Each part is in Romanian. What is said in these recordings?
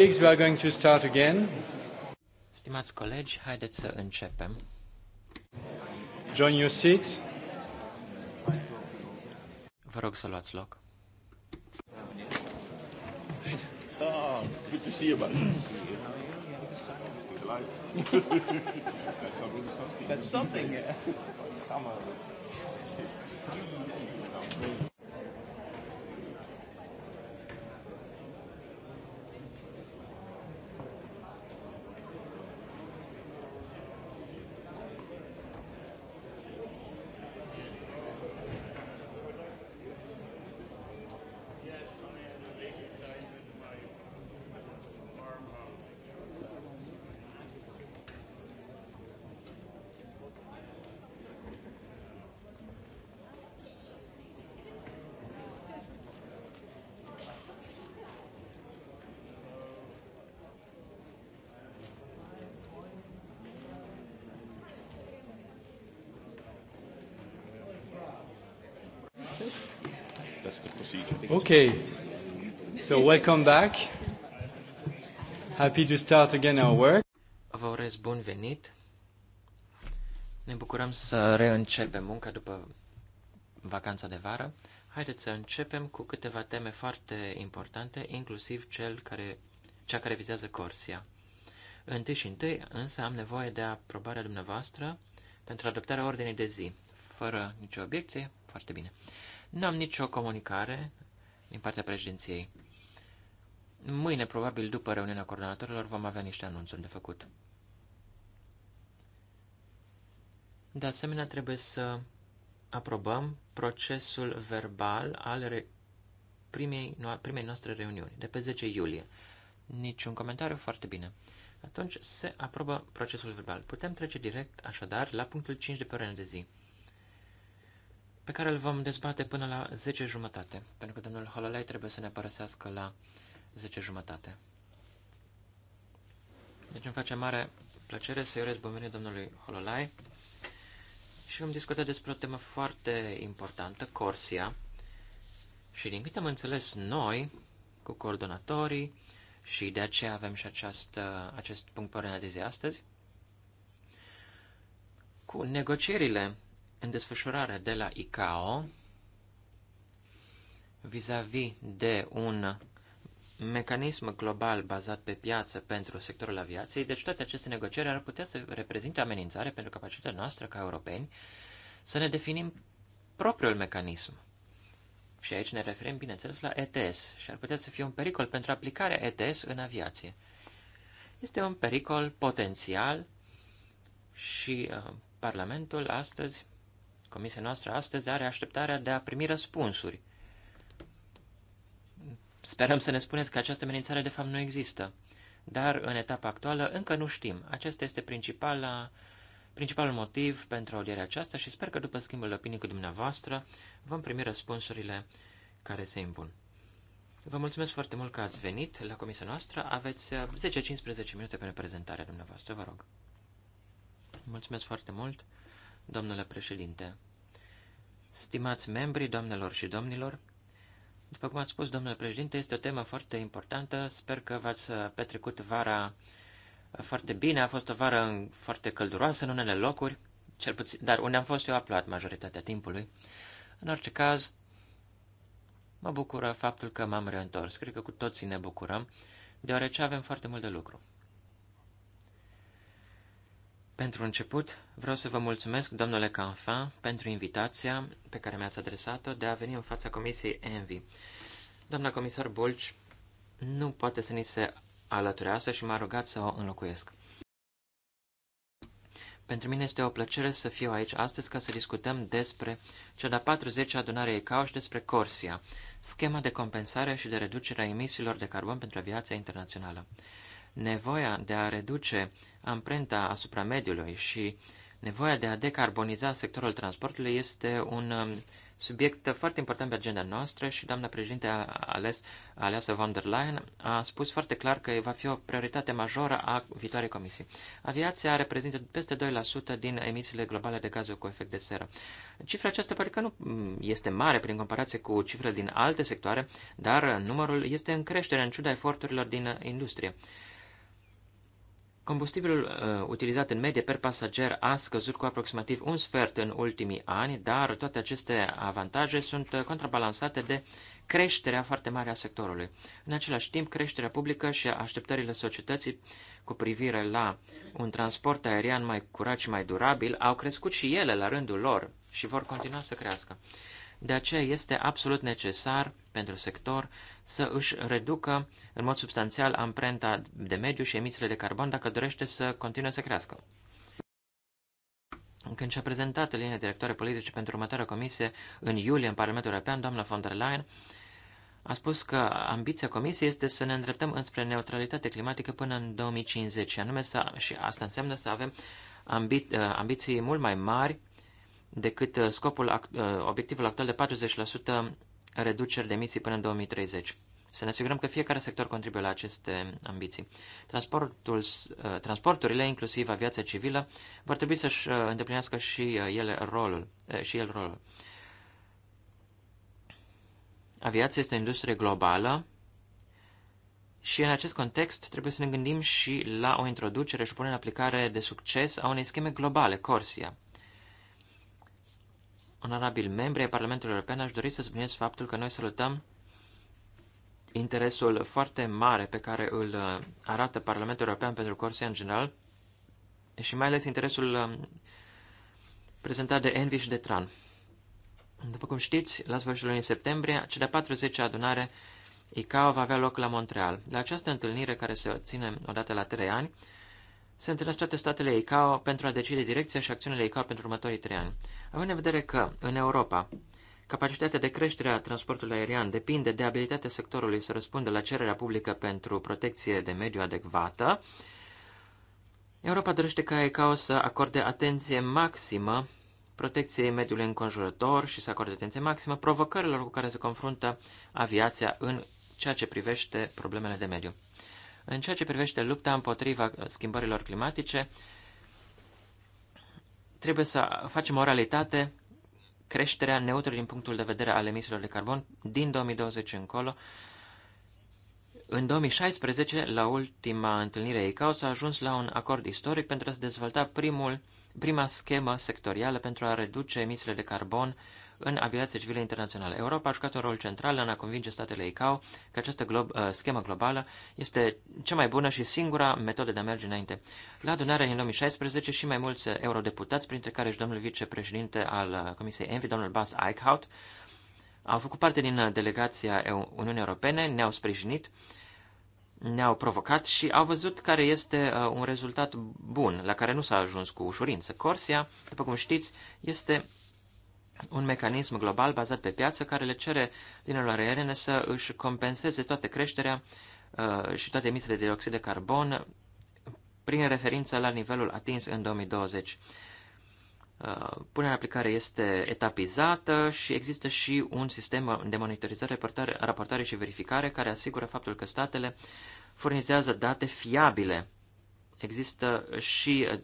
Colleagues, we are going to start again. Stimați colegi, haideți să începem. Join your seats. Vă rog să luați loc. Oh, good to see you, man. That's something. Summer. Okay. So welcome back. Happy to start again our work. Vă urez bun venit. Ne bucurăm să reîncepem munca după vacanța de vară. Haideți să începem cu câteva teme foarte importante, inclusiv cel care, cea care vizează Corsia. Întâi și întâi, însă, am nevoie de aprobarea dumneavoastră pentru adoptarea ordinii de zi fără nicio obiecție, foarte bine. Nu am nicio comunicare din partea președinției. Mâine, probabil după reuniunea coordonatorilor, vom avea niște anunțuri de făcut. De asemenea, trebuie să aprobăm procesul verbal al primei, primei noastre reuniuni, de pe 10 iulie. Niciun comentariu, foarte bine. Atunci se aprobă procesul verbal. Putem trece direct, așadar, la punctul 5 de pe de zi pe care îl vom dezbate până la 10 jumătate, pentru că domnul Hololai trebuie să ne părăsească la 10 jumătate. Deci îmi face mare plăcere să-i urez bun venit domnului Hololai și vom discuta despre o temă foarte importantă, Corsia. Și din câte am înțeles noi, cu coordonatorii, și de aceea avem și această, acest punct pe de zi astăzi, cu negocierile în desfășurare de la ICAO vis-a-vis -vis de un mecanism global bazat pe piață pentru sectorul aviației, deci toate aceste negocieri ar putea să reprezinte amenințare pentru capacitatea noastră ca europeni să ne definim propriul mecanism. Și aici ne referim, bineînțeles, la ETS și ar putea să fie un pericol pentru aplicarea ETS în aviație. Este un pericol potențial și uh, Parlamentul astăzi Comisia noastră astăzi are așteptarea de a primi răspunsuri. Sperăm să ne spuneți că această amenințare de fapt nu există, dar în etapa actuală încă nu știm. Acesta este principala, principalul motiv pentru audierea aceasta și sper că după schimbul de opinii cu dumneavoastră vom primi răspunsurile care se impun. Vă mulțumesc foarte mult că ați venit la comisia noastră. Aveți 10-15 uh, minute pentru prezentarea dumneavoastră, vă rog. Mulțumesc foarte mult. Domnule președinte, stimați membri, doamnelor și domnilor, după cum ați spus, domnule președinte, este o temă foarte importantă. Sper că v-ați petrecut vara foarte bine. A fost o vară foarte călduroasă în unele locuri, cel puțin, dar unde am fost eu a plouat majoritatea timpului. În orice caz, mă bucură faptul că m-am reîntors. Cred că cu toții ne bucurăm, deoarece avem foarte mult de lucru. Pentru început, vreau să vă mulțumesc, domnule Canfin, pentru invitația pe care mi-ați adresat-o de a veni în fața Comisiei ENVI. Doamna comisar Bulci nu poate să ni se alătureasă și m-a rugat să o înlocuiesc. Pentru mine este o plăcere să fiu aici astăzi ca să discutăm despre cea de-a 40 -a adunare ECAO și despre Corsia, schema de compensare și de reducere a emisiilor de carbon pentru aviația internațională nevoia de a reduce amprenta asupra mediului și nevoia de a decarboniza sectorul transportului este un um, subiect foarte important pe agenda noastră și doamna președinte a ales, aleasă von der Leyen a spus foarte clar că va fi o prioritate majoră a viitoarei comisii. Aviația reprezintă peste 2% din emisiile globale de gaze cu efect de seră. Cifra aceasta pare că nu mm, este mare prin comparație cu cifrele din alte sectoare, dar numărul este în creștere în ciuda eforturilor din industrie. Combustibilul uh, utilizat în medie per pasager a scăzut cu aproximativ un sfert în ultimii ani, dar toate aceste avantaje sunt uh, contrabalansate de creșterea foarte mare a sectorului. În același timp, creșterea publică și așteptările societății cu privire la un transport aerian mai curat și mai durabil au crescut și ele la rândul lor și vor continua să crească. De aceea este absolut necesar pentru sector să își reducă în mod substanțial amprenta de mediu și emisiile de carbon dacă dorește să continue să crească. Când și-a prezentat linia directoare politice pentru următoarea comisie în iulie în Parlamentul European, doamna von der Leyen a spus că ambiția comisiei este să ne îndreptăm înspre neutralitate climatică până în 2050 și anume să, și asta înseamnă să avem ambi, ambiții mult mai mari decât uh, scopul, uh, obiectivul actual de 40% reduceri de emisii până în 2030. Să ne asigurăm că fiecare sector contribuie la aceste ambiții. Transportul, uh, transporturile, inclusiv aviația civilă, vor trebui să-și îndeplinească și ele rolul. Și el rolul. Aviația este o industrie globală și în acest context trebuie să ne gândim și la o introducere și o punere în aplicare de succes a unei scheme globale, Corsia, onorabil membri ai Parlamentului European, aș dori să subliniez faptul că noi salutăm interesul foarte mare pe care îl uh, arată Parlamentul European pentru Corsia în general și mai ales interesul uh, prezentat de Envi și de Tran. După cum știți, la sfârșitul lunii septembrie, cea de-a 40-a adunare ICAO va avea loc la Montreal. La această întâlnire, care se ține odată la trei ani, se întâlnesc toate statele ICAO pentru a decide direcția și acțiunile ICAO pentru următorii trei ani. Având în vedere că, în Europa, capacitatea de creștere a transportului aerian depinde de abilitatea sectorului să răspundă la cererea publică pentru protecție de mediu adecvată, Europa dorește ca ICAO să acorde atenție maximă protecției mediului înconjurător și să acorde atenție maximă provocărilor cu care se confruntă aviația în ceea ce privește problemele de mediu. În ceea ce privește lupta împotriva uh, schimbărilor climatice, trebuie să facem o realitate creșterea neutră din punctul de vedere al emisiilor de carbon din 2020 încolo. În 2016, la ultima întâlnire ICAO, s-a ajuns la un acord istoric pentru a se dezvolta primul, prima schemă sectorială pentru a reduce emisiile de carbon uh, în aviație civilă internațională. Europa a jucat un rol central în a convinge statele ICAO că această glob, uh, schemă globală este cea mai bună și singura metodă de a merge înainte. La adunarea din 2016 și mai mulți eurodeputați, printre care și domnul vicepreședinte al uh, Comisiei Envi, domnul Bas Eichhout, au făcut parte din uh, delegația Uniunii Europene, ne-au sprijinit ne-au provocat și au văzut care este uh, un rezultat bun, la care nu s-a ajuns cu ușurință. Corsia, după cum știți, este un mecanism global bazat pe piață care le cere linelor aeriene să își compenseze toată creșterea uh, și toate emisiile de dioxid de carbon prin referință la nivelul atins în 2020. Uh, punerea în aplicare este etapizată și există și un sistem de monitorizare, raportare și verificare care asigură faptul că statele furnizează date fiabile. Există și uh,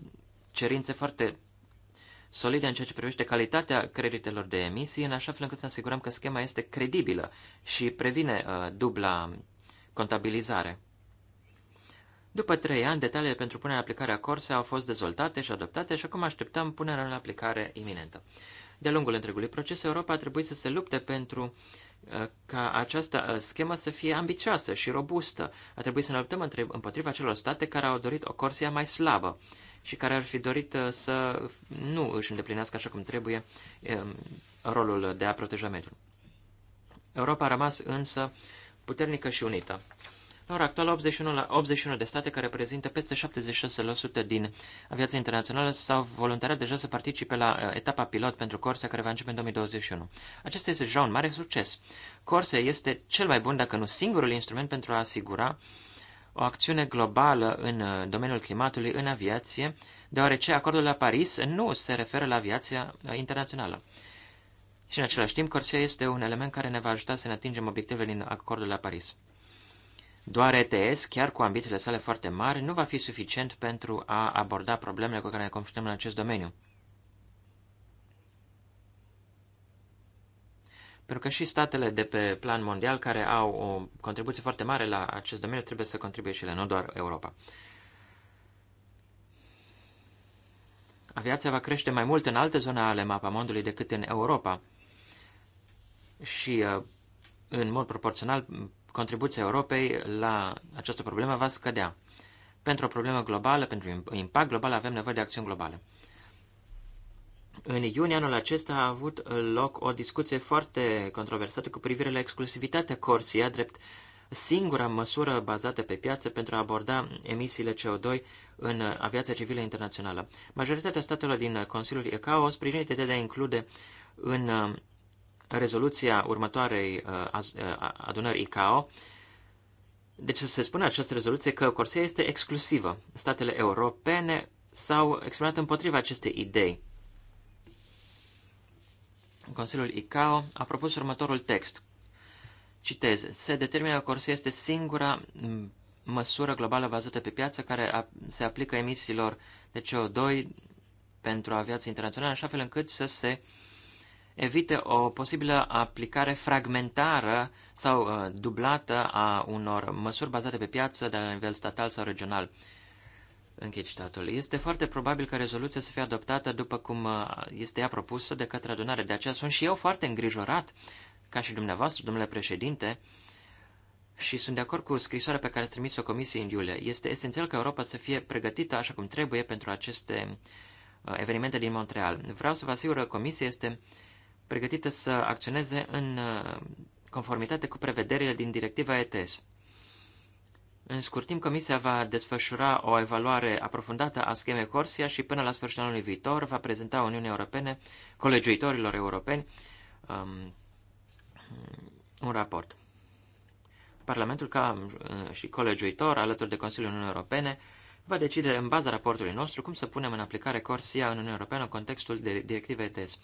cerințe foarte solide în ceea ce privește calitatea creditelor de emisie, în așa fel încât să asigurăm că schema este credibilă și previne uh, dubla contabilizare. După trei ani, detaliile pentru punerea în aplicare a Corse au fost dezvoltate și adoptate și acum așteptăm punerea în aplicare iminentă. De-a lungul întregului proces, Europa a trebuit să se lupte pentru uh, ca această uh, schemă să fie ambicioasă și robustă. A trebuit să ne luptăm împotriva celor state care au dorit o Corsia mai slabă și care ar fi dorit uh, să nu își îndeplinească așa cum trebuie um, rolul de a proteja mediul. Europa a rămas însă puternică și unită. La ora actuală, 81, la 81 de state, care reprezintă peste 76% din aviația internațională, s-au voluntariat deja să participe la uh, etapa pilot pentru Corsa, care va începe în 2021. Acesta este deja un mare succes. Corsa este cel mai bun, dacă nu singurul instrument pentru a asigura uh, o acțiune globală în uh, domeniul climatului în aviație, deoarece acordul la Paris nu se referă la aviația uh, internațională. Și în același timp, Corsia este un element care ne va ajuta să ne atingem obiectivele din acordul la Paris. Doar ETS, chiar cu ambițiile sale foarte mari, nu va fi suficient pentru a aborda problemele cu care ne confruntăm în acest domeniu. Pentru că și statele de pe plan mondial care au o contribuție foarte mare la acest domeniu trebuie să contribuie și ele, nu doar Europa. Aviația va crește mai mult în alte zone ale mapamondului decât în Europa. Și, uh, în mod proporțional, contribuția Europei la această problemă va scădea. Pentru o problemă globală, pentru un impact global, avem nevoie de acțiuni globale. În iunie anul acesta a avut loc o discuție foarte controversată cu privire la exclusivitatea Corsia, drept singura măsură bazată pe piață pentru a aborda emisiile CO2 în aviația civilă internațională. Majoritatea statelor din Consiliul ICAO, sprijinit de a include în uh, rezoluția următoarei uh, uh, adunări ICAO, deci se spune în această rezoluție că Corsia este exclusivă. Statele europene s-au exprimat împotriva acestei idei. Consiliul ICAO a propus următorul text. Citez. Se determină că Corsia este singura măsură globală bazată pe piață care se aplică emisiilor de CO2 pentru aviația internațională, așa fel încât să se evite o posibilă aplicare fragmentară sau uh, dublată a unor măsuri bazate pe piață de la nivel statal sau regional închid citatul. Este foarte probabil ca rezoluția să fie adoptată după cum uh, este ea propusă de către adunare. De aceea sunt și eu foarte îngrijorat, ca și dumneavoastră, domnule președinte, și sunt de acord cu scrisoarea pe care ați trimis-o Comisiei în iulie. Este esențial ca Europa să fie pregătită așa cum trebuie pentru aceste uh, evenimente din Montreal. Vreau să vă asigur că Comisia este pregătită să acționeze în uh, conformitate cu prevederile din directiva ETS. În scurt timp, Comisia va desfășura o evaluare aprofundată a schemei Corsia și până la sfârșitul anului viitor va prezenta Uniunii Europene, colegiuitorilor europeni, um, un raport. Parlamentul, ca uh, și colegiuitor, alături de Consiliul Uniunii Europene, va decide în baza raportului nostru cum să punem în aplicare Corsia în Uniunea Europeană în contextul de directive ETS.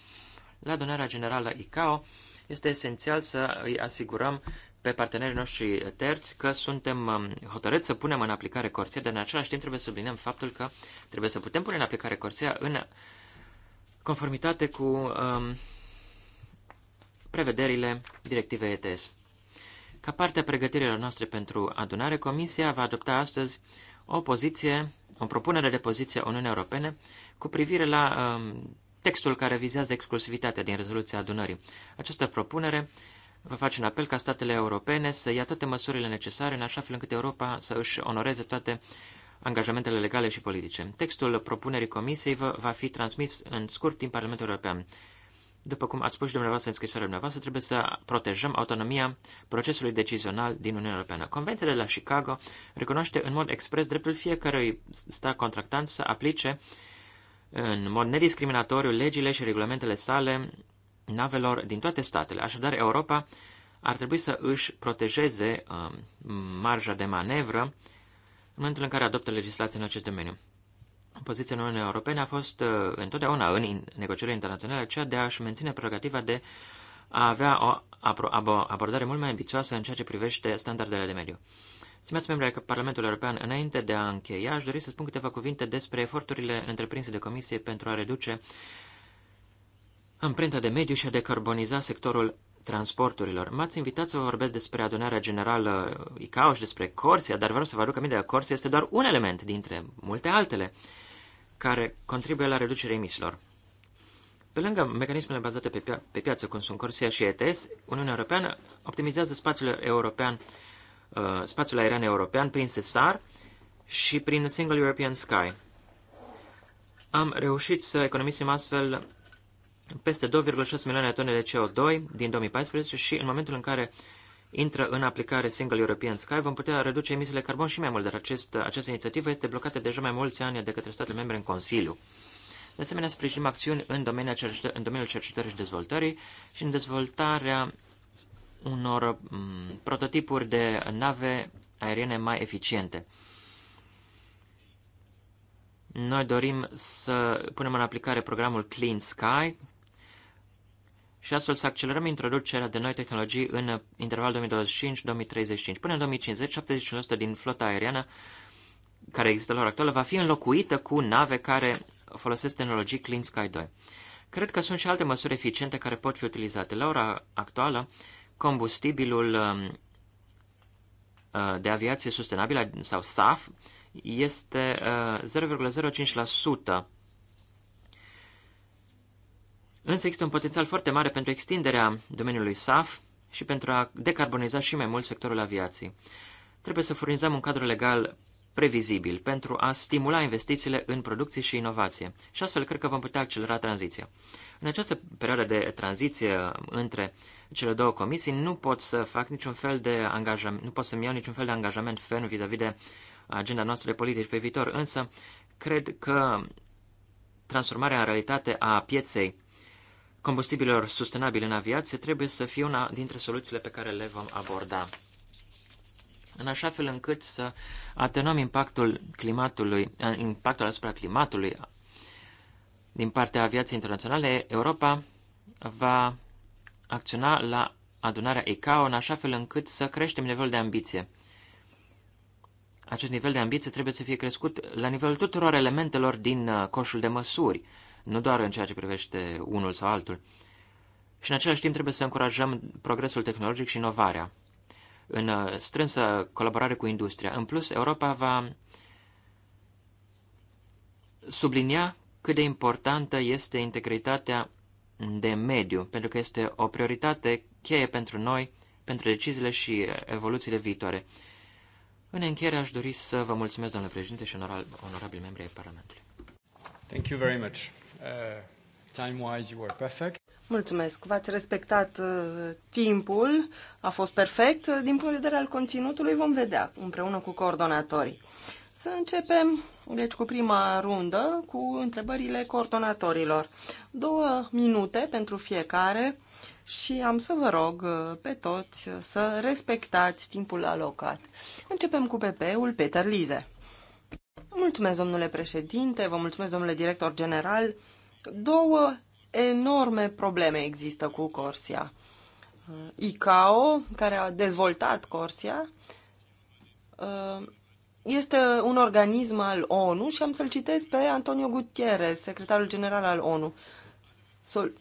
La adunarea generală ICAO este esențial să îi asigurăm pe partenerii noștri terți că suntem um, hotărâți să punem în aplicare Corsia, dar în același timp trebuie să subliniem faptul că trebuie să putem pune în aplicare Corsia în conformitate cu um, prevederile directivei ETS. Ca parte a pregătirilor noastre pentru adunare, Comisia va adopta astăzi o poziție, o propunere de poziție a Uniunii Europene cu privire la um, textul care vizează exclusivitatea din rezoluția adunării. Această propunere va face un apel ca statele europene să ia toate măsurile necesare în așa fel încât Europa să își onoreze toate angajamentele legale și politice. Textul propunerii comisiei vă va fi transmis în scurt timp Parlamentul European. După cum ați spus și dumneavoastră în scrisoarea dumneavoastră, trebuie să protejăm autonomia procesului decizional din Uniunea Europeană. Convenția de la Chicago recunoaște în mod expres dreptul fiecărui stat contractant să aplice în mod nediscriminatoriu legile și regulamentele sale navelor din toate statele. Așadar, Europa ar trebui să își protejeze um, marja de manevră în momentul în care adoptă legislație în acest domeniu. Poziția Uniunii Europene a fost uh, întotdeauna în negocierile internaționale aceea de a-și menține prerogativa de a avea o abordare mult mai ambițioasă în ceea ce privește standardele de mediu. Stimați membri ai Parlamentului European, înainte de a încheia, aș dori să spun câteva cuvinte despre eforturile întreprinse de Comisie pentru a reduce amprenta de mediu și a decarboniza sectorul transporturilor. M-ați invitat să vă vorbesc despre adunarea generală ICAO și despre Corsia, dar vreau să vă aduc aminte că Corsia este doar un element dintre multe altele care contribuie la reducerea emisiilor. Pe lângă mecanismele bazate pe, pia- pe piață, cum sunt Corsia și ETS, Uniunea Europeană optimizează spațiul european, uh, spațiul aerian european prin SESAR și prin Single European Sky. Am reușit să economisim astfel peste 2,6 milioane de tone de CO2 din 2014 și în momentul în care intră în aplicare Single European Sky, vom putea reduce emisiile carbon și mai mult, dar acest, această inițiativă este blocată deja mai mulți ani de către statele membre în Consiliu. De asemenea, sprijinim acțiuni în domeniul, cercetă, în domeniul cercetării și dezvoltării și în dezvoltarea unor mm, prototipuri de nave aeriene mai eficiente. Noi dorim să punem în aplicare programul Clean Sky, și astfel să accelerăm introducerea de noi tehnologii în uh, intervalul 2025-2035. Până în 2050, 70% din flota aeriană care există la ora actuală va fi înlocuită cu nave care folosesc tehnologii Clean Sky 2. Cred că sunt și alte măsuri eficiente care pot fi utilizate. La ora actuală, combustibilul um, uh, de aviație sustenabilă sau SAF este 0,05% uh, Însă există un potențial foarte mare pentru extinderea domeniului SAF și pentru a decarboniza și mai mult sectorul aviației. Trebuie să furnizăm un cadru legal previzibil pentru a stimula investițiile în producție și inovație și astfel cred că vom putea accelera tranziția. În această perioadă de tranziție între cele două comisii nu pot să fac niciun fel de angajament, nu pot să-mi iau niciun fel de angajament ferm vis-a-vis de agenda noastră de politici pe viitor, însă cred că transformarea în realitate a pieței combustibililor sustenabile în aviație trebuie să fie una dintre soluțiile pe care le vom aborda. În așa fel încât să atenuăm impactul, climatului, impactul asupra climatului din partea aviației internaționale, Europa va acționa la adunarea ICAO în așa fel încât să creștem nivelul de ambiție. Acest nivel de ambiție trebuie să fie crescut la nivelul tuturor elementelor din uh, coșul de măsuri nu doar în ceea ce privește unul sau altul. Și în același timp trebuie să încurajăm progresul tehnologic și inovarea, în uh, strânsă colaborare cu industria. În plus, Europa va sublinia cât de importantă este integritatea de mediu, pentru că este o prioritate cheie pentru noi, pentru deciziile și evoluțiile viitoare. În încheiere aș dori să vă mulțumesc, domnule președinte și onorabil membri ai Parlamentului. Thank you very much. Mulțumesc, v-ați respectat uh, timpul, a fost perfect. Din punct de vedere al conținutului vom vedea împreună cu coordonatorii. Să începem, deci, cu prima rundă, cu întrebările coordonatorilor. Două minute pentru fiecare și am să vă rog uh, pe toți să respectați timpul alocat. Începem cu PP-ul Peter Lize. Mulțumesc, domnule președinte, vă mulțumesc, domnule director general. Două enorme probleme există cu Corsia. Uh, ICAO, care a dezvoltat Corsia, uh, este un organism al ONU și am să-l citesc pe Antonio Gutierrez, secretarul general al ONU. Sol-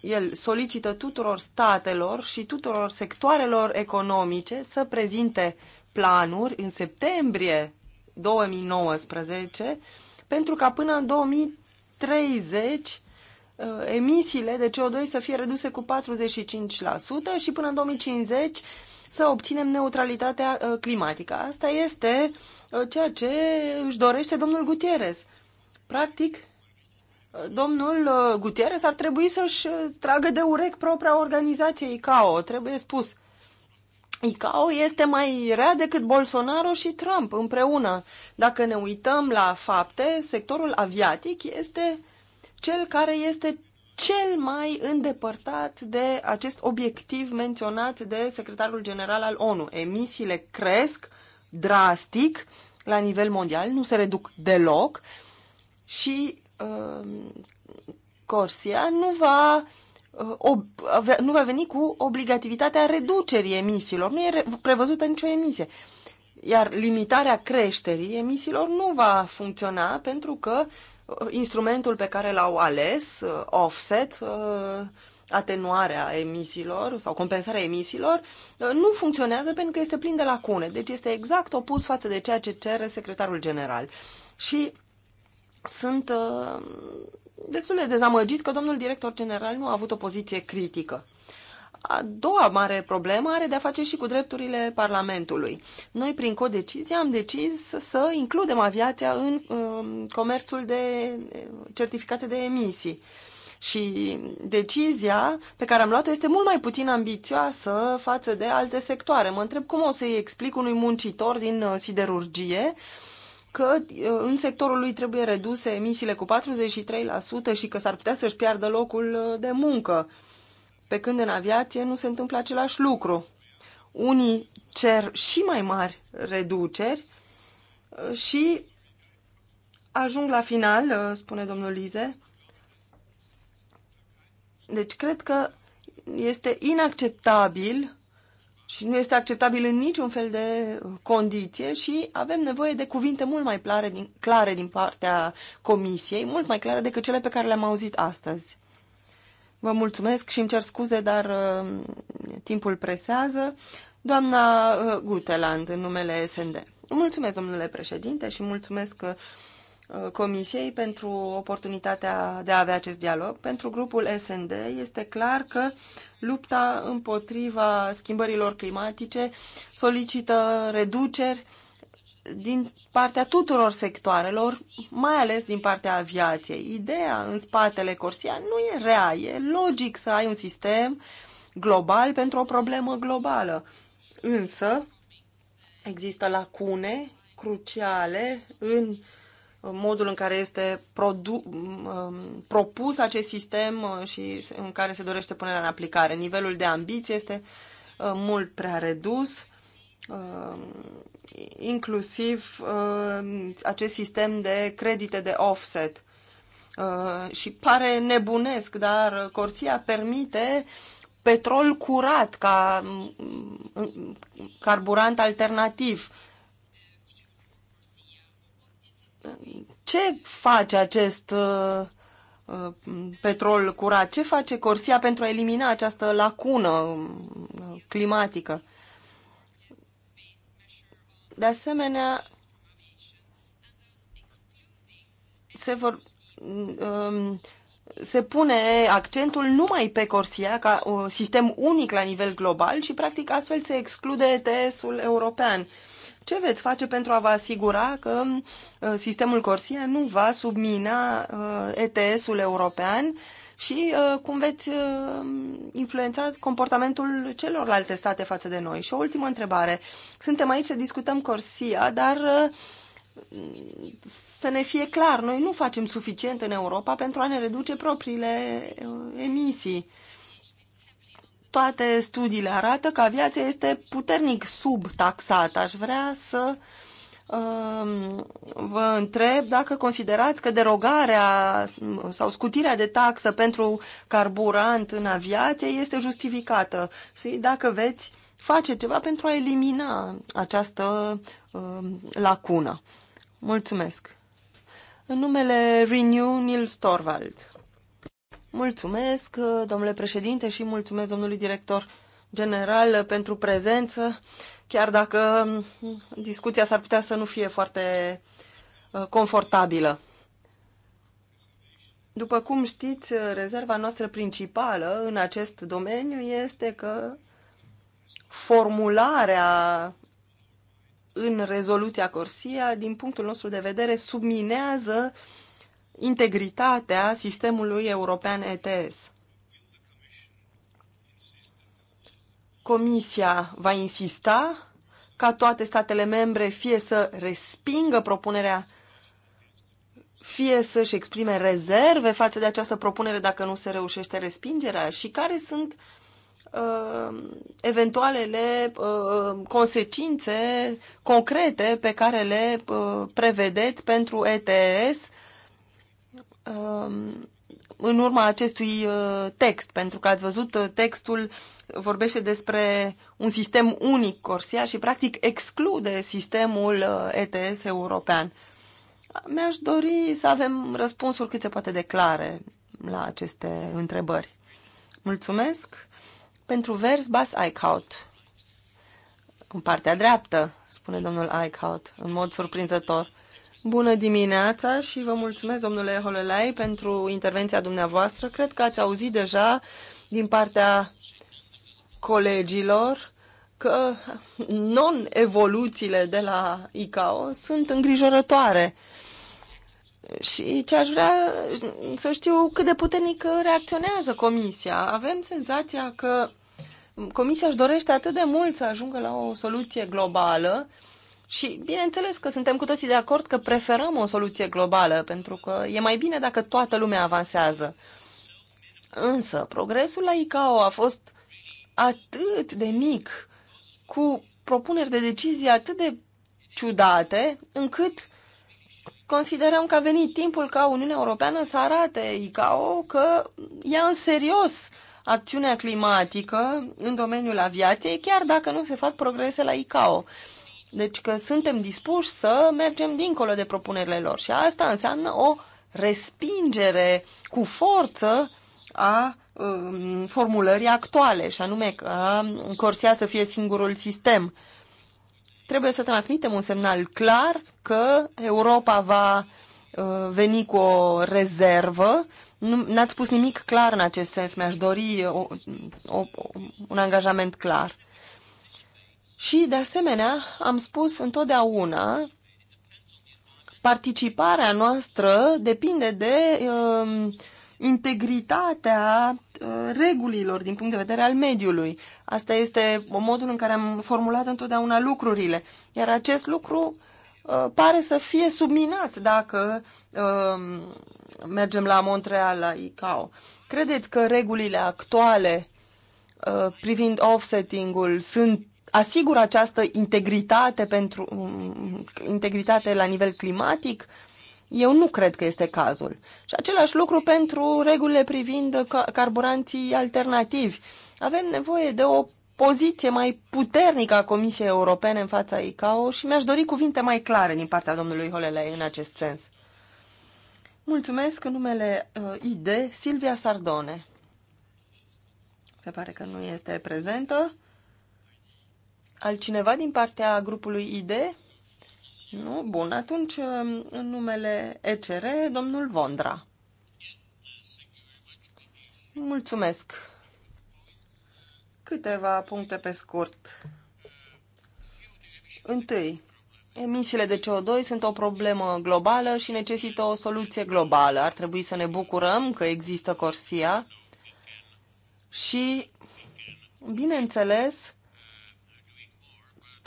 el solicită tuturor statelor și tuturor sectoarelor economice să prezinte planuri în septembrie 2019 pentru ca până în 2030 uh, emisiile de CO2 să fie reduse cu 45% și până în 2050 să obținem neutralitatea uh, climatică. Asta este uh, ceea ce își dorește domnul Gutierrez. Practic, domnul Gutierrez ar trebui să-și tragă de urec propria organizației ICAO, trebuie spus. ICAO este mai rea decât Bolsonaro și Trump împreună. Dacă ne uităm la fapte, sectorul aviatic este cel care este cel mai îndepărtat de acest obiectiv menționat de secretarul general al ONU. Emisiile cresc drastic la nivel mondial, nu se reduc deloc și uh, Corsia nu va Uh, nu va veni cu obligativitatea reducerii emisiilor. Nu e prevăzută nicio emisie. Iar limitarea creșterii emisiilor nu va funcționa pentru că uh, instrumentul pe care l-au ales, uh, offset, atenuarea emisiilor sau compensarea emisiilor, nu funcționează pentru că este plin de lacune. Deci este exact opus față de ceea ce cere secretarul general. Și sunt destul de dezamăgit că domnul director general nu a avut o poziție critică. A doua mare problemă are de-a face și cu drepturile Parlamentului. Noi, prin codecizie, am decis să includem aviația în um, comerțul de certificate de emisii. Și decizia pe care am luat-o este mult mai puțin ambițioasă față de alte sectoare. Mă întreb cum o să-i explic unui muncitor din uh, siderurgie uh, că uh, în sectorul lui trebuie reduse emisiile cu 43% și că s-ar putea să-și piardă locul uh, de muncă, pe când în aviație nu se întâmplă același lucru. Unii cer și mai mari reduceri uh, și ajung la final, spune domnul Lize. Deci cred că este inacceptabil și deci nu este acceptabil în niciun fel de condiție și avem nevoie de cuvinte mult mai clare din, clare din partea comisiei, mult mai clare decât cele pe care le-am auzit astăzi. Vă mulțumesc și îmi cer scuze, dar uh, timpul presează. Doamna uh, Guteland, în numele SND. Mulțumesc, domnule președinte, și mulțumesc uh, Comisiei pentru oportunitatea de a avea acest dialog. Pentru grupul SND este clar că uh, lupta împotriva schimbărilor climatice solicită reduceri din partea tuturor sectoarelor, mai ales din partea aviației. Ideea în spatele Corsia nu e rea, e logic să ai un sistem global pentru o problemă globală. Însă, există lacune cruciale în uh, modul în care este propus acest sistem uh, și în care se dorește punerea în aplicare. Nivelul de ambiție este uh, mult prea redus, uh, inclusiv acest sistem de credite de offset. Și pare nebunesc, dar Corsia permite petrol curat ca carburant alternativ ce face acest uh, uh, petrol curat? Ce face Corsia pentru a elimina această lacună uh, climatică? De asemenea, se vor um, se pune accentul numai pe Corsia ca un uh, sistem unic la nivel global și practic astfel se exclude ETS-ul european. Uh, ce veți face pentru a vă asigura că uh, sistemul Corsia nu va submina uh, ETS-ul european și uh, cum veți influența comportamentul celorlalte state față de noi? Și o ultimă întrebare. Suntem aici să discutăm Corsia, dar să ne fie clar, noi nu facem suficient în Europa pentru a ne reduce propriile emisii toate studiile arată că aviația este puternic subtaxată. Aș vrea să um, vă întreb dacă considerați că derogarea sau scutirea de taxă pentru carburant în aviație este justificată și dacă veți face ceva pentru a elimina această um, lacună. Mulțumesc! În numele Renew Nils Torvalds. Mulțumesc, uh, domnule președinte, și mulțumesc domnului director general uh, pentru prezență, chiar dacă um, discuția s-ar putea să nu fie foarte uh, confortabilă. După cum știți, rezerva noastră principală în acest domeniu este că formularea în rezoluția Corsia, din punctul nostru de vedere, subminează uh, integritatea sistemului european ETS. Comisia va insista ca toate statele membre fie să respingă propunerea, fie să-și exprime rezerve față de această propunere dacă nu se reușește respingerea și care sunt uh, eventualele uh, consecințe concrete pe care le uh, prevedeți pentru ETS Um, în urma acestui uh, text, pentru că ați văzut uh, textul vorbește despre un sistem unic Corsia și practic exclude sistemul uh, ETS european. Mi-aș dori să avem răspunsuri cât se poate de clare la aceste întrebări. Mulțumesc pentru vers Bas Eichhout. În partea dreaptă, spune domnul Eichhout, în mod surprinzător. Bună dimineața și vă mulțumesc, domnule Hololai, pentru intervenția dumneavoastră. Cred că ați auzit deja din partea colegilor că non-evoluțiile de la ICAO sunt îngrijorătoare. Și ce aș vrea să știu cât de puternic reacționează Comisia. Avem senzația că Comisia își dorește atât de mult să ajungă la o soluție globală, și bineînțeles că suntem cu toții de acord că preferăm o soluție globală, pentru că e mai bine dacă toată lumea avansează. Însă, progresul la ICAO a fost atât de mic, cu propuneri de decizii atât de ciudate, încât considerăm că a venit timpul ca Uniunea Europeană să arate ICAO că ia în serios acțiunea climatică în domeniul aviației, chiar dacă nu se fac progrese la ICAO. Deci că suntem dispuși să mergem dincolo de propunerile lor și asta înseamnă o respingere cu forță a um, formulării actuale și anume că um, Corsia să fie singurul sistem. Trebuie să transmitem un semnal clar că Europa va uh, veni cu o rezervă. N-ați spus nimic clar în acest sens. Mi-aș dori uh, o, o, un angajament clar. Și, de asemenea, am spus întotdeauna, participarea noastră depinde de uh, integritatea uh, regulilor din punct de vedere al mediului. Asta este modul în care am formulat întotdeauna lucrurile. Iar acest lucru uh, pare să fie subminat dacă uh, mergem la Montreal, la ICAO. Credeți că regulile actuale uh, privind offsetting-ul sunt asigură această integritate, pentru, mm, integritate la nivel climatic? Eu nu cred că este cazul. Și același lucru pentru regulile privind carburanții alternativi. Avem nevoie de o poziție mai puternică a Comisiei Europene în fața ICAO și mi-aș dori cuvinte mai clare din partea domnului Holele în acest sens. Mulțumesc în numele uh, ID Silvia Sardone. Se pare că nu este prezentă. Altcineva din partea grupului ID? Nu? Bun, atunci um, în numele ECR, domnul Vondra. Mulțumesc. Câteva puncte pe scurt. Întâi, emisiile de CO2 sunt o problemă globală și necesită o soluție globală. Ar trebui să ne bucurăm că există Corsia și, bineînțeles,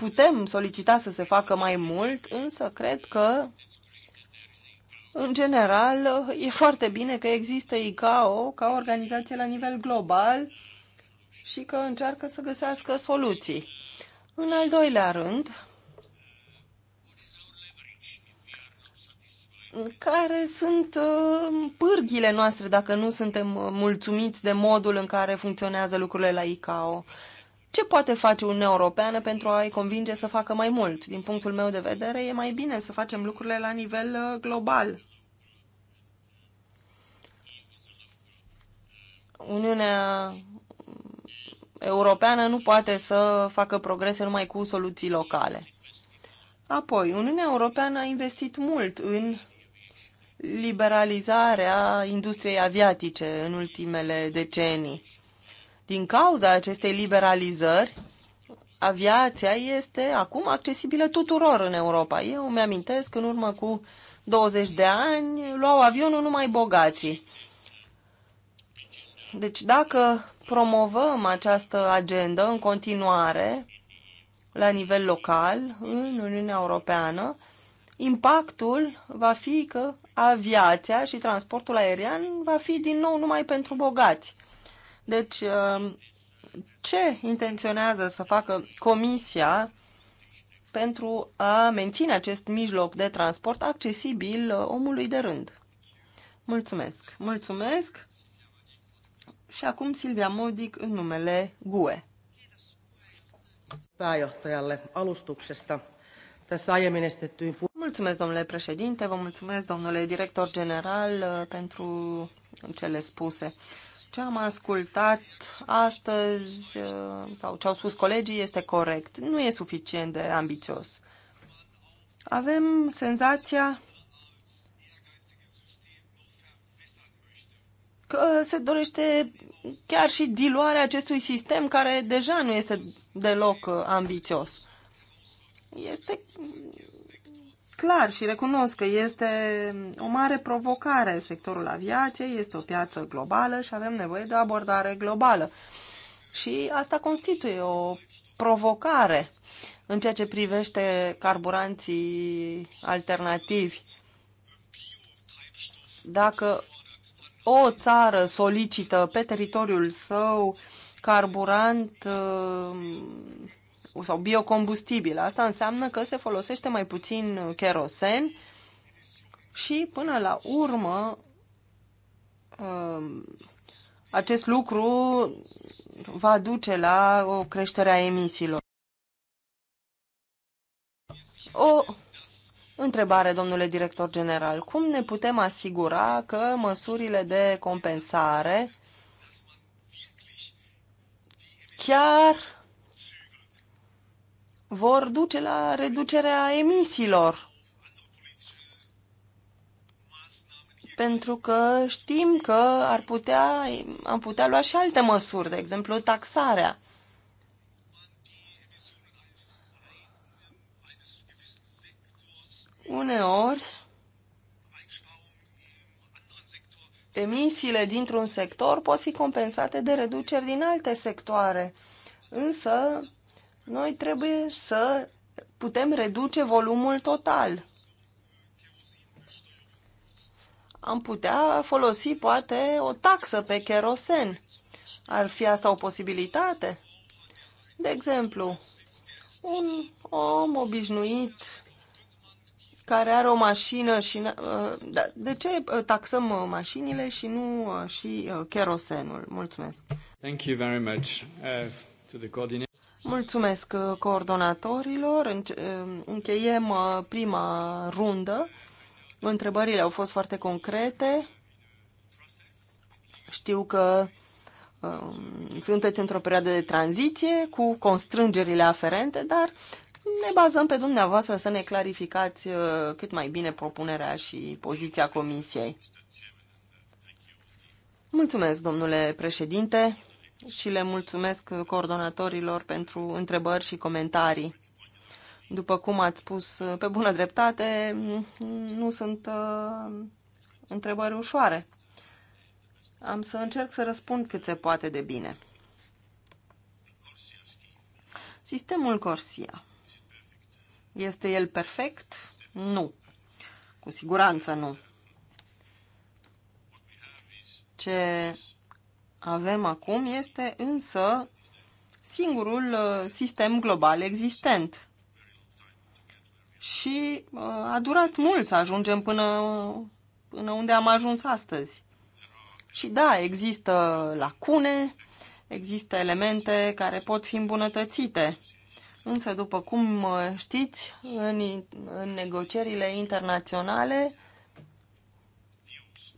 Putem solicita să se facă mai mult, însă cred că, în general, e foarte bine că există ICAO ca organizație la nivel global și că încearcă să găsească soluții. În al doilea rând, care sunt uh, pârghile noastre dacă nu suntem mulțumiți de modul în care funcționează lucrurile la ICAO. Ce poate face Uniunea Europeană pentru a-i convinge să facă mai mult? Din punctul meu de vedere, e mai bine să facem lucrurile la nivel uh, global. Uniunea Europeană nu poate să facă progrese numai cu soluții locale. Apoi, Uniunea Europeană a investit mult în liberalizarea industriei aviatice în ultimele decenii. Din cauza acestei liberalizări, aviația este acum accesibilă tuturor în Europa. Eu îmi amintesc în urmă cu 20 de ani luau avionul numai bogații. Deci dacă promovăm această agendă în continuare la nivel local în Uniunea Europeană, impactul va fi că aviația și transportul aerian va fi din nou numai pentru bogați. Deci, um, ce intenționează să facă Comisia pentru a menține acest mijloc de transport accesibil uh, omului de rând? Mulțumesc! Mulțumesc! Și acum Silvia Modic în numele GUE. Mulțumesc, domnule președinte, vă mulțumesc, domnule director general, uh, pentru cele spuse ce am ascultat astăzi uh, sau ce au spus colegii este corect. Nu e suficient de ambițios. Avem senzația că se dorește chiar și diluarea acestui sistem care deja nu este deloc uh, ambițios. Este clar și recunosc că este o mare provocare. Sectorul aviației este o piață globală și avem nevoie de o abordare globală. Și asta constituie o provocare în ceea ce privește carburanții alternativi. Dacă o țară solicită pe teritoriul său carburant uh, sau biocombustibil. Asta înseamnă că se folosește mai puțin kerosen și până la urmă um, acest lucru va duce la o creștere a emisiilor. O întrebare, domnule director general. Cum ne putem asigura că măsurile de compensare chiar vor duce la reducerea emisiilor. Pentru că știm că ar putea, am putea lua și alte măsuri, de exemplu taxarea. Uneori, emisiile dintr-un sector pot fi compensate de reduceri din alte sectoare. Însă, noi trebuie să putem reduce volumul total. Am putea folosi poate o taxă pe kerosen. Ar fi asta o posibilitate? De exemplu, un om obișnuit care are o mașină și... Uh, da, de ce uh, taxăm uh, mașinile și nu și kerosenul? Mulțumesc! Thank you very much. Uh, to the Mulțumesc uh, coordonatorilor. Uh, încheiem uh, prima rundă. Întrebările au fost foarte concrete. Știu că sunteți într-o perioadă de tranziție cu constrângerile aferente, dar ne bazăm pe dumneavoastră să ne clarificați cât mai bine propunerea și poziția Comisiei. Mulțumesc, domnule președinte și le mulțumesc coordonatorilor pentru întrebări și comentarii. După cum ați spus, pe bună dreptate, nu sunt uh, întrebări ușoare. Am să încerc să răspund cât se poate de bine. Sistemul Corsia. Este el perfect? Nu. Cu siguranță nu. Ce avem acum este însă singurul uh, sistem global existent. Și uh, a durat mult să ajungem până, uh, până unde am ajuns astăzi. Și da, există lacune, există elemente care pot fi îmbunătățite. Însă, după cum știți, în, în negocierile internaționale,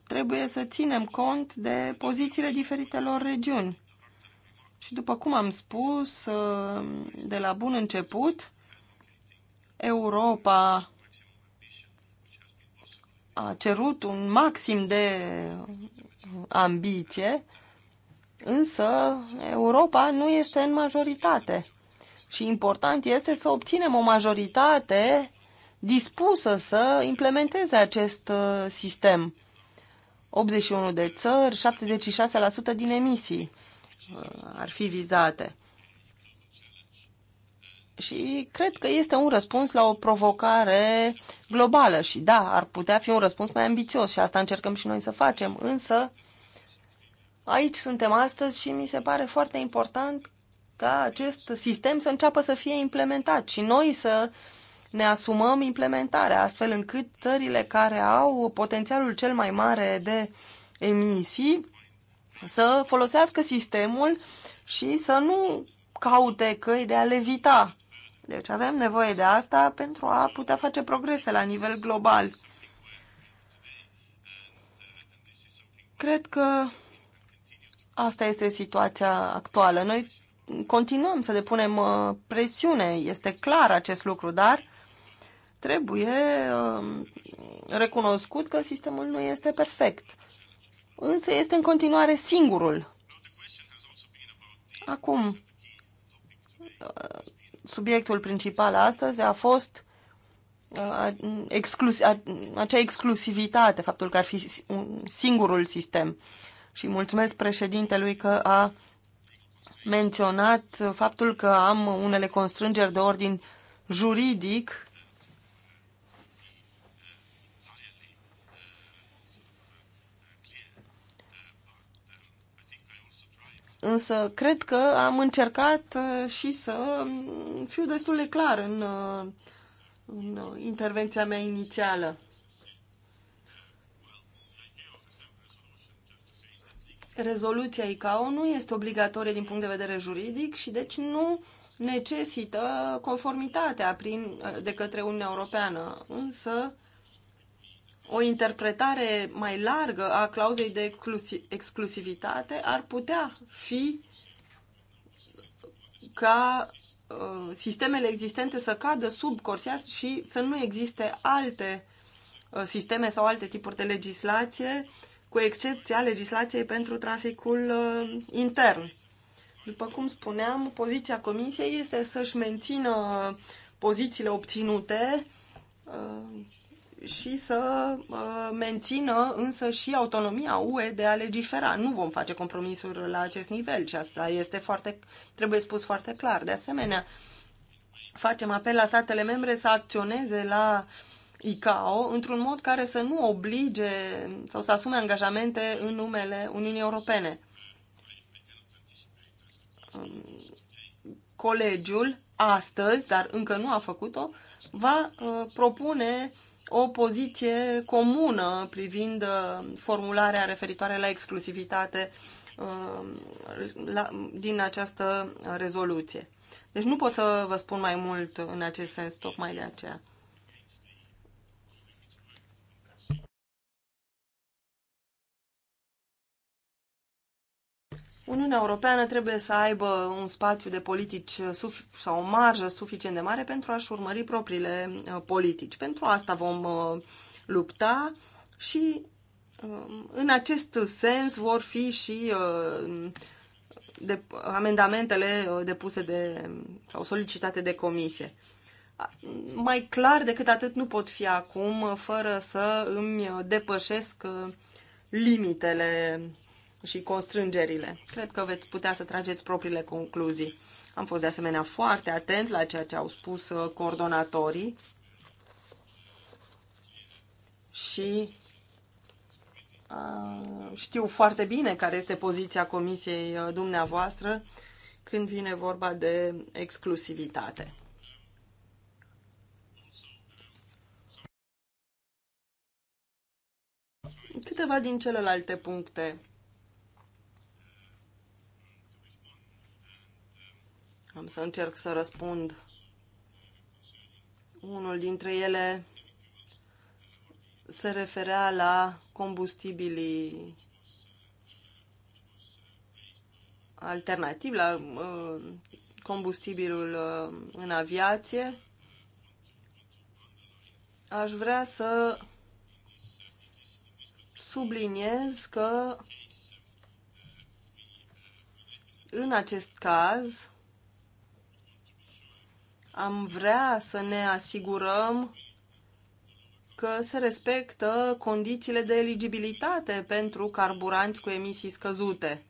trebuie să ținem cont de pozițiile diferitelor regiuni. Și după cum am spus uh, de la bun început, Europa a cerut un maxim de ambiție, însă Europa nu este în majoritate. Și important este să obținem o majoritate dispusă să implementeze acest uh, sistem. 81 de țări, 76% din emisii uh, ar fi vizate. Și cred că este un răspuns la o provocare globală și da, ar putea fi un răspuns mai ambițios și asta încercăm și noi să facem, însă aici suntem astăzi și mi se pare foarte important ca acest sistem să înceapă să fie implementat și noi să uh, ne asumăm implementarea, astfel încât țările care au potențialul cel mai mare de emisii să folosească sistemul și să nu caute căi de a levita. Deci avem nevoie de asta pentru a putea face progrese la nivel global. Cred că asta este situația actuală. Noi continuăm să depunem uh, presiune, este clar acest lucru, dar Trebuie um, recunoscut că sistemul nu este perfect, însă este în continuare singurul. Acum, subiectul principal astăzi a fost uh, acea exclusivitate, faptul că ar fi un singurul sistem. Și mulțumesc președintelui că a menționat faptul că am unele constrângeri de ordin juridic Însă cred că am încercat uh, și să mm, fiu destul de clar în, uh, în uh, intervenția mea inițială. Rezoluția ICAO nu este obligatorie din punct de vedere juridic și deci nu necesită conformitatea prin, de către Uniunea Europeană. Însă, uh, o interpretare mai largă a clauzei de exclusivitate ar putea fi ca uh, sistemele existente să cadă sub corsia și să nu existe alte uh, sisteme sau alte tipuri de legislație, cu excepția legislației pentru traficul uh, intern. După cum spuneam, poziția Comisiei este să-și mențină pozițiile obținute și să uh, mențină însă și autonomia UE de a legifera. Nu vom face compromisuri la acest nivel și asta este foarte, trebuie spus foarte clar. De asemenea, facem apel la statele membre să acționeze la ICAO într-un mod care să nu oblige sau să asume angajamente în numele Uniunii Europene. Colegiul astăzi, dar încă nu a făcut-o, va uh, propune uh, o poziție comună privind uh, formularea referitoare la exclusivitate uh, din această rezoluție. Deci nu pot să vă spun mai mult în acest sens, tocmai de aceea. Uniunea Europeană trebuie să aibă un spațiu de politici sau o marjă suficient de mare pentru a-și urmări propriile uh, politici. Pentru asta vom uh, lupta și um, în acest sens vor fi și uh, de, amendamentele depuse de, sau solicitate de comisie. Mai clar decât atât nu pot fi acum fără să îmi depășesc limitele și constrângerile. Cred că veți putea să trageți propriile concluzii. Am fost de asemenea foarte atent la ceea ce au spus uh, coordonatorii și uh, știu foarte bine care este poziția comisiei uh, dumneavoastră când vine vorba de exclusivitate. Câteva din celelalte puncte Am să încerc să răspund. Unul dintre ele se referea la combustibilii alternativ la uh, combustibilul uh, în aviație, aș vrea să subliniez că în acest caz am vrea să ne asigurăm că se respectă condițiile de eligibilitate pentru carburanți cu emisii scăzute.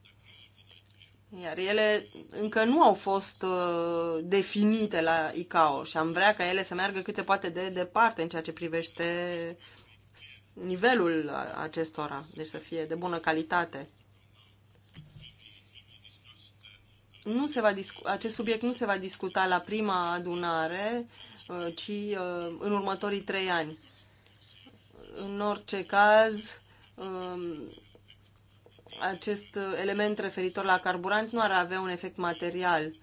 Iar ele încă nu au fost uh, definite la ICAO și am vrea ca ele să meargă cât se poate de departe în ceea ce privește nivelul acestora, deci să fie de bună calitate. nu se va acest subiect nu se va discuta la prima adunare, uh, ci uh, în următorii trei ani. În orice caz, um, acest uh, element referitor la carburant nu ar avea un efect material.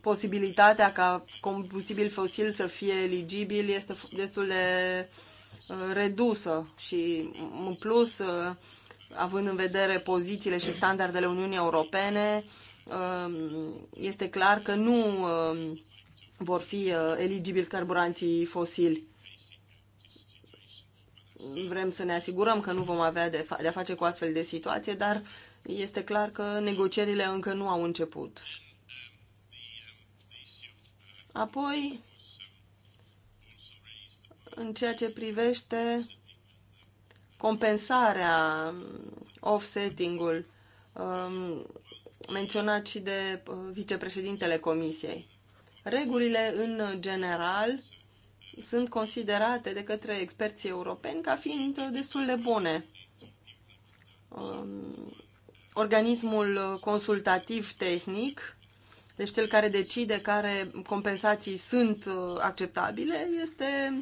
Posibilitatea ca combustibil fosil să fie eligibil este destul de redusă și, în plus, având în vedere pozițiile și standardele Uniunii Europene, um, este clar că nu um, vor fi uh, eligibili carburanții fosili. Vrem să ne asigurăm că nu vom avea de, fa- de a face cu astfel de situație, dar este clar că negocierile încă nu au început. Apoi, în ceea ce privește compensarea, offsetting-ul um, menționat și de uh, vicepreședintele Comisiei. Regulile în general sunt considerate de către experții europeni ca fiind destul de bune. Um, organismul consultativ tehnic, deci cel care decide care compensații sunt uh, acceptabile, este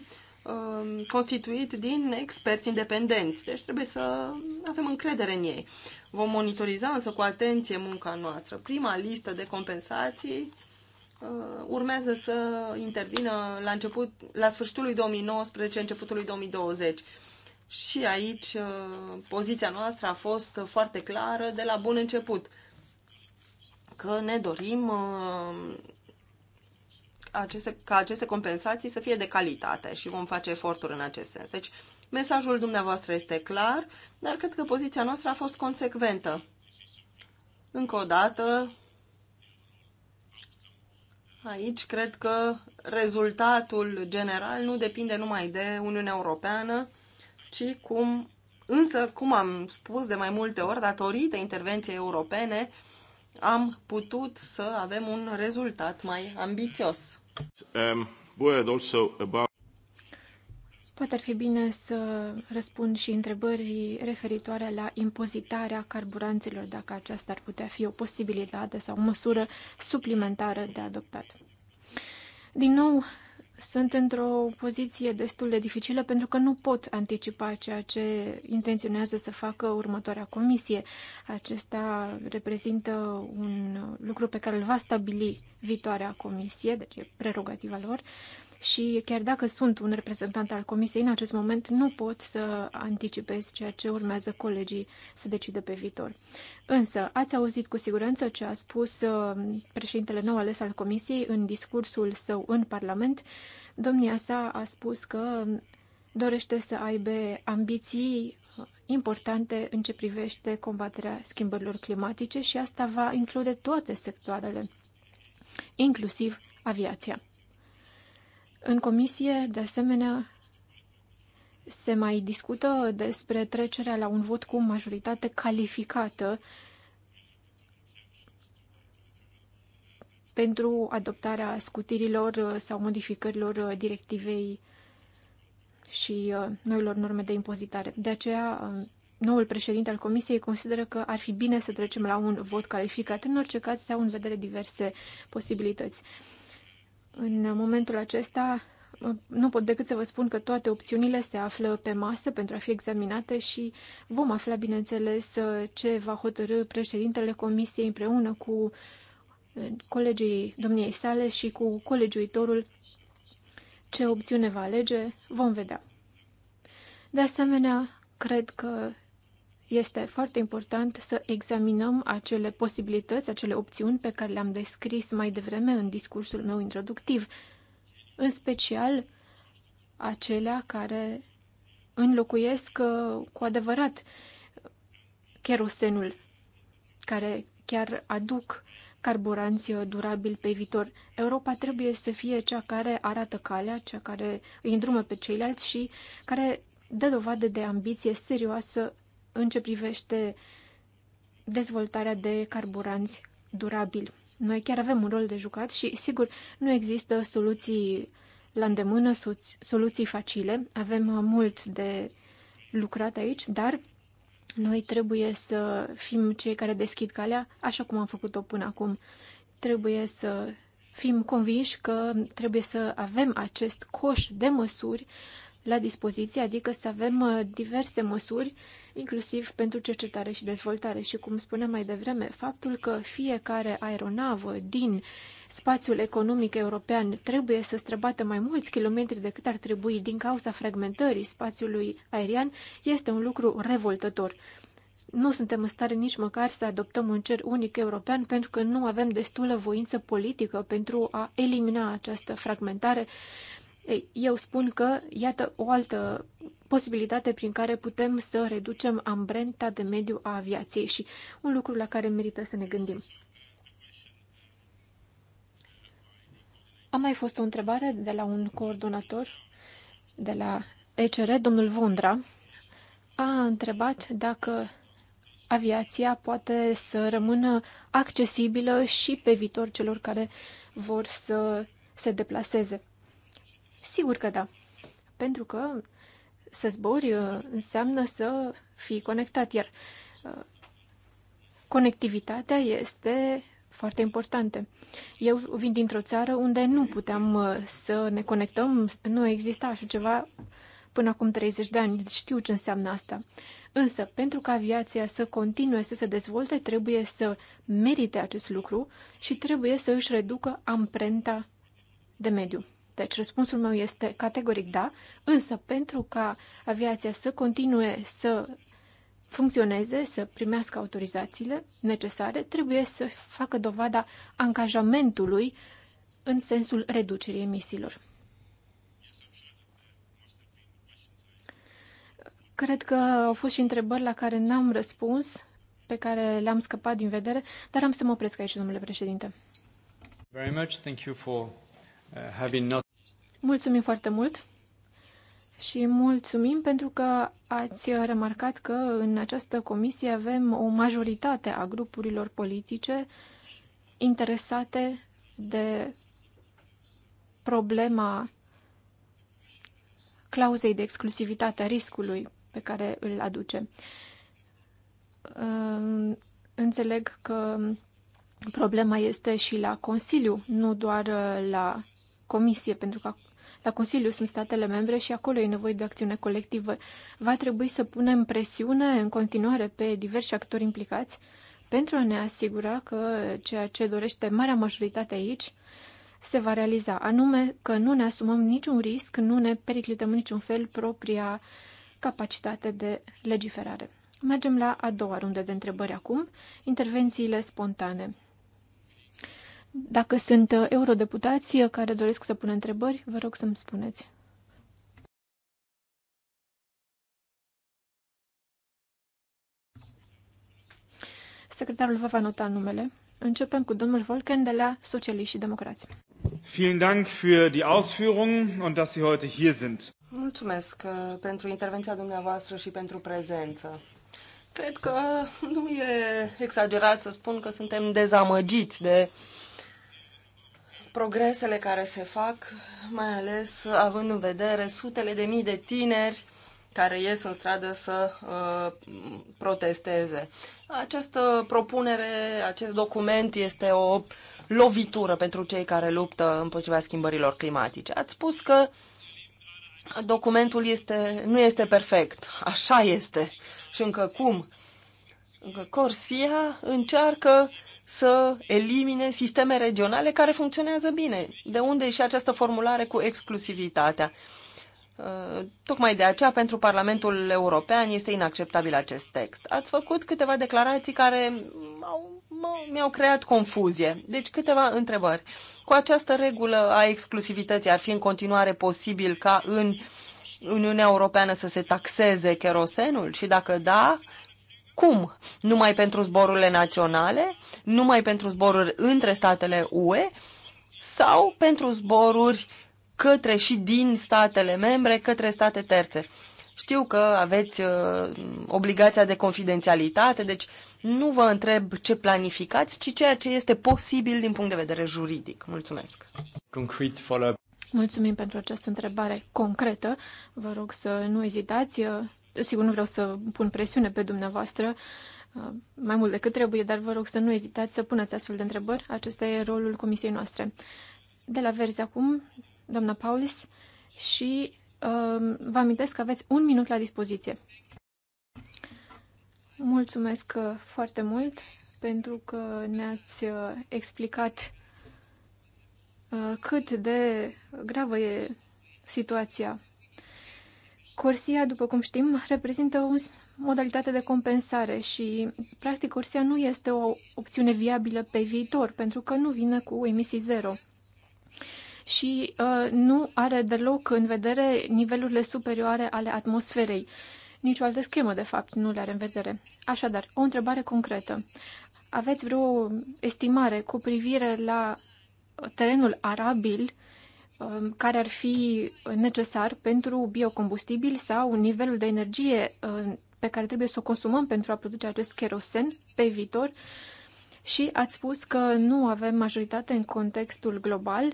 Um, constituit din experți independenți, deci trebuie să avem încredere în ei. Vom monitoriza însă cu atenție munca noastră. Prima listă de compensații uh, urmează să intervină la, început, la sfârșitul lui 2019, începutul lui 2020. Și aici uh, poziția noastră a fost foarte clară de la bun început că ne dorim uh, aceste, ca aceste compensații să fie de calitate și vom face eforturi în acest sens. Deci, mesajul dumneavoastră este clar, dar cred că poziția noastră a fost consecventă. Încă o dată, aici cred că rezultatul general nu depinde numai de Uniunea Europeană, ci cum, însă, cum am spus de mai multe ori, datorită intervenției europene, am putut să avem un rezultat mai ambițios. Um, Poate ar fi bine să răspund și întrebării referitoare la impozitarea carburanților, dacă aceasta ar putea fi o posibilitate sau o măsură suplimentară de adoptat. Din nou, sunt într-o poziție destul de dificilă pentru că nu pot anticipa ceea ce intenționează să facă următoarea comisie. Acesta reprezintă un lucru pe care îl va stabili viitoarea comisie, deci e prerogativa lor, și chiar dacă sunt un reprezentant al Comisiei, în acest moment nu pot să anticipez ceea ce urmează colegii să decidă pe viitor. Însă, ați auzit cu siguranță ce a spus uh, președintele nou ales al Comisiei în discursul său în Parlament. Domnia sa a spus că dorește să aibă ambiții uh, importante în ce privește combaterea schimbărilor climatice și asta va include toate sectoarele, inclusiv aviația. În comisie, de asemenea, se mai discută despre trecerea la un vot cu majoritate calificată pentru adoptarea scutirilor sau modificărilor directivei și uh, noilor norme de impozitare. De aceea, um, noul președinte al Comisiei consideră că ar fi bine să trecem la un vot calificat. În orice caz, se au în vedere diverse posibilități. În momentul acesta nu pot decât să vă spun că toate opțiunile se află pe masă pentru a fi examinate și vom afla, bineînțeles, ce va hotărâ președintele Comisiei împreună cu eh, colegii domniei sale și cu colegiuitorul ce opțiune va alege, vom vedea. De asemenea, cred că este foarte important să examinăm acele posibilități, acele opțiuni pe care le-am descris mai devreme în discursul meu introductiv, în special acelea care înlocuiesc uh, cu adevărat cherosenul, care chiar aduc carburanți uh, durabili pe viitor. Europa trebuie să fie cea care arată calea, cea care îi îndrumă pe ceilalți și care dă dovadă de ambiție serioasă în ce privește dezvoltarea de carburanți durabili. Noi chiar avem un rol de jucat și, sigur, nu există soluții la îndemână, soluții facile. Avem uh, mult de lucrat aici, dar noi trebuie să fim cei care deschid calea, așa cum am făcut-o până acum. Trebuie să fim convinși că trebuie să avem acest coș de măsuri la dispoziție, adică să avem uh, diverse măsuri inclusiv pentru cercetare și dezvoltare. Și cum spuneam mai devreme, faptul că fiecare aeronavă din spațiul economic european trebuie să străbată mai mulți kilometri decât ar trebui din cauza fragmentării spațiului aerian este un lucru revoltător. Nu suntem în stare nici măcar să adoptăm un cer unic european pentru că nu avem destulă voință politică pentru a elimina această fragmentare. Ei, eu spun că, iată, o altă posibilitate prin care putem să reducem ambrenta de mediu a aviației și un lucru la care merită să ne gândim. A mai fost o întrebare de la un coordonator de la ECR, domnul Vondra, a întrebat dacă aviația poate să rămână accesibilă și pe viitor celor care vor să se deplaseze. Sigur că da, pentru că să zbori uh, înseamnă să fii conectat, iar uh, conectivitatea este foarte importantă. Eu vin dintr-o țară unde nu puteam uh, să ne conectăm, nu exista așa ceva până acum 30 de ani, deci știu ce înseamnă asta. Însă, pentru ca aviația să continue să se dezvolte, trebuie să merite acest lucru și trebuie să își reducă amprenta de mediu. Deci răspunsul meu este categoric da, însă pentru ca aviația să continue să funcționeze, să primească autorizațiile necesare, trebuie să facă dovada angajamentului în sensul reducerii emisiilor. Cred că au fost și întrebări la care n-am răspuns, pe care le-am scăpat din vedere, dar am să mă opresc aici, domnule președinte. Very much. Thank you for Mulțumim foarte mult și mulțumim pentru că ați remarcat că în această comisie avem o majoritate a grupurilor politice interesate de problema clauzei de exclusivitate a riscului pe care îl aduce. Înțeleg că problema este și la Consiliu, nu doar la comisie, pentru că la Consiliu sunt statele membre și acolo e nevoie de o acțiune colectivă. Va trebui să punem presiune în continuare pe diversi actori implicați pentru a ne asigura că ceea ce dorește marea majoritate aici se va realiza, anume că nu ne asumăm niciun risc, nu ne periclităm niciun fel propria capacitate de legiferare. Mergem la a doua rundă de întrebări acum, intervențiile spontane. Dacă sunt uh, eurodeputații uh, care doresc să pună întrebări, vă rog să-mi spuneți. Secretarul vă va nota numele. Începem cu domnul Volken de la Socialiști și Democrați. Vielen Dank für die Ausführungen und dass Sie heute hier sind. Mulțumesc uh, pentru intervenția dumneavoastră și pentru prezență. Cred că nu e exagerat să spun că suntem dezamăgiți de uh, progresele care se fac, mai ales având în vedere sutele de mii de tineri care ies în stradă să uh, protesteze. Această propunere, acest document este o lovitură pentru cei care luptă împotriva schimbărilor climatice. Ați spus că documentul este, nu este perfect. Așa este. Și încă cum? Încă Corsia încearcă să elimine sisteme regionale care funcționează bine. De unde și această formulare cu exclusivitatea? Uh, tocmai de aceea, pentru Parlamentul European este inacceptabil acest text. Ați făcut câteva declarații care mi-au creat confuzie. Deci, câteva întrebări. Cu această regulă a exclusivității ar fi în continuare posibil ca în Uniunea Europeană să se taxeze cherosenul? Și dacă da, cum? Numai pentru zborurile naționale? Numai pentru zboruri între statele UE? Sau pentru zboruri către și din statele membre, către state terțe? Știu că aveți uh, obligația de confidențialitate, deci nu vă întreb ce planificați, ci ceea ce este posibil din punct de vedere juridic. Mulțumesc! follow -up. Mulțumim pentru această întrebare concretă. Vă rog să nu ezitați. Sigur, nu vreau să pun presiune pe dumneavoastră, uh, mai mult decât trebuie, dar vă rog să nu ezitați să puneți astfel de întrebări. Acesta e rolul comisiei noastre. De la Verzi acum, doamna Paulis, și uh, vă amintesc că aveți un minut la dispoziție. Mulțumesc uh, foarte mult pentru că ne-ați uh, explicat cât de gravă e situația Corsia, după cum știm, reprezintă o modalitate de compensare și, practic, Corsia nu este o opțiune viabilă pe viitor, pentru că nu vine cu emisii zero și uh, nu are deloc în vedere nivelurile superioare ale atmosferei. Nici o altă schemă, de fapt, nu le are în vedere. Așadar, o întrebare concretă. Aveți vreo estimare cu privire la terenul arabil uh, Um, care ar fi necesar pentru biocombustibil sau nivelul de energie uh, pe care trebuie să o consumăm pentru a produce acest kerosen pe viitor. Și ați spus că nu avem majoritate în contextul global.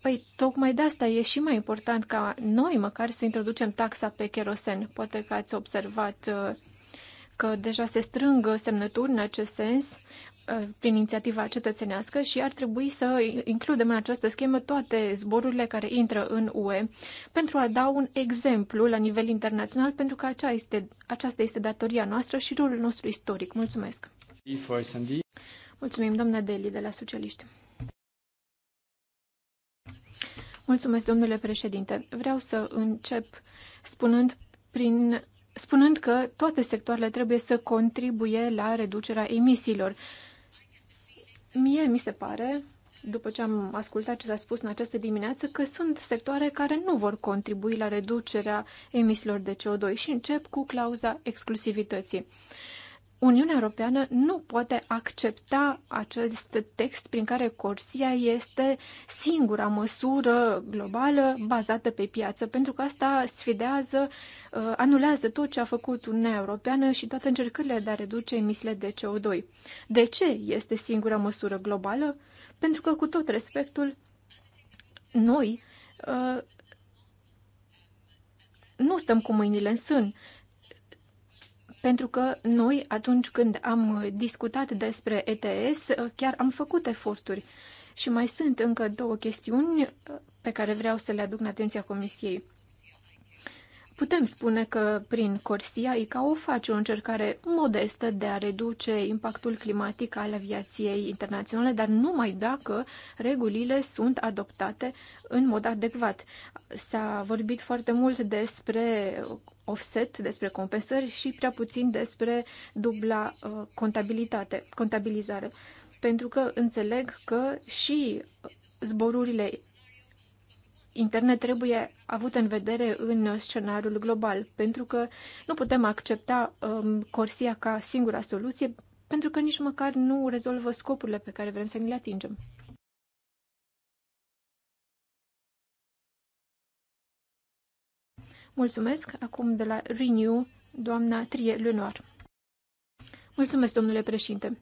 Păi, tocmai de asta e și mai important ca noi măcar să introducem taxa pe kerosen. Poate că ați observat uh, că deja se strâng semnături în acest sens. Uh, prin inițiativa cetățenească și ar trebui să includem în această schemă toate zborurile care intră în UE pentru a da un exemplu la nivel internațional, pentru că acea este, aceasta este datoria noastră și rolul nostru istoric. Mulțumesc! Mulțumim, doamna Deli, de la Socialiști. Mulțumesc, domnule președinte. Vreau să încep spunând prin spunând că toate sectoarele trebuie să contribuie la reducerea emisiilor. Mie mi se pare, după ce am ascultat ce s-a spus în această dimineață, că sunt sectoare care nu vor contribui la reducerea emisiilor de CO2 și încep cu clauza exclusivității. Uh, Uniunea Europeană nu poate accepta acest text prin care Corsia este singura măsură globală bazată pe piață, pentru că asta sfidează, uh, anulează tot ce a făcut Uniunea Europeană și toate încercările de a reduce emisiile de CO2. De ce este singura măsură globală? Pentru că, cu tot respectul, noi uh, nu stăm cu mâinile în sân pentru că noi, atunci când am uh, discutat despre ETS, uh, chiar am făcut eforturi. Și mai sunt încă două chestiuni uh, pe care vreau să le aduc în atenția Comisiei. Putem spune că prin Corsia ICAO face o încercare modestă de a reduce impactul climatic al aviației internaționale, dar numai dacă regulile sunt adoptate în mod adecvat. S-a vorbit foarte mult despre offset, despre compensări și prea puțin despre dubla uh, contabilitate, contabilizare. Pentru că înțeleg că și zborurile interne trebuie avut în vedere în scenariul global, pentru că nu putem accepta um, Corsia ca singura soluție, pentru că nici măcar nu rezolvă scopurile pe care vrem să ni le atingem. Mulțumesc. Acum de la Renew, doamna Trie Lunar. Mulțumesc, domnule președinte.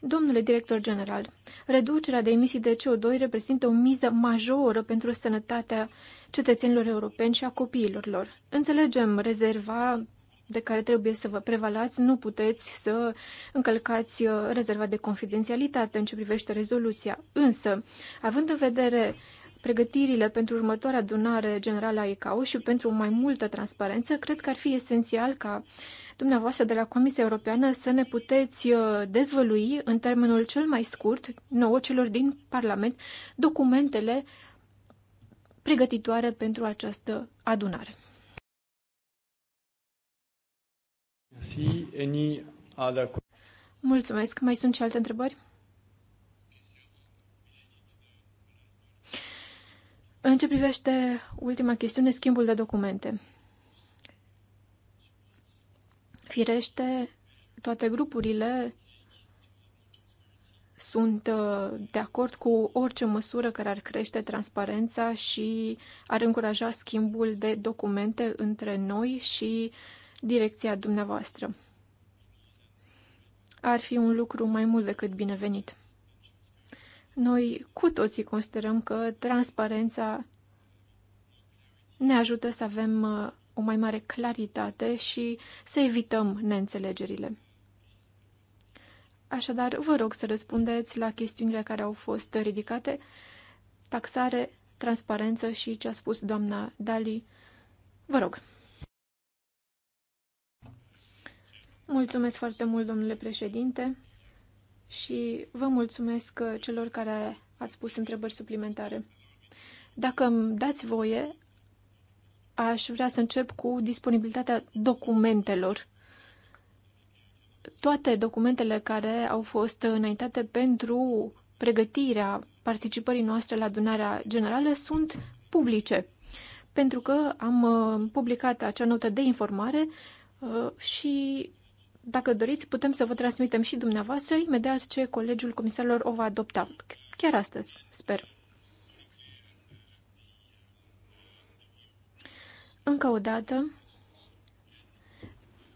Domnule director general, reducerea de emisii de CO2 reprezintă o miză majoră pentru sănătatea cetățenilor europeni și a copiilor lor. Înțelegem rezerva de care trebuie să vă prevalați, nu puteți să încălcați uh, rezerva de confidențialitate în ce privește rezoluția. Însă, având în vedere pregătirile pentru următoarea adunare generală a ICAO și pentru mai multă transparență, cred că ar fi esențial ca dumneavoastră de la Comisia Europeană să ne puteți uh, dezvălui în termenul cel mai scurt, nouă celor din Parlament, documentele pregătitoare pentru această adunare. Mulțumesc. Mai sunt și alte întrebări? În ce privește ultima chestiune, schimbul de documente. Firește, toate grupurile sunt uh, de acord cu orice măsură care ar crește transparența și ar încuraja schimbul de documente între noi și direcția dumneavoastră. Ar fi un lucru mai mult decât binevenit. Noi cu toții considerăm că transparența ne ajută să avem uh, o mai mare claritate și să evităm neînțelegerile. Așadar, vă rog să răspundeți la chestiunile care au fost ridicate, taxare, transparență și ce a spus doamna Dali. Vă rog. Mulțumesc foarte mult, domnule președinte și vă mulțumesc uh, celor care ați pus întrebări suplimentare. Dacă îmi dați voie, aș vrea să încep cu disponibilitatea documentelor. Toate documentele care au fost înaintate pentru pregătirea participării noastre la adunarea generală sunt publice, pentru că am uh, publicat acea notă de informare uh, și dacă doriți, putem să vă transmitem și dumneavoastră imediat ce Colegiul Comisarilor o va adopta. Chiar astăzi, sper. Încă o dată,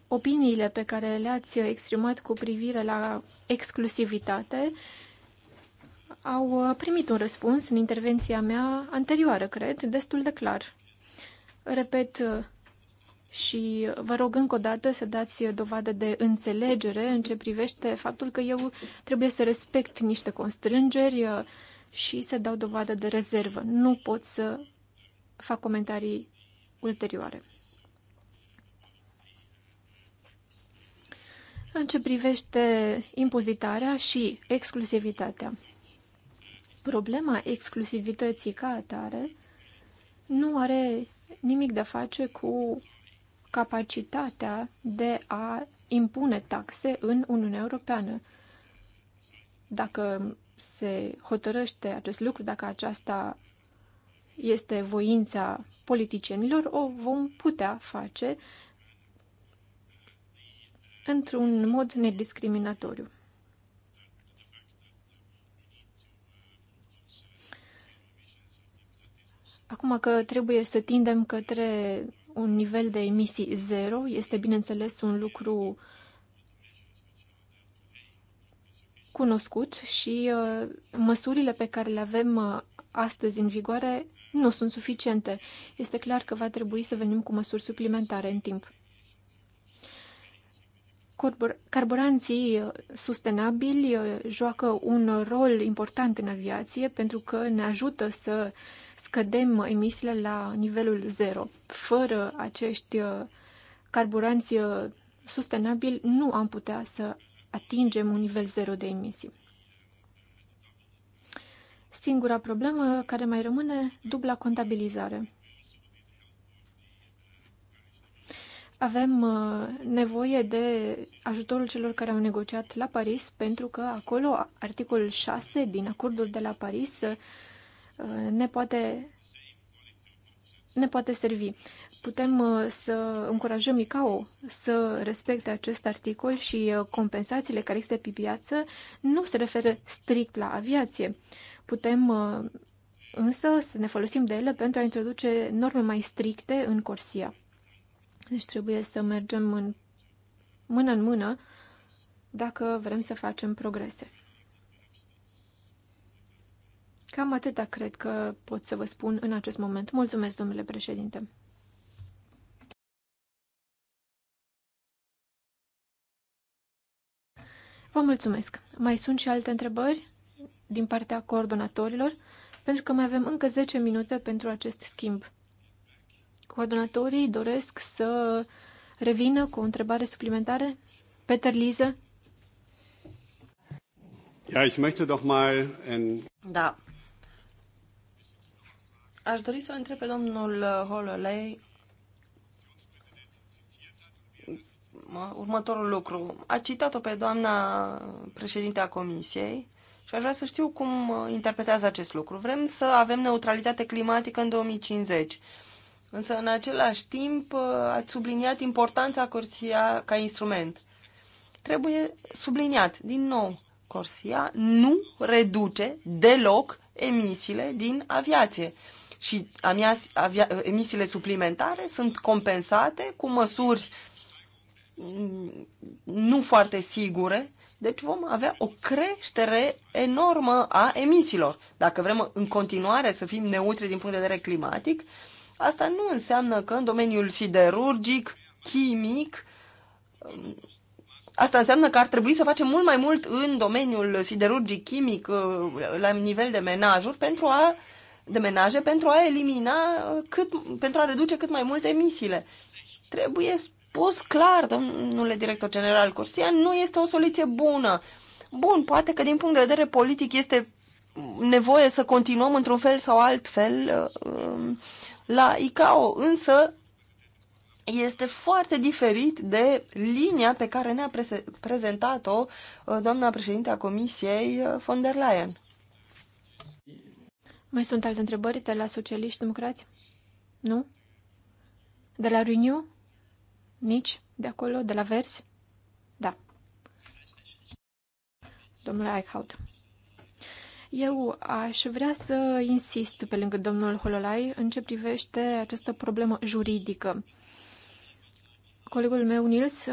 opiniile pe care le-ați exprimat cu privire la exclusivitate au primit un răspuns în intervenția mea anterioară, cred, destul de clar. Repet, și vă rog încă o dată să dați dovadă de înțelegere în ce privește faptul că eu trebuie să respect niște constrângeri uh, și să dau dovadă de rezervă. Nu pot să fac comentarii ulterioare. În ce privește impozitarea și exclusivitatea. Problema exclusivității ca atare nu are nimic de a face cu capacitatea de a impune taxe în Uniunea Europeană. Dacă se hotărăște acest lucru, dacă aceasta este voința politicienilor, o vom putea face într-un mod nediscriminatoriu. Acum că trebuie să tindem către un nivel de emisii zero este, bineînțeles, un lucru cunoscut și uh, măsurile pe care le avem uh, astăzi în vigoare nu sunt suficiente. Este clar că va trebui să venim cu măsuri suplimentare în timp. Carburanții sustenabili uh, joacă un rol important în aviație pentru că ne ajută să scădem emisiile la nivelul zero. Fără acești uh, carburanți uh, sustenabili nu am putea să atingem un nivel zero de emisii. Singura problemă care mai rămâne, dubla contabilizare. avem uh, nevoie de ajutorul celor care au negociat la Paris, pentru că acolo articolul 6 din acordul de la Paris uh, ne poate, ne poate servi. Putem uh, să încurajăm ICAO să respecte acest articol și compensațiile care există pe piață nu se referă strict la aviație. Putem însă să ne folosim de ele pentru a introduce norme mai stricte în Corsia. Deci trebuie să mergem în, mână în mână dacă vrem să facem progrese. Cam atâta cred că pot să vă spun în acest moment. Mulțumesc, domnule președinte. Vă mulțumesc. Mai sunt și alte întrebări din partea coordonatorilor, pentru că mai avem încă 10 minute pentru acest schimb. Coordonatorii doresc să revină cu o întrebare suplimentară. Peter Liză. Ja, ich möchte doch mal in... Da. Aș dori să întreb pe domnul Hololei următorul lucru. A citat-o pe doamna președintea Comisiei și aș vrea să știu cum interpretează acest lucru. Vrem să avem neutralitate climatică în 2050. Însă, în același timp, uh, ați subliniat importanța Corsia ca instrument. Trebuie subliniat, din nou, Corsia nu reduce deloc emisiile din aviație. Și avia, emisiile suplimentare sunt compensate cu măsuri mm, nu foarte sigure, deci vom avea o creștere enormă a emisiilor. Dacă vrem în continuare să fim neutri din punct de vedere climatic, uh, Asta nu înseamnă că în domeniul siderurgic, chimic, um, asta înseamnă că ar trebui să facem mult mai mult în domeniul siderurgic, chimic, uh, la nivel de menajuri, pentru a de menaje pentru a elimina uh, cât, pentru a reduce cât mai multe emisiile. Trebuie spus clar, domnule director general Cursia, nu este o soluție bună. Bun, poate că din punct de vedere politic este nevoie să continuăm într-un fel sau altfel uh, um, la ICAO, însă este foarte diferit de linia pe care ne-a prezentat-o uh, doamna președinte a Comisiei uh, von der Leyen. Mai sunt alte întrebări de la socialiști democrați? Nu? De la Renew? Nici? De acolo? De la Vers? Da. Domnule Eichhout. Eu aș vrea să insist pe lângă domnul Hololai în ce privește această problemă juridică. Colegul meu, Nils,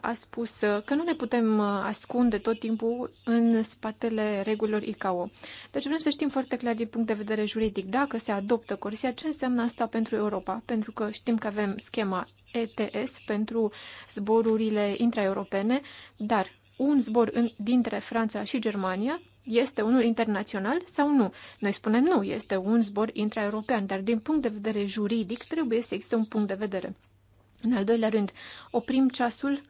a spus că nu ne putem ascunde tot timpul în spatele regulilor ICAO. Deci vrem să știm foarte clar din punct de vedere juridic dacă se adoptă Corsia, ce înseamnă asta pentru Europa, pentru că știm că avem schema ETS pentru zborurile intraeuropene, dar un zbor în, dintre Franța și Germania este unul internațional sau nu? Noi spunem nu, este un zbor intraeuropean, dar din punct de vedere juridic trebuie să existe un punct de vedere. În al doilea rând, oprim ceasul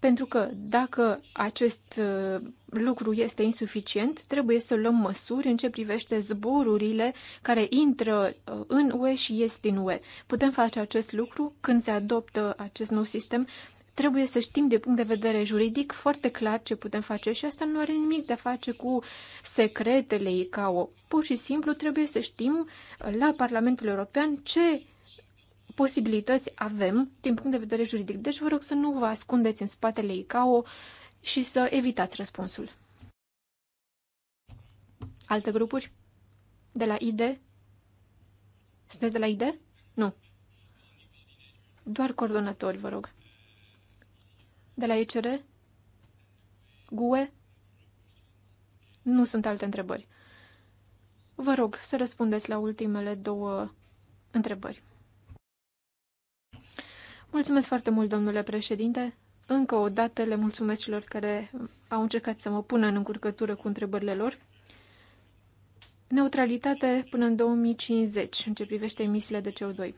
pentru că dacă acest uh, lucru este insuficient, trebuie să luăm măsuri în ce privește zborurile care intră uh, în UE și ies din UE. Putem face acest lucru când se adoptă acest nou sistem, trebuie să știm de punct de vedere juridic foarte clar ce putem face și asta nu are nimic de a face cu secretele ICAO. Pur și simplu trebuie să știm uh, la Parlamentul European ce posibilități avem din punct de vedere juridic. Deci vă rog să nu vă ascundeți în spatele ICAO și să evitați răspunsul. Alte grupuri? De la ID? Sunteți de la ID? Nu. Doar coordonatori, vă rog de la ECR? GUE? Nu sunt alte întrebări. Vă rog să răspundeți la ultimele două întrebări. Mulțumesc foarte mult, domnule președinte. Încă o dată le mulțumesc celor care au încercat să mă pună în încurcătură cu întrebările lor. Neutralitate până în 2050 în ce privește emisiile de CO2.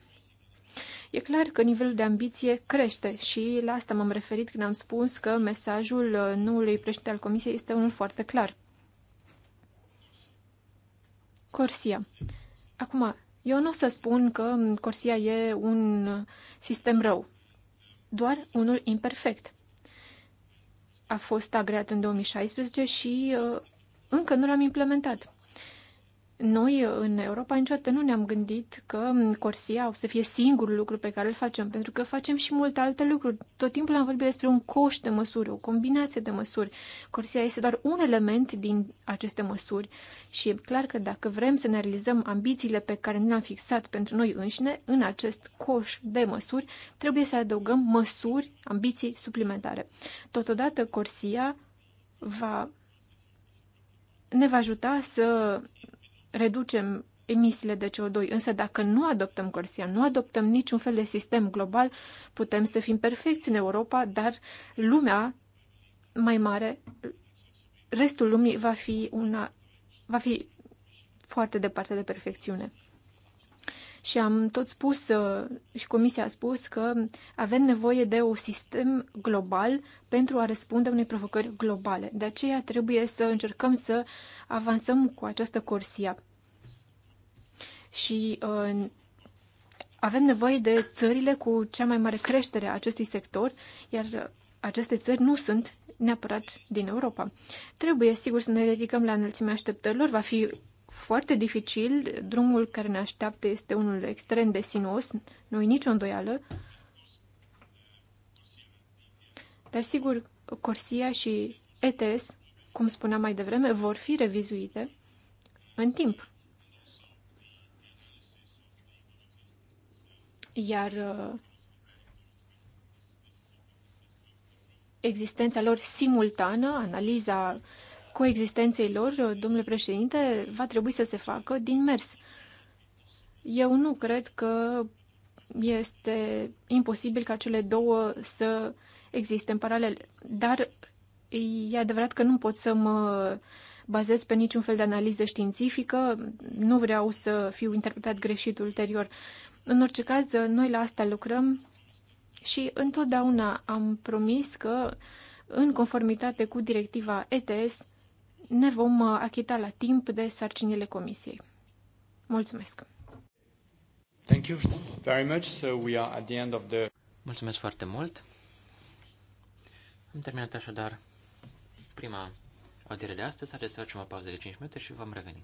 E clar că nivelul de ambiție crește și la asta m-am referit când am spus că mesajul uh, noului președinte al Comisiei este unul foarte clar. Corsia. Acum, eu nu o să spun că mm, Corsia e un uh, sistem rău, doar unul imperfect. A fost agreat în 2016 și uh, încă nu l-am implementat. Noi, în Europa, niciodată nu ne-am gândit că Corsia o să fie singurul lucru pe care îl facem, pentru că facem și multe alte lucruri. Tot timpul am vorbit despre un coș de măsuri, o combinație de măsuri. Corsia este doar un element din aceste măsuri și e clar că dacă vrem să ne realizăm ambițiile pe care ne le-am fixat pentru noi înșine, în acest coș de măsuri, trebuie să adăugăm măsuri, ambiții suplimentare. Totodată, Corsia va ne va ajuta să reducem emisiile de CO2. Însă dacă nu adoptăm Corsia, nu adoptăm niciun fel de sistem global, putem să fim perfecți în Europa, dar lumea mai mare, restul lumii va fi una va fi foarte departe de perfecțiune și am tot spus uh, și Comisia a spus că avem nevoie de un sistem global pentru a răspunde unei provocări globale. De aceea trebuie să încercăm să avansăm cu această corsia. Și uh, avem nevoie de țările cu cea mai mare creștere a acestui sector, iar aceste țări nu sunt neapărat din Europa. Trebuie, sigur, să ne ridicăm la înălțimea așteptărilor. Va fi foarte dificil, drumul care ne așteaptă este unul extrem de sinuos, nu-i nicio îndoială. Dar sigur, Corsia și ETS, cum spuneam mai devreme, vor fi revizuite în timp. Iar uh, existența lor simultană, analiza uh, coexistenței lor, domnule președinte, va trebui să se facă din mers. Eu nu cred că este imposibil ca cele două să existe în paralel, dar e adevărat că nu pot să mă bazez pe niciun fel de analiză științifică, nu vreau să fiu interpretat greșit ulterior. În orice caz, noi la asta lucrăm și întotdeauna am promis că, în conformitate cu directiva ETS, ne vom uh, achita la timp de sarcinile comisiei. Mulțumesc! Thank you very much. So we are at the end of the... Mulțumesc foarte mult! Am terminat așadar prima audiere de astăzi. Haideți să facem o pauză de 5 minute și vom reveni.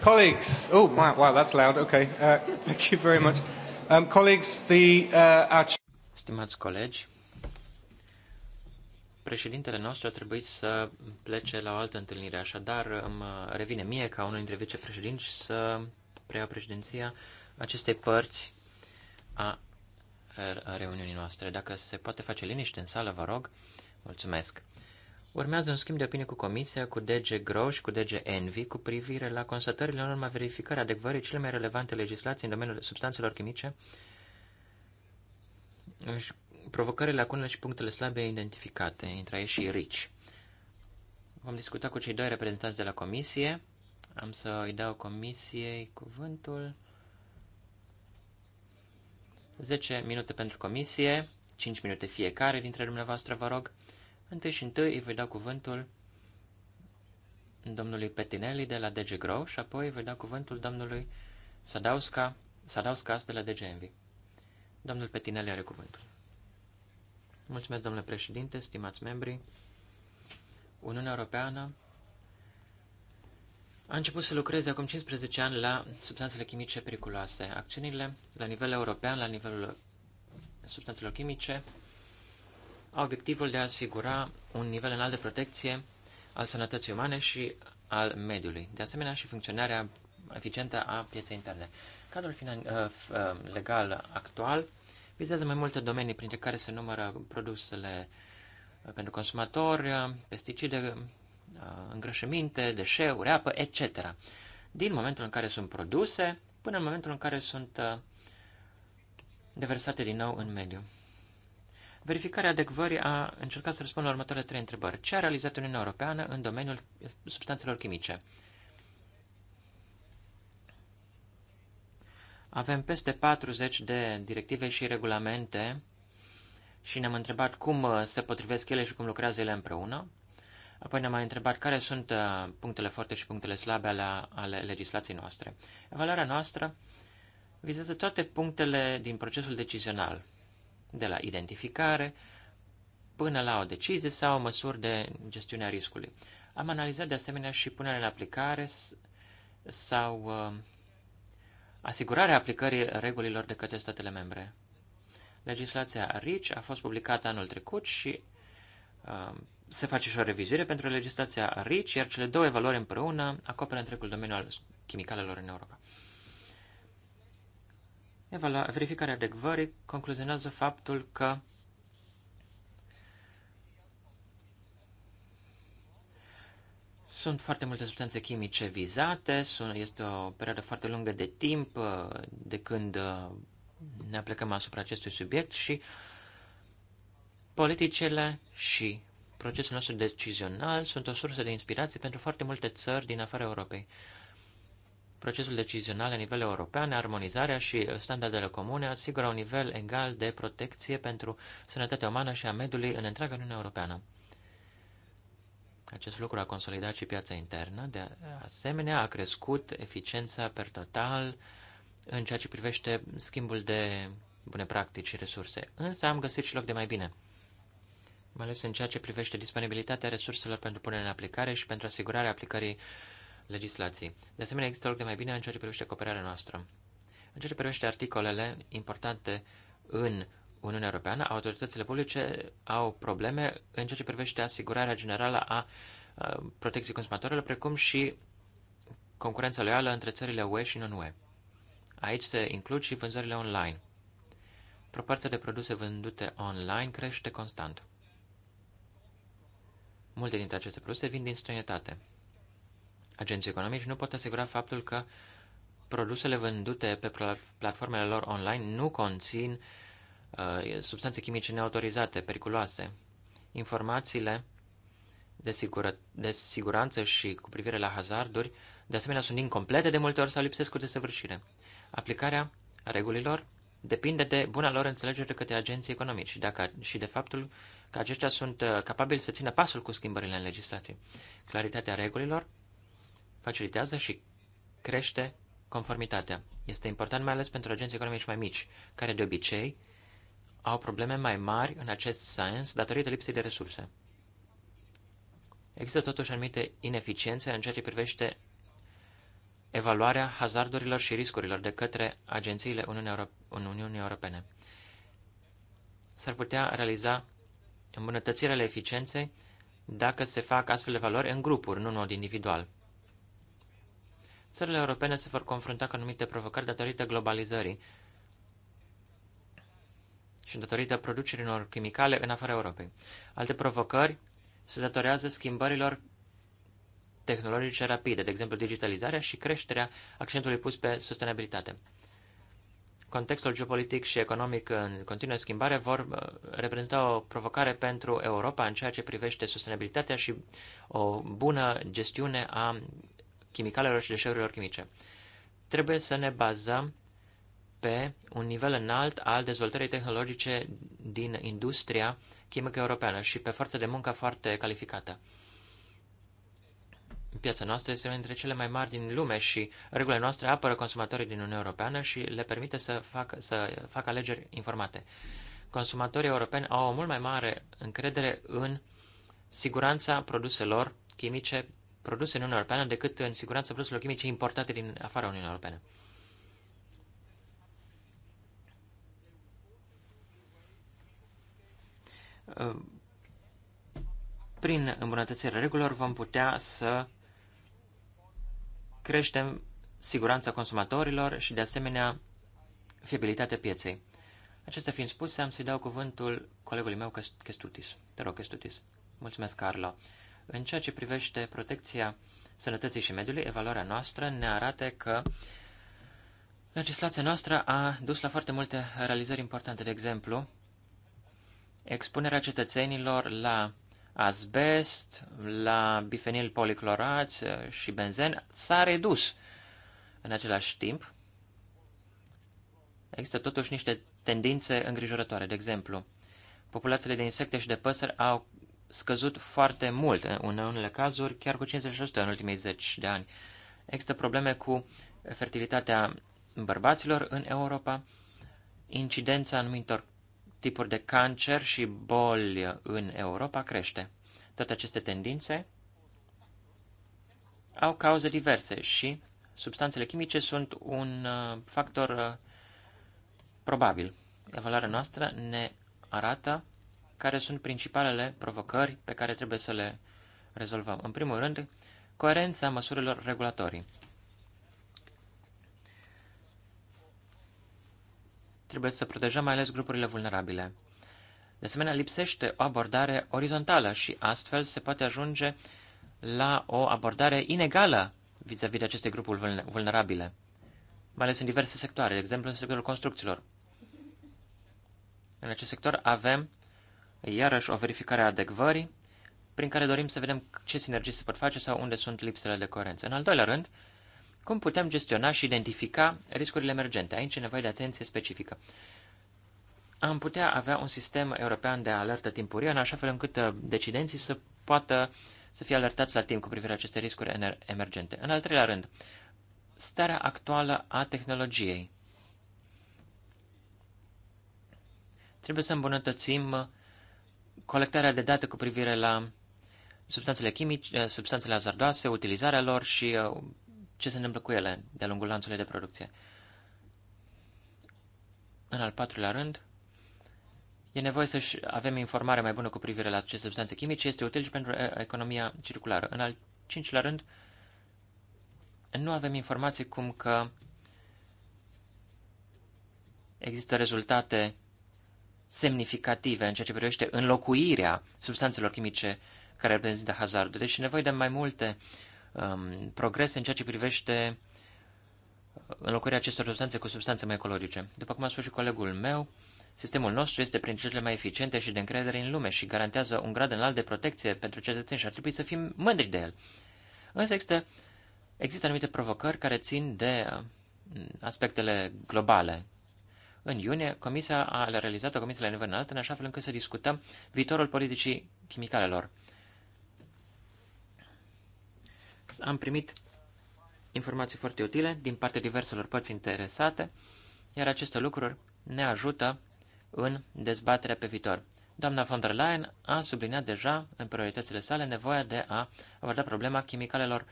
Colleagues, oh my, wow, that's loud. Okay, uh, thank you very much. Um, colleagues, the uh, our... Stimați colegi, președintele nostru a trebuit să plece la o altă întâlnire, așadar îmi uh, revine mie ca unul dintre vicepreședinți să preia președinția acestei părți a uh, reuniunii noastre. Dacă se poate face liniște în sală, vă rog, mulțumesc. Urmează un schimb de opinie cu Comisia, cu DG Grow și cu DG Envy cu privire la constatările în urma verificării adecvării cele mai relevante legislații în domeniul substanțelor chimice și provocările, lacunele și punctele slabe identificate, între ei și RICI. Vom discuta cu cei doi reprezentanți de la Comisie. Am să îi dau Comisiei cuvântul. 10 minute pentru Comisie, 5 minute fiecare dintre dumneavoastră, vă rog. Întâi și întâi îi voi da cuvântul domnului Petinelli de la DG Grow și apoi îi voi da cuvântul domnului Sadauska, Sadauscas de la DG Envy. Domnul Petinelli are cuvântul. Mulțumesc, domnule președinte, stimați membri. Uniunea Europeană a început să lucreze acum 15 ani la substanțele chimice periculoase. Acțiunile la nivel european, la nivelul substanțelor chimice, au obiectivul de a asigura un nivel înalt de protecție al sănătății umane și al mediului, de asemenea și funcționarea eficientă a pieței interne. Cadrul uh, uh, legal actual vizează mai multe domenii, printre care se numără produsele uh, pentru consumatori, uh, pesticide, îngrășăminte, deșeuri, apă, etc. Din momentul în care sunt produse până în momentul în care sunt deversate din nou în mediu. Verificarea adecvării a încercat să răspundă la următoarele trei întrebări. Ce a realizat Uniunea Europeană în domeniul substanțelor chimice? Avem peste 40 de directive și regulamente și ne-am întrebat cum uh, se potrivesc ele și cum lucrează ele împreună. Apoi ne-am mai întrebat care sunt uh, punctele forte și punctele slabe ale, ale legislației noastre. Evaluarea noastră vizează toate punctele din procesul decizional – de la identificare până la o decizie sau măsuri de gestiune a riscului. Am analizat de asemenea și punerea în aplicare sau uh, asigurarea aplicării regulilor de către statele membre. Legislația RICI a fost publicată anul trecut și uh, se face și o revizuire pentru legislația RICI, iar cele două valori împreună acoperă întregul domeniu al chimicalelor în Europa. Evaluarea, verificarea adecvării concluzionează faptul că Sunt foarte multe substanțe chimice vizate, sunt, este o perioadă foarte lungă de timp uh, de când uh, ne aplicăm asupra acestui subiect și politicile și procesul nostru decizional sunt o sursă de inspirație pentru foarte multe țări din afara Europei procesul decizional la nivel european, armonizarea și standardele comune asigură un nivel egal de protecție pentru sănătatea umană și a mediului în întreaga Uniune Europeană. Acest lucru a consolidat și piața internă, de asemenea a crescut eficiența per total în ceea ce privește schimbul de bune practici și resurse. Însă am găsit și loc de mai bine, mai ales în ceea ce privește disponibilitatea resurselor pentru punerea în aplicare și pentru asigurarea aplicării uh, legislației. De asemenea, există lucruri de mai bine în ceea ce privește cooperarea noastră. În ceea ce privește articolele importante în Uniunea Europeană, autoritățile publice au probleme în ceea ce privește asigurarea generală a protecției consumatorilor, precum și concurența loială între țările UE și non-UE. Aici se includ și vânzările online. Proporția de produse vândute online crește constant. Multe dintre aceste produse vin din străinătate. Agenții economici nu pot asigura faptul că produsele vândute pe platformele lor online nu conțin uh, substanțe chimice neautorizate, periculoase. Informațiile de, sigură, de siguranță și cu privire la hazarduri, de asemenea, sunt incomplete de multe ori sau lipsesc cu desăvârșire. Aplicarea regulilor depinde de buna lor înțelegere de către agenții economici și, dacă, și de faptul că aceștia sunt uh, capabili să țină pasul cu schimbările în legislație. Claritatea regulilor facilitează și crește conformitatea. Este important mai ales pentru agenții economici mai mici, care de obicei au probleme mai mari în acest sens datorită lipsei de resurse. Există totuși anumite ineficiențe în ceea ce privește evaluarea hazardurilor și riscurilor de către agențiile Uniunii, Euro- Europene. S-ar putea realiza îmbunătățirea eficienței dacă se fac astfel de valori în grupuri, nu în mod individual. Țările europene se vor confrunta cu anumite provocări datorită globalizării și datorită producerii unor chimicale în afara Europei. Alte provocări se datorează schimbărilor tehnologice rapide, de exemplu digitalizarea și creșterea accentului pus pe sustenabilitate. Contextul geopolitic și economic în continuă schimbare vor uh, reprezenta o provocare pentru Europa în ceea ce privește sustenabilitatea și o bună gestiune a chimicalelor și deșeurilor chimice. Trebuie să ne bazăm pe un nivel înalt al dezvoltării tehnologice din industria chimică europeană și pe forță de muncă foarte calificată. Piața noastră este una dintre cele mai mari din lume și regulile noastre apără consumatorii din Uniunea Europeană și le permite să facă, să facă alegeri informate. Consumatorii europeni au o mult mai mare încredere în siguranța produselor chimice produse în Uniunea Europeană decât în siguranța produselor chimice importate din afara Uniunii Europene. Uh, prin îmbunătățirea regulilor vom putea să creștem siguranța consumatorilor și, de asemenea, fiabilitatea pieței. Acestea fiind spuse, am să-i dau cuvântul colegului meu, Chestutis. Te rog, Chestutis. Mulțumesc, Carlo. În ceea ce privește protecția sănătății și mediului, evaluarea noastră ne arată că legislația noastră a dus la foarte multe realizări importante. De exemplu, expunerea cetățenilor la asbest, la bifenil policlorat și benzen s-a redus. În același timp, există totuși niște tendințe îngrijorătoare. De exemplu, populațiile de insecte și de păsări au scăzut foarte mult, în unele cazuri chiar cu 50% în ultimii 10 de ani. Există probleme cu fertilitatea bărbaților în Europa, incidența anumitor tipuri de cancer și boli în Europa crește. Toate aceste tendințe au cauze diverse și substanțele chimice sunt un uh, factor uh, probabil. Evaluarea noastră ne arată care sunt principalele provocări pe care trebuie să le rezolvăm. În primul rând, coerența măsurilor regulatorii. Trebuie să protejăm mai ales grupurile vulnerabile. De asemenea, lipsește o abordare orizontală și astfel se poate ajunge la o abordare inegală vis-a-vis -vis de aceste grupuri vulnerabile, mai ales în diverse sectoare, de exemplu în sectorul construcțiilor. În acest sector avem iarăși o verificare a adecvării, prin care dorim să vedem ce sinergii se pot face sau unde sunt lipsele de coerență. În al doilea rând, cum putem gestiona și identifica riscurile emergente. Aici e nevoie de atenție specifică. Am putea avea un sistem european de alertă timpurie, în așa fel încât uh, decidenții să poată să fie alertați la timp cu privire la aceste riscuri emergente. În al treilea rând, starea actuală a tehnologiei. Trebuie să îmbunătățim uh, colectarea de date cu privire la substanțele chimice, eh, substanțele azardoase, utilizarea lor și eh, ce se întâmplă cu ele de-a lungul lanțului de producție. În al patrulea rând, e nevoie să avem informare mai bună cu privire la aceste substanțe chimice, este util și pentru eh, economia circulară. În al cincilea rând, nu avem informații cum că există rezultate semnificative în ceea ce privește înlocuirea substanțelor chimice care reprezintă hazardele deci nevoie de mai multe um, progrese în ceea ce privește uh, înlocuirea acestor substanțe cu substanțe mai ecologice. După cum a spus și colegul meu, sistemul nostru este prin cele mai eficiente și de încredere în lume și garantează un grad înalt de protecție pentru cetățeni și ar trebui să fim mândri de el. Însă există, există anumite provocări care țin de uh, aspectele globale în iunie, Comisia a realizat o comisie la nivel înalt, în așa fel încât să discutăm viitorul politicii chimicalelor. Am primit informații foarte utile din partea diverselor părți interesate, iar aceste lucruri ne ajută în dezbaterea pe viitor. Doamna von der Leyen a subliniat deja în prioritățile sale nevoia de a aborda problema chimicalelor uh,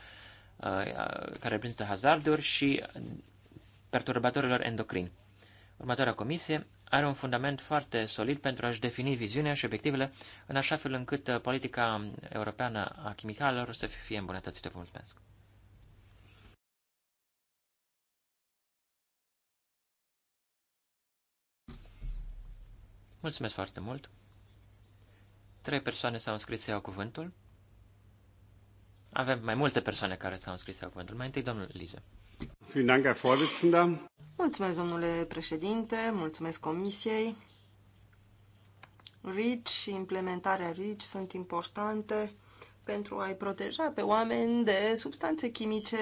care reprezintă hazarduri și perturbatorilor endocrini. Următoarea comisie are un fundament foarte solid pentru a-și defini viziunea și obiectivele în așa fel încât uh, politica europeană a chimicalelor să fie îmbunătățită. Vă mulțumesc! Mulțumesc foarte mult! Trei persoane s-au înscris să iau cuvântul. Avem mai multe persoane care s-au înscris să iau cuvântul. Mai întâi, domnul Lize. Mulțumesc, domnule președinte, mulțumesc comisiei. RICI și implementarea RICI sunt importante pentru a-i proteja pe oameni de substanțe chimice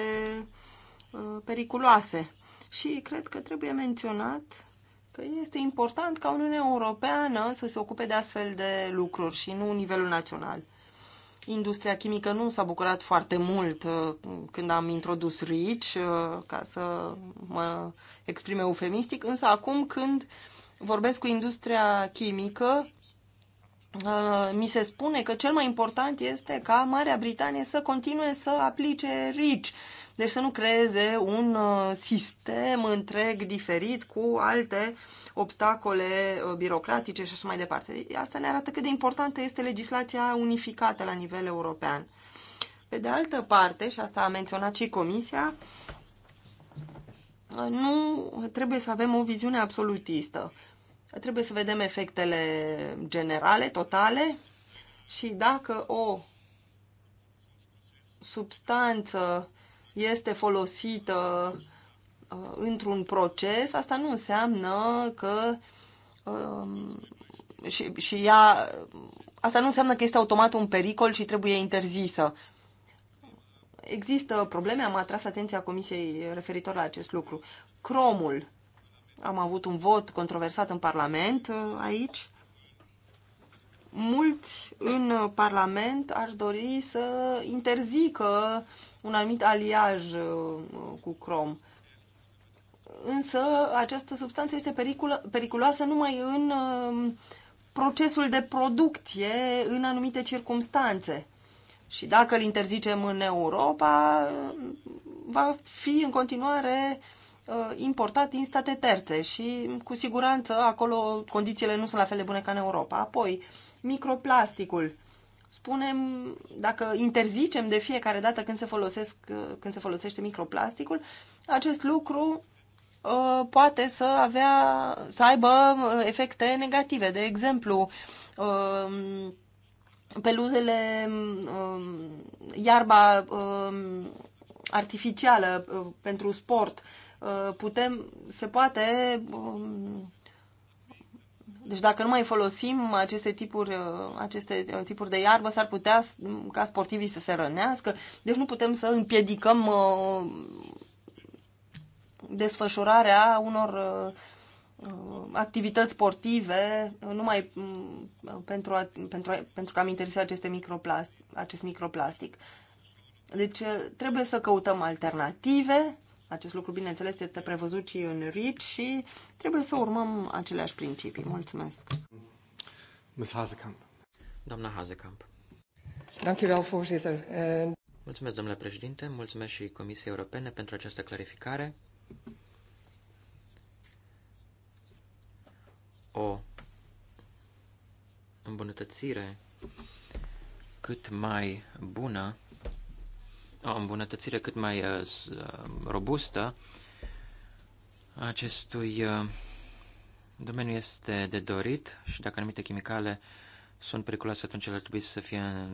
uh, periculoase. Și cred că trebuie menționat că este important ca Uniunea Europeană să se ocupe de astfel de lucruri și nu nivelul național. Industria chimică nu s-a bucurat foarte mult uh, când am introdus RICI, uh, ca să mă exprim eufemistic, însă acum când vorbesc cu industria chimică, uh, mi se spune că cel mai important este ca Marea Britanie să continue să aplice RICI, deci să nu creeze un sistem întreg diferit cu alte uh, obstacole uh, birocratice și așa mai departe. Asta ne arată cât de importantă este legislația unificată la nivel european. Pe de altă parte, și asta a menționat și Comisia, uh, nu trebuie să avem o viziune absolutistă. Trebuie să vedem efectele generale, totale, și dacă o substanță este folosită Uh, într-un proces, asta nu înseamnă că um, și, și ea, asta nu înseamnă că este automat un pericol și trebuie interzisă. Există probleme, am atras atenția Comisiei referitor la acest lucru. Cromul. Am avut un vot controversat în Parlament uh, aici. Mulți în Parlament ar dori să interzică un anumit aliaj uh, cu crom însă această substanță este periculo periculoasă numai în um, procesul de producție în anumite circumstanțe. Și dacă îl interzicem în Europa, va fi în continuare uh, importat din state terțe și cu siguranță acolo condițiile nu sunt la fel de bune ca în Europa. Apoi, microplasticul. Spunem, dacă interzicem de fiecare dată când se, folosesc, uh, când se folosește microplasticul, acest lucru Uh, poate să avea, să aibă uh, efecte negative. De exemplu, um, peluzele, um, iarba um, artificială uh, pentru sport, putem, se poate deci dacă nu mai folosim aceste tipuri, aceste tipuri de iarbă, s-ar putea ca sportivii să se rănească. Deci nu putem să împiedicăm desfășurarea unor uh, activități sportive uh, numai mm, pentru, a, pentru, a, pentru că am interesat aceste microplast, acest microplastic. Deci uh, trebuie să căutăm alternative. Acest lucru, bineînțeles, este prevăzut și în RIT și trebuie să urmăm aceleași principii. Mulțumesc. Ms. Hazekamp. Doamna Hazekamp. Mulțumesc, domnule președinte. Mulțumesc și Comisiei Europene pentru această clarificare o îmbunătățire cât mai bună, o îmbunătățire cât mai uh, uh, robustă acestui uh, domeniu este de dorit și dacă anumite chimicale sunt periculoase, atunci ar trebui să fie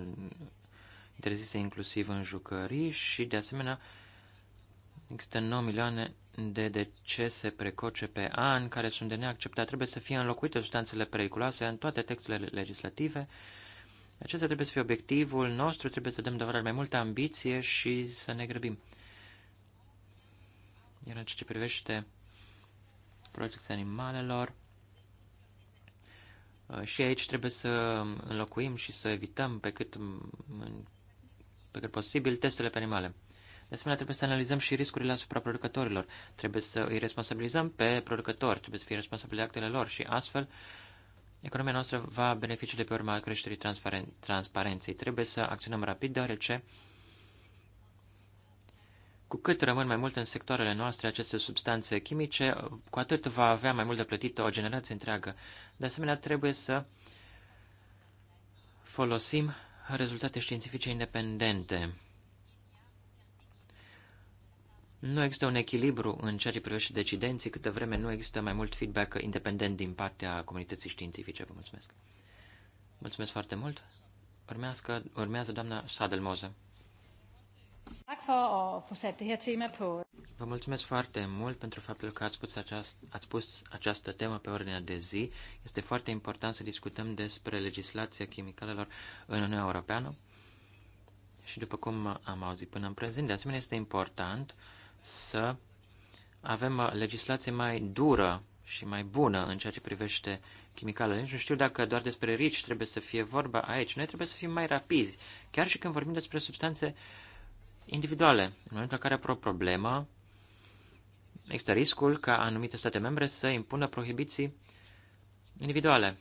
interzise inclusiv în jucării și, de asemenea, uh, Există 9 milioane de decese precoce pe an care sunt de neacceptat. Trebuie să fie înlocuite substanțele periculoase în toate textele legislative. Acesta trebuie să fie obiectivul nostru, trebuie să dăm dovadă mai multă ambiție și să ne grăbim. Iar în ceea ce privește protecția animalelor, uh, și aici trebuie să înlocuim și să evităm pe cât, pe cât posibil testele pe animale. De asemenea, trebuie să analizăm și riscurile asupra producătorilor. Trebuie să îi responsabilizăm pe producători, trebuie să fie responsabili de actele lor și astfel economia noastră va beneficia de pe urma creșterii transparen- transparenței. Trebuie să acționăm rapid, deoarece cu cât rămân mai mult în sectoarele noastre aceste substanțe chimice, cu atât va avea mai mult de plătit o generație întreagă. De asemenea, trebuie să folosim rezultate științifice independente. Nu există un echilibru în ceea ce privește decidenții, câtă vreme nu există mai mult feedback independent din partea comunității științifice. Vă mulțumesc. Mulțumesc foarte mult. Urmează, urmează doamna Sadelmoze. Vă mulțumesc foarte mult pentru faptul că ați pus, aceast, ați pus această temă pe ordinea de zi. Este foarte important să discutăm despre legislația chimicalelor în Uniunea Europeană. Și după cum am auzit până în prezent, de asemenea este important uh, să avem legislație mai dură și mai bună în ceea ce privește chimicalele. Nici nu știu dacă doar despre rici trebuie să fie vorba aici. Noi trebuie să fim mai rapizi, chiar și când vorbim despre substanțe individuale. În momentul în care apare o problemă, există riscul ca anumite state membre să impună prohibiții individuale.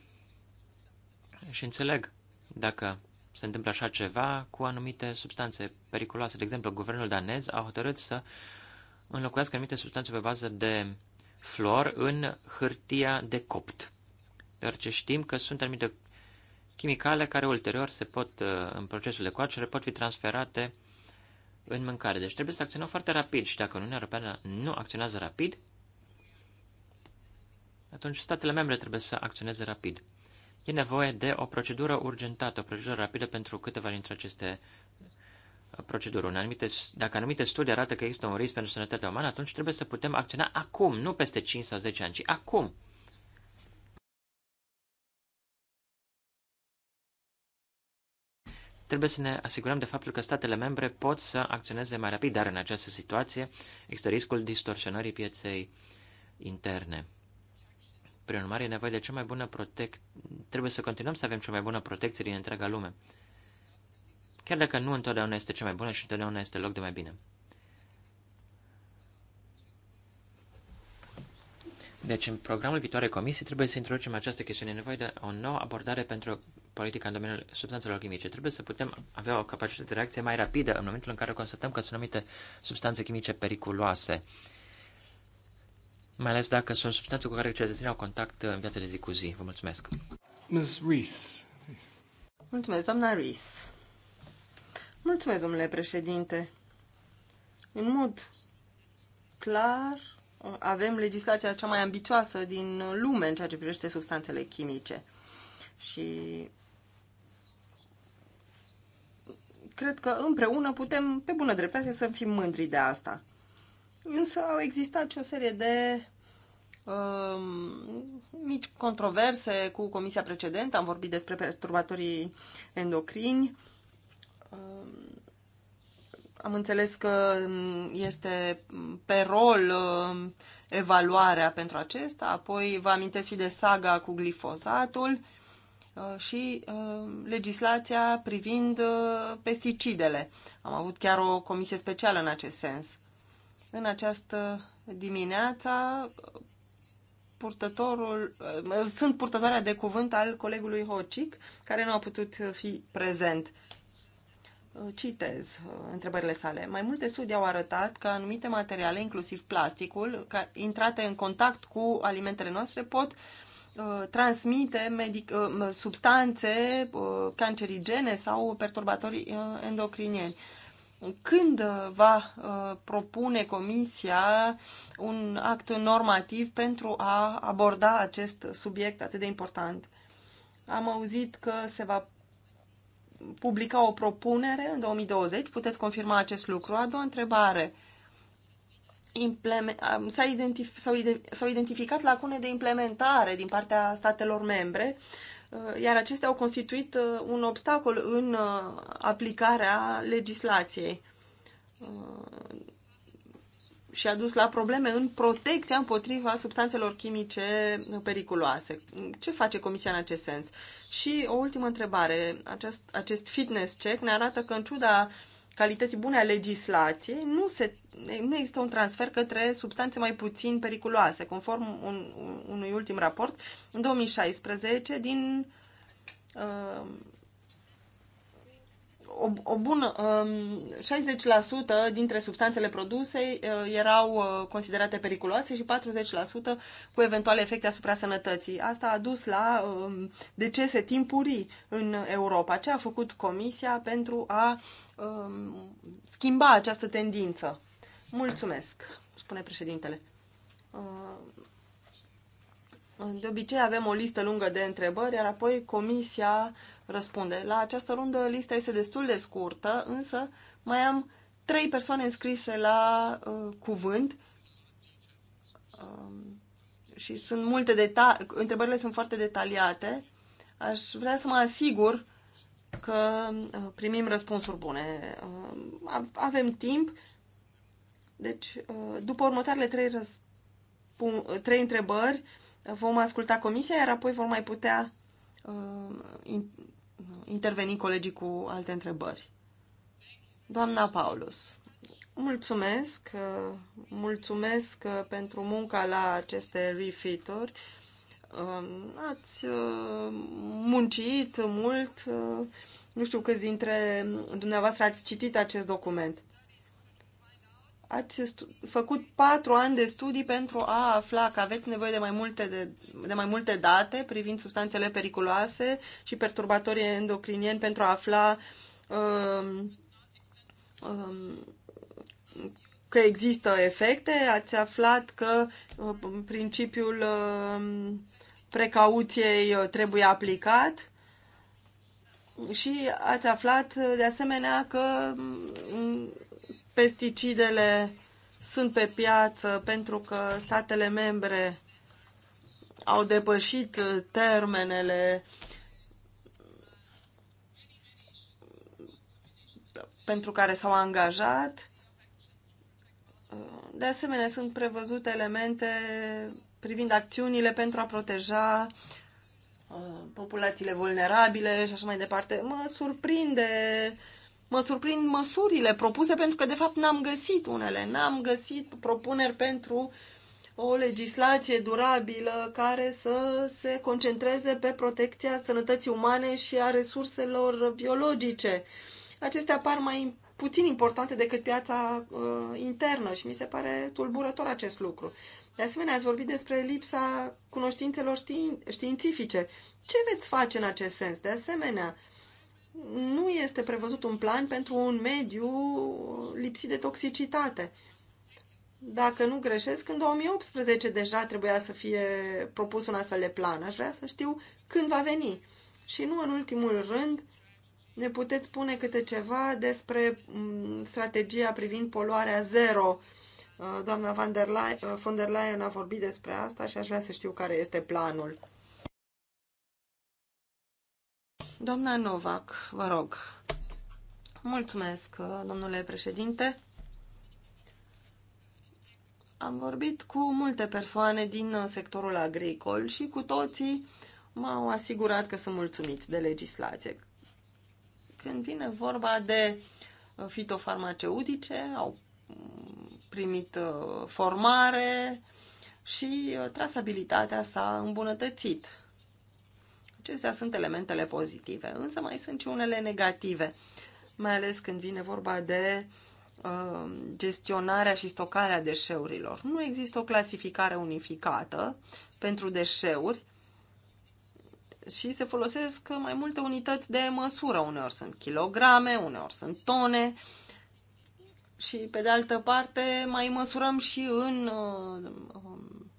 Și înțeleg dacă se întâmplă așa ceva cu anumite substanțe periculoase. De exemplu, guvernul danez a hotărât să uh, înlocuiască anumite substanțe pe bază de flor în hârtia de copt. ce știm că sunt anumite chimicale care ulterior se pot, uh, în procesul de coacere, pot fi transferate în mâncare. Deci trebuie să acționăm foarte rapid și dacă Uniunea Europeană nu acționează rapid, atunci statele membre trebuie să acționeze rapid. E nevoie de o procedură urgentată, o procedură rapidă pentru câteva dintre aceste procedură. În anumite, dacă anumite studii arată că există un risc pentru sănătatea umană, atunci trebuie să putem acționa acum, nu peste 5 sau 10 ani, ci acum. Trebuie să ne asigurăm de faptul că statele membre pot să acționeze mai rapid, dar în această situație există riscul distorsionării pieței interne. Prin urmare, e nevoie de cea mai bună protecție. Trebuie să continuăm să avem cea mai bună protecție din întreaga lume. Chiar dacă nu întotdeauna este cea mai bună și întotdeauna este loc de mai bine. Deci, în programul viitoare comisii trebuie să introducem această chestiune. E nevoie de o nouă abordare pentru politica în domeniul substanțelor chimice. Trebuie să putem avea o capacitate de reacție mai rapidă în momentul în care constatăm că sunt anumite substanțe chimice periculoase, mai ales dacă sunt substanțe cu care cetățenii au contact în viața de zi cu zi. Vă mulțumesc! Ms. Reese. Mulțumesc, doamna Reese. Mulțumesc, domnule președinte. În mod clar, avem legislația cea mai ambițioasă din lume în ceea ce privește substanțele chimice. Și cred că împreună putem, pe bună dreptate, să fim mândri de asta. Însă au existat și o serie de um, mici controverse cu comisia precedentă. Am vorbit despre perturbatorii endocrini am înțeles că este pe rol uh, evaluarea pentru acesta, apoi vă amintesc și de saga cu glifozatul uh, și uh, legislația privind pesticidele. Am avut chiar o comisie specială în acest sens. În această dimineață purtătorul, sunt purtătoarea de cuvânt al colegului Hocic, care nu a putut fi prezent Uh, citez uh, întrebările sale. Mai multe studii au arătat că anumite materiale, inclusiv plasticul, ca, intrate în contact cu alimentele noastre, pot uh, transmite medic, uh, substanțe uh, cancerigene sau perturbatori uh, endocrinieni. Când uh, va uh, propune Comisia un act normativ pentru a aborda acest subiect atât de important? Am auzit că se va publica o propunere în 2020, puteți confirma acest lucru. A doua întrebare. S-au identif identificat lacune de implementare din partea statelor membre, uh, iar acestea au constituit uh, un obstacol în uh, aplicarea legislației și a dus la probleme în protecția împotriva substanțelor chimice periculoase. Ce face Comisia în acest sens? Și o ultimă întrebare. Acest, acest fitness check ne arată că în ciuda calității bune a legislației nu, se, nu există un transfer către substanțe mai puțin periculoase. Conform un, unui ultim raport, în 2016, din uh, o, o bună, 60% um, dintre substanțele produse uh, erau uh, considerate periculoase și 40% cu eventuale efecte asupra sănătății. Asta a dus la um, decese timpurii în Europa. Ce a făcut Comisia pentru a um, schimba această tendință? Mulțumesc, spune președintele. Uh, de obicei avem o listă lungă de întrebări, iar apoi comisia răspunde. La această rundă lista este destul de scurtă, însă mai am trei persoane înscrise la uh, cuvânt uh, și sunt multe detalii, întrebările sunt foarte detaliate. Aș vrea să mă asigur că uh, primim răspunsuri bune. Uh, avem timp, deci uh, după următoarele trei, răsp- trei întrebări, Vom asculta comisia, iar apoi vom mai putea uh, in, interveni colegii cu alte întrebări. Doamna Paulus, mulțumesc, uh, mulțumesc uh, pentru munca la aceste refituri. Uh, ați muncit mult, nu știu câți dintre dumneavoastră ați citit acest document ați făcut patru ani de studii pentru a afla că aveți nevoie de mai, multe de, de mai multe date privind substanțele periculoase și perturbatorii endocrinieni pentru a afla um, um, că există efecte. Ați aflat că um, principiul um, precauției uh, trebuie aplicat și ați aflat de asemenea că um, pesticidele sunt pe piață pentru că statele membre au depășit uh, termenele pentru care s-au angajat. Uh, de asemenea, sunt prevăzute elemente privind acțiunile pentru a proteja uh, populațiile vulnerabile și așa mai departe. Mă surprinde uh, mă surprind măsurile propuse pentru că, de fapt, n-am găsit unele. N-am găsit propuneri pentru o legislație durabilă care să se concentreze pe protecția sănătății umane și a resurselor biologice. Acestea par mai puțin importante decât piața uh, internă și mi se pare tulburător acest lucru. De asemenea, ați vorbit despre lipsa cunoștințelor știin- științifice. Ce veți face în acest sens? De asemenea, uh, nu este prevăzut un plan pentru un mediu lipsit de toxicitate. Dacă nu greșesc, în 2018 deja trebuia să fie propus un astfel de plan. Aș vrea să știu când va veni. Și nu în ultimul rând, ne puteți spune câte ceva despre mm, strategia privind poluarea zero. Uh, doamna uh, von der Leyen a vorbit despre asta și aș vrea să știu care este planul. Doamna Novak, vă rog. Mulțumesc, domnule președinte. Am vorbit cu multe persoane din sectorul agricol și cu toții m-au asigurat că sunt mulțumiți de legislație. Când vine vorba de fitofarmaceutice, au primit uh, formare și uh, trasabilitatea s-a îmbunătățit. Acestea sunt elementele pozitive, însă mai sunt și unele negative, mai ales când vine vorba de uh, gestionarea și stocarea deșeurilor. Nu există o clasificare unificată pentru deșeuri și se folosesc mai multe unități de măsură. Uneori sunt kilograme, uneori sunt tone și, pe de altă parte, mai măsurăm și în uh, um,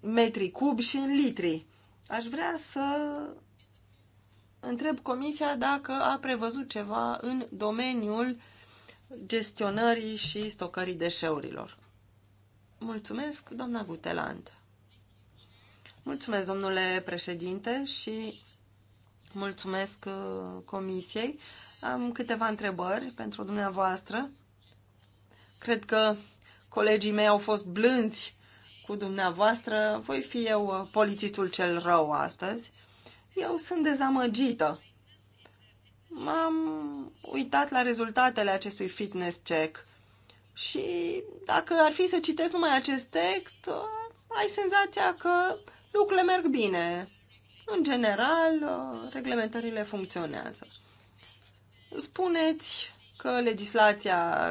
metri cubi și în litri. Aș vrea să întreb Comisia dacă a prevăzut ceva în domeniul gestionării și stocării deșeurilor. Mulțumesc, doamna Guteland. Mulțumesc, domnule președinte, și mulțumesc uh, Comisiei. Am câteva întrebări pentru dumneavoastră. Cred că colegii mei au fost blânzi cu dumneavoastră, voi fi eu uh, polițistul cel rău astăzi. Eu sunt dezamăgită. M-am uitat la rezultatele acestui fitness check și dacă ar fi să citesc numai acest text, uh, ai senzația că lucrurile merg bine. În general, uh, reglementările funcționează. Spuneți că legislația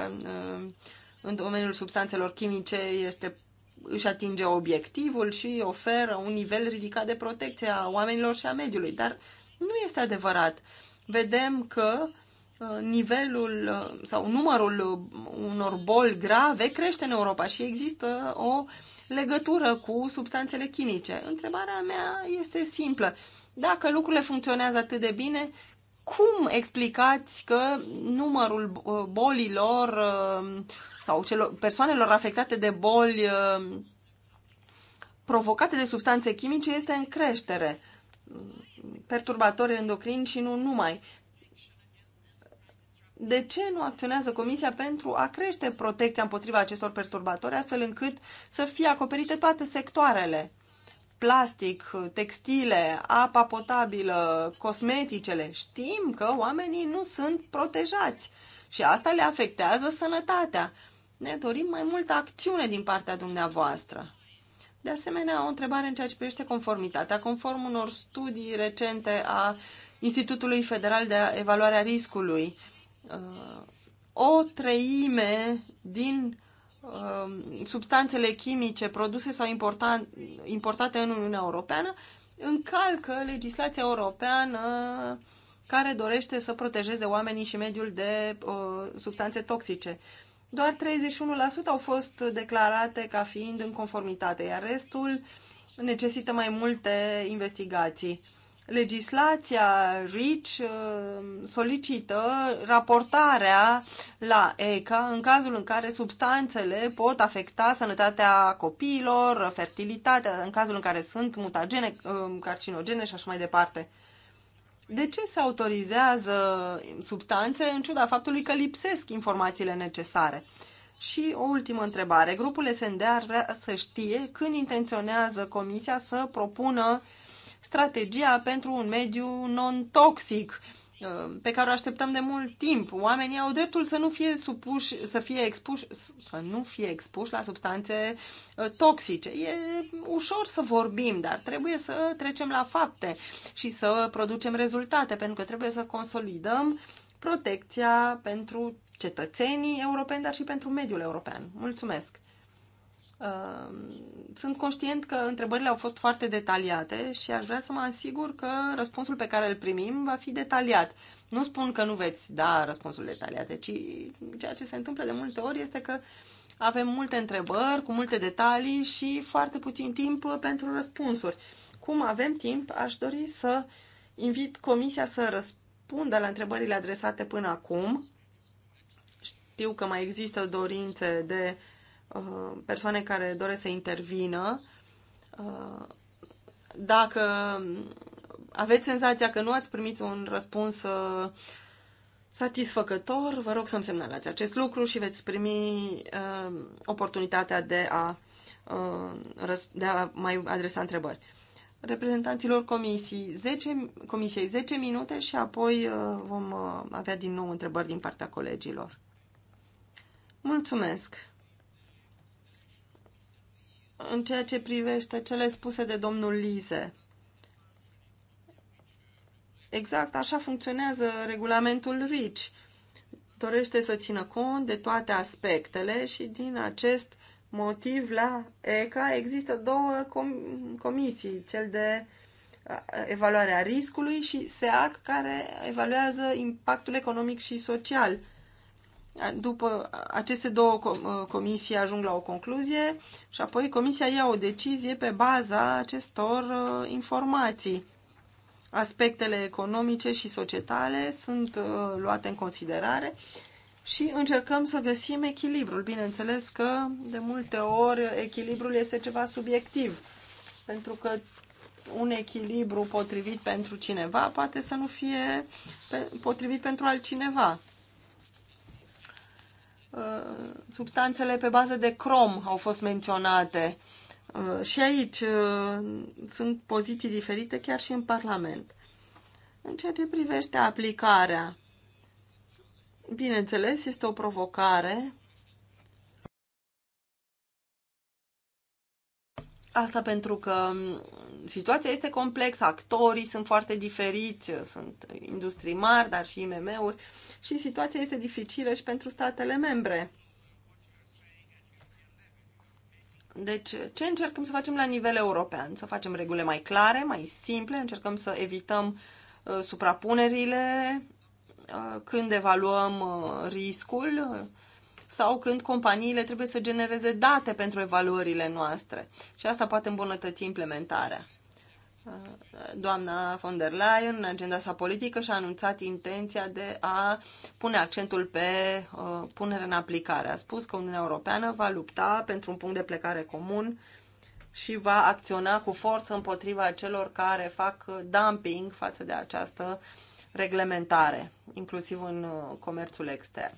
în domeniul substanțelor chimice este își atinge obiectivul și oferă un nivel ridicat de protecție a oamenilor și a mediului. Dar nu este adevărat. Vedem că uh, nivelul uh, sau numărul uh, unor boli grave crește în Europa și există o legătură cu substanțele chimice. Întrebarea mea este simplă. Dacă lucrurile funcționează atât de bine, cum explicați că numărul bolilor uh, sau celor, persoanelor afectate de boli uh, provocate de substanțe chimice este în creștere. Perturbatori endocrini și nu numai. De ce nu acționează Comisia pentru a crește protecția împotriva acestor perturbatori, astfel încât să fie acoperite toate sectoarele? Plastic, textile, apa potabilă, cosmeticele. Știm că oamenii nu sunt protejați și asta le afectează sănătatea. Ne dorim mai multă acțiune din partea dumneavoastră. De asemenea, o întrebare în ceea ce privește conformitatea. Conform unor studii recente a Institutului Federal de Evaluare a Riscului, uh, o treime din uh, substanțele chimice produse sau importate în Uniunea Europeană încalcă legislația europeană care dorește să protejeze oamenii și mediul de uh, substanțe toxice doar 31% au fost declarate ca fiind în conformitate, iar restul necesită mai multe investigații. Legislația RICH uh, solicită raportarea la ECA în cazul în care substanțele pot afecta sănătatea copiilor, fertilitatea, în cazul în care sunt mutagene, uh, carcinogene și așa mai departe. De ce se autorizează substanțe în ciuda faptului că lipsesc informațiile necesare? Și o ultimă întrebare. Grupul SND ar vrea să știe când intenționează Comisia să propună strategia pentru un mediu non-toxic Uh, pe care o așteptăm de mult timp. Oamenii au dreptul să nu fie supuși, să fie expuși, să nu fie expuși la substanțe uh, toxice. E ușor să vorbim, dar trebuie să trecem la fapte și să producem rezultate, pentru că trebuie să consolidăm protecția pentru cetățenii europeni, dar și pentru mediul european. Mulțumesc! Ehm, sunt conștient că întrebările au fost foarte detaliate și aș vrea să mă asigur că răspunsul pe care îl primim va fi detaliat. Nu spun că nu veți da răspunsul detaliat, ci deci ceea ce se întâmplă de multe ori este că avem multe întrebări cu multe detalii și foarte puțin timp pentru răspunsuri. Cum avem timp, aș dori să invit comisia să răspundă la întrebările adresate până acum. Știu că mai există dorințe de uh, Uh, persoane care doresc să intervină, uh, dacă aveți senzația că nu ați primit un răspuns uh, satisfăcător, vă rog să-mi semnalați acest lucru și veți primi oportunitatea de a, de a mai adresa întrebări. Reprezentanților comisii 10, comisiei 10 minute și apoi vom avea din nou întrebări din partea colegilor. Mulțumesc! În ceea ce privește cele spuse de domnul Lize, exact așa funcționează regulamentul RICI. Dorește să țină cont de toate aspectele și din acest motiv la ECA există două com- comisii, cel de evaluarea riscului și SEAC, care evaluează impactul economic și social după aceste două uh, comisii ajung la o concluzie și apoi comisia ia o decizie pe baza acestor uh, informații. Aspectele economice și societale sunt uh, luate în considerare și încercăm să găsim echilibrul. Bineînțeles că de multe ori echilibrul este ceva subiectiv, pentru că un echilibru potrivit pentru cineva poate să nu fie potrivit pentru altcineva Uh, substanțele pe bază de crom au fost menționate. Uh, și aici uh, sunt poziții diferite chiar și în Parlament. În ceea ce privește aplicarea, bineînțeles, este o provocare. Asta pentru că situația este complexă, actorii sunt foarte diferiți, sunt industrii mari, dar și IMM-uri și situația este dificilă și pentru statele membre. Deci, ce încercăm să facem la nivel european? Să facem regulile mai clare, mai simple, încercăm să evităm uh, suprapunerile uh, când evaluăm uh, riscul, uh, sau când companiile trebuie să genereze date pentru evaluările noastre. Și asta poate îmbunătăți implementarea. Doamna von der Leyen, în agenda sa politică, și-a anunțat intenția de a pune accentul pe uh, punere în aplicare. A spus că Uniunea Europeană va lupta pentru un punct de plecare comun și va acționa cu forță împotriva celor care fac dumping față de această reglementare, inclusiv în uh, comerțul extern.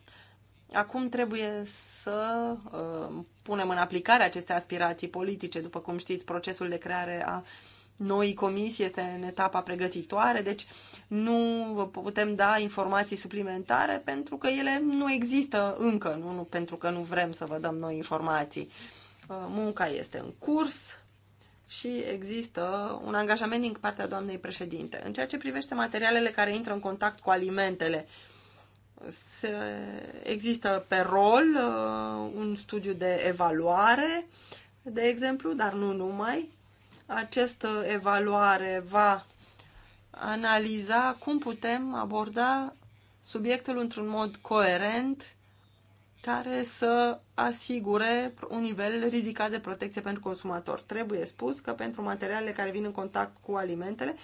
Acum trebuie să uh, punem în aplicare aceste aspirații politice. După cum știți, procesul de creare a noii comisii este în etapa pregătitoare, deci nu vă putem da informații suplimentare pentru că ele nu există încă, nu, nu pentru că nu vrem să vă dăm noi informații. Uh, munca este în curs și există un angajament din partea doamnei președinte. În ceea ce privește materialele care intră în contact cu alimentele, uh, se, există pe rol uh, un studiu de evaluare, de exemplu, dar nu numai. Această evaluare va analiza cum putem aborda subiectul într-un mod coerent care să asigure un nivel ridicat de protecție pentru consumator. Trebuie spus că pentru materialele care vin în contact cu alimentele,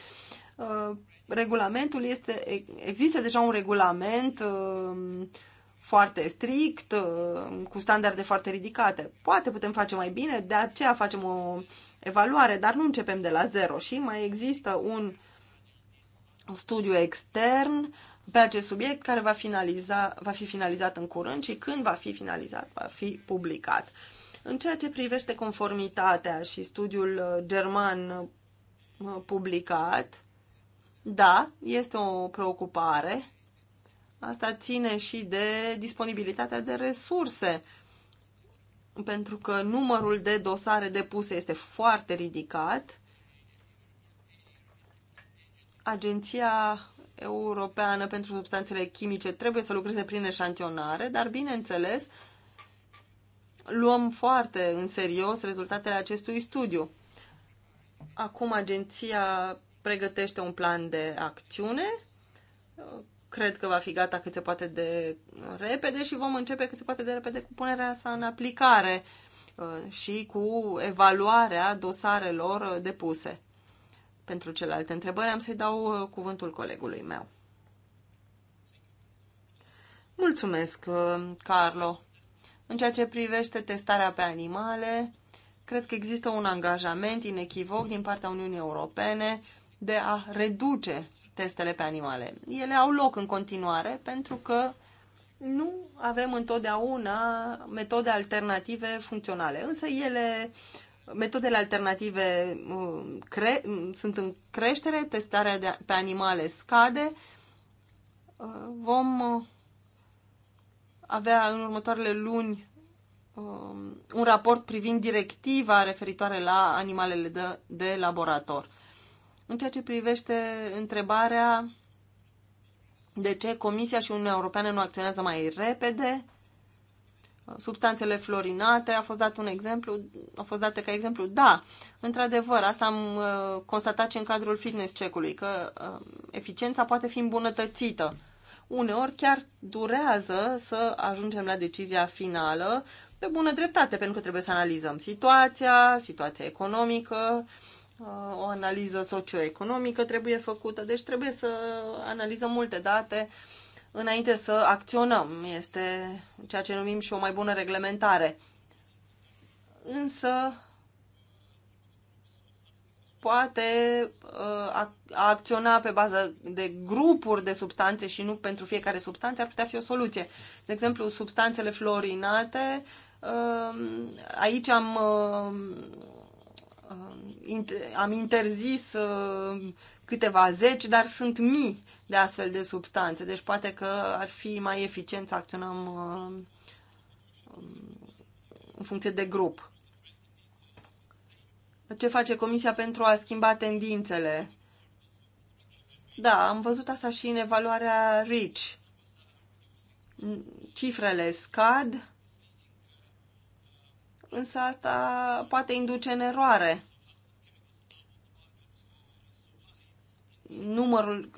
uh, regulamentul este, există deja un regulament um, foarte strict, um, cu standarde foarte ridicate. Poate putem face mai bine, de aceea facem o evaluare, dar nu începem de la zero și mai există un studiu extern pe acest subiect care va, finaliza, va fi finalizat în curând și când va fi finalizat, va fi publicat. În ceea ce privește conformitatea și studiul uh, german uh, publicat, da, este o preocupare. Asta ține și de disponibilitatea de resurse, pentru că numărul de dosare depuse este foarte ridicat. Agenția Europeană pentru Substanțele Chimice trebuie să lucreze prin eșantionare, dar, bineînțeles, luăm foarte în serios rezultatele acestui studiu. Acum, Agenția pregătește un plan de acțiune. Cred că va fi gata cât se poate de repede și vom începe cât se poate de repede cu punerea sa în aplicare uh, și cu evaluarea dosarelor depuse. Pentru celelalte întrebări am să-i dau uh, cuvântul colegului meu. Mulțumesc, uh, Carlo. În ceea ce privește testarea pe animale, cred că există un angajament inechivoc din partea Uniunii Europene de a reduce testele pe animale. Ele au loc în continuare pentru că nu avem întotdeauna metode alternative funcționale, însă ele, metodele alternative uh, cre, sunt în creștere, testarea de, pe animale scade, uh, vom uh, avea în următoarele luni un raport privind directiva referitoare la animalele de, de laborator. În ceea ce privește întrebarea de ce Comisia și Uniunea Europeană nu acționează mai repede, substanțele florinate, a fost dat un exemplu, a fost date ca exemplu. Da, într-adevăr, asta am uh, constatat și în cadrul fitness check-ului, că uh, eficiența poate fi îmbunătățită. Uneori chiar durează să ajungem la decizia finală, pe bună dreptate, pentru că trebuie să analizăm situația, situația economică, uh, o analiză socioeconomică trebuie făcută, deci trebuie să analizăm multe date înainte să acționăm. Este ceea ce numim și o mai bună reglementare. Însă, poate uh, a acționa pe bază de grupuri de substanțe și nu pentru fiecare substanță ar putea fi o soluție. De exemplu, substanțele florinate, uh, aici am uh, am interzis uh, câteva zeci, dar sunt mii de astfel de substanțe. Deci poate că ar fi mai eficient să acționăm uh, în funcție de grup. Ce face Comisia pentru a schimba tendințele? Da, am văzut asta și în evaluarea RICH. Cifrele scad, însă asta poate induce în eroare. numărul,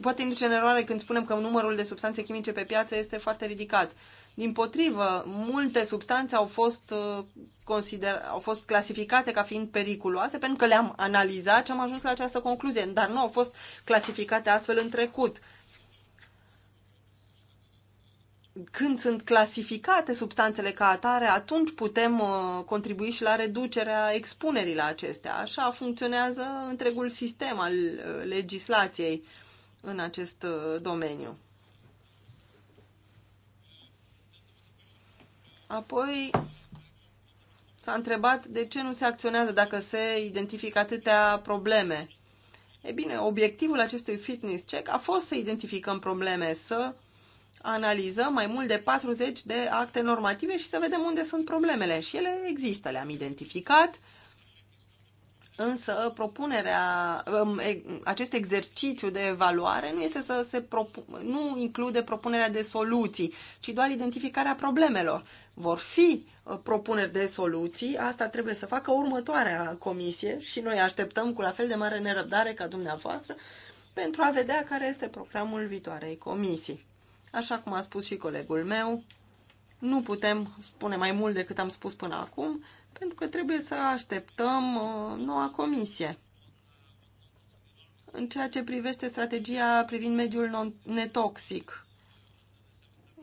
poate induce în eroare când spunem că numărul de substanțe chimice pe piață este foarte ridicat. Din potrivă, multe substanțe au fost, uh, consider, au fost clasificate ca fiind periculoase pentru că le-am analizat și am ajuns la această concluzie, dar nu au fost clasificate astfel în trecut când sunt clasificate substanțele ca atare, atunci putem uh, contribui și la reducerea expunerii la acestea. Așa funcționează întregul sistem al uh, legislației în acest uh, domeniu. Apoi s-a întrebat de ce nu se acționează dacă se identifică atâtea probleme. E bine, obiectivul acestui fitness check a fost să identificăm probleme, să analizăm mai mult de 40 de acte normative și să vedem unde sunt problemele. Și ele există, le-am identificat, însă propunerea, um, acest exercițiu de evaluare nu, este să se nu include propunerea de soluții, ci doar identificarea problemelor. Vor fi uh, propuneri de soluții, asta trebuie să facă următoarea comisie și noi așteptăm cu la fel de mare nerăbdare ca dumneavoastră pentru a vedea care este programul viitoarei comisii. Așa cum a spus și colegul meu, nu putem spune mai mult decât am spus până acum, pentru că trebuie să așteptăm uh, noua comisie. În ceea ce privește strategia privind mediul netoxic,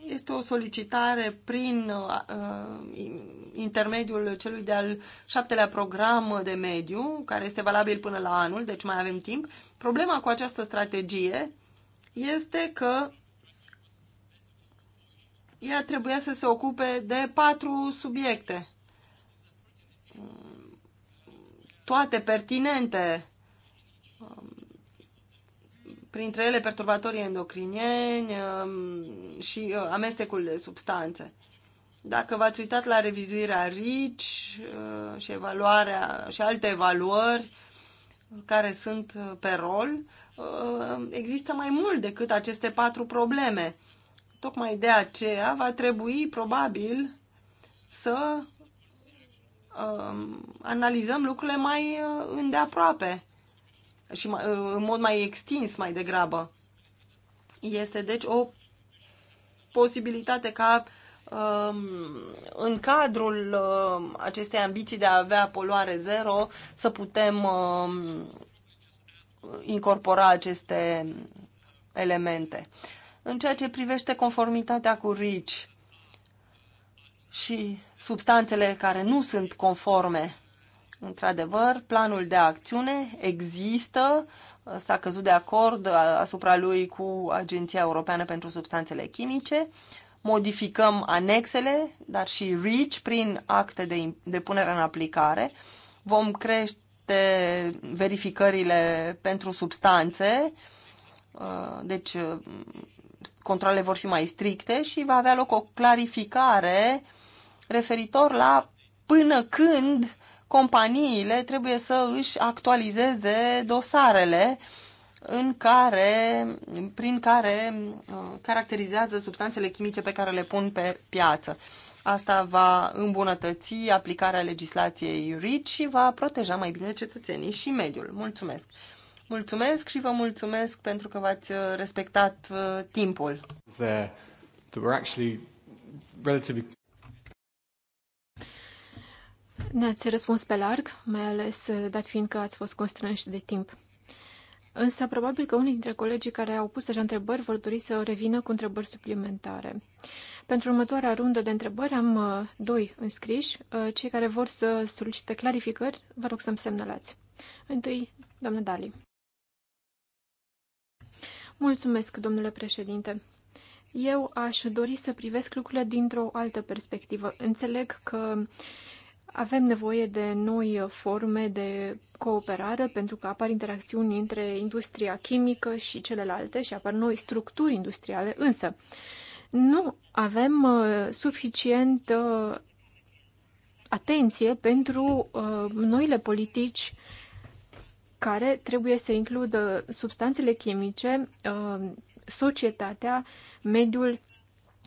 este o solicitare prin uh, uh, intermediul celui de-al șaptelea program de mediu, care este valabil până la anul, deci mai avem timp. Problema cu această strategie este că ea trebuia să se ocupe de patru subiecte, toate pertinente, um, printre ele perturbatorii endocrinieni um, și uh, amestecul de substanțe. Dacă v-ați uitat la revizuirea RICI uh, și evaluarea și alte evaluări uh, care sunt pe rol, există mai mult decât aceste patru probleme Tocmai de aceea va trebui probabil să uh, analizăm lucrurile mai uh, îndeaproape și mai, uh, în mod mai extins mai degrabă. Este deci o posibilitate ca um, în cadrul um, acestei ambiții de a avea poluare zero să putem incorpora aceste elemente în ceea ce privește conformitatea cu RICI și substanțele care nu sunt conforme. Într-adevăr, planul de acțiune există, s-a căzut de acord asupra lui cu Agenția Europeană pentru Substanțele Chimice, modificăm anexele, dar și REACH prin acte de, de punere în aplicare, vom crește verificările pentru substanțe, deci controlele vor fi mai stricte și va avea loc o clarificare referitor la până când companiile trebuie să își actualizeze dosarele în care, prin care uh, caracterizează substanțele chimice pe care le pun pe piață. Asta va îmbunătăți aplicarea legislației RIC și va proteja mai bine cetățenii și mediul. Mulțumesc! Mulțumesc și vă mulțumesc pentru că v-ați uh, respectat uh, timpul. There, that were actually relatively... Ne-ați răspuns pe larg, mai ales uh, dat fiind că ați fost constrânși de timp. Însă, probabil că unii dintre colegii care au pus deja întrebări vor dori să revină cu întrebări suplimentare. Pentru următoarea rundă de întrebări am uh, doi înscriși. Uh, cei care vor să solicite clarificări, vă rog să-mi semnalați. Întâi, doamnă Dali. Mulțumesc, domnule președinte. Eu aș dori să privesc lucrurile dintr-o altă perspectivă. Înțeleg că avem nevoie de noi forme de cooperare pentru că apar interacțiuni între industria chimică și celelalte și apar noi structuri industriale, însă nu avem uh, suficient uh, atenție pentru uh, noile politici uh, care trebuie să includă substanțele chimice, uh, societatea, mediul.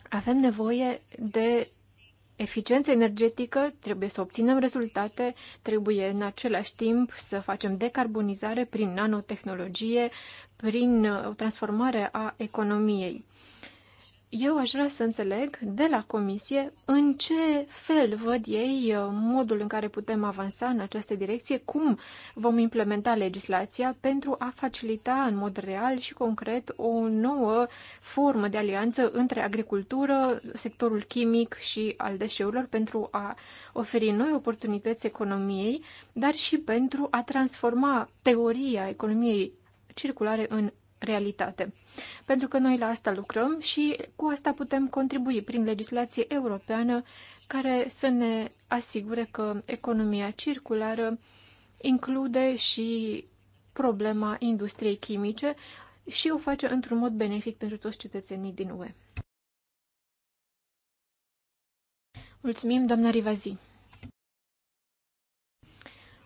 Avem nevoie de eficiență energetică, trebuie să obținem rezultate, trebuie în același timp să facem decarbonizare prin nanotehnologie, prin uh, o transformare a economiei eu aș vrea să înțeleg de la comisie în ce fel văd ei uh, modul în care putem avansa în această direcție, cum vom implementa legislația pentru a facilita în mod real și concret o nouă formă de alianță între agricultură, sectorul chimic și al deșeurilor pentru a oferi noi oportunități economiei, dar și pentru a transforma teoria economiei circulare în realitate. Pentru că noi la asta lucrăm și cu asta putem contribui prin legislație europeană care să ne asigure că economia circulară include și problema industriei chimice și o face într-un mod benefic pentru toți cetățenii din UE. Mulțumim, doamna Rivazi.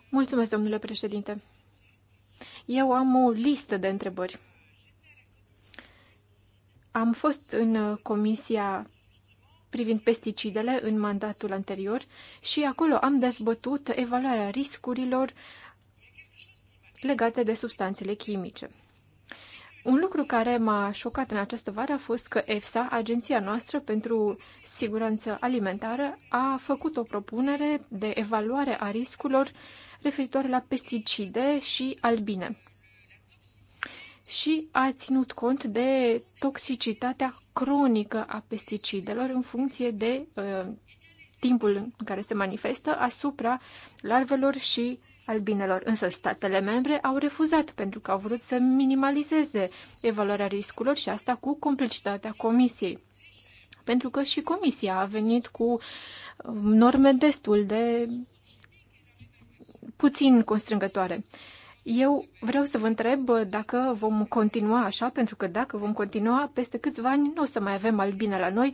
Mulțumesc, domnule președinte. Eu am o listă de întrebări. Am fost în uh, comisia privind pesticidele în mandatul anterior și acolo am dezbătut evaluarea riscurilor legate de substanțele chimice. Un lucru care m-a șocat în această vară a fost că EFSA, agenția noastră pentru siguranță alimentară, a făcut o propunere de evaluare a riscurilor referitoare la pesticide și albine și a ținut cont de toxicitatea cronică a pesticidelor în funcție de uh, timpul în care se manifestă asupra larvelor și albinelor. Însă statele membre au refuzat pentru că au vrut să minimalizeze evaluarea riscurilor și asta cu complicitatea comisiei. Pentru că și comisia a venit cu um, norme destul de puțin constrângătoare. Uh, eu vreau să vă întreb dacă vom continua așa, pentru că dacă vom continua, peste câțiva ani nu o să mai avem albine la noi.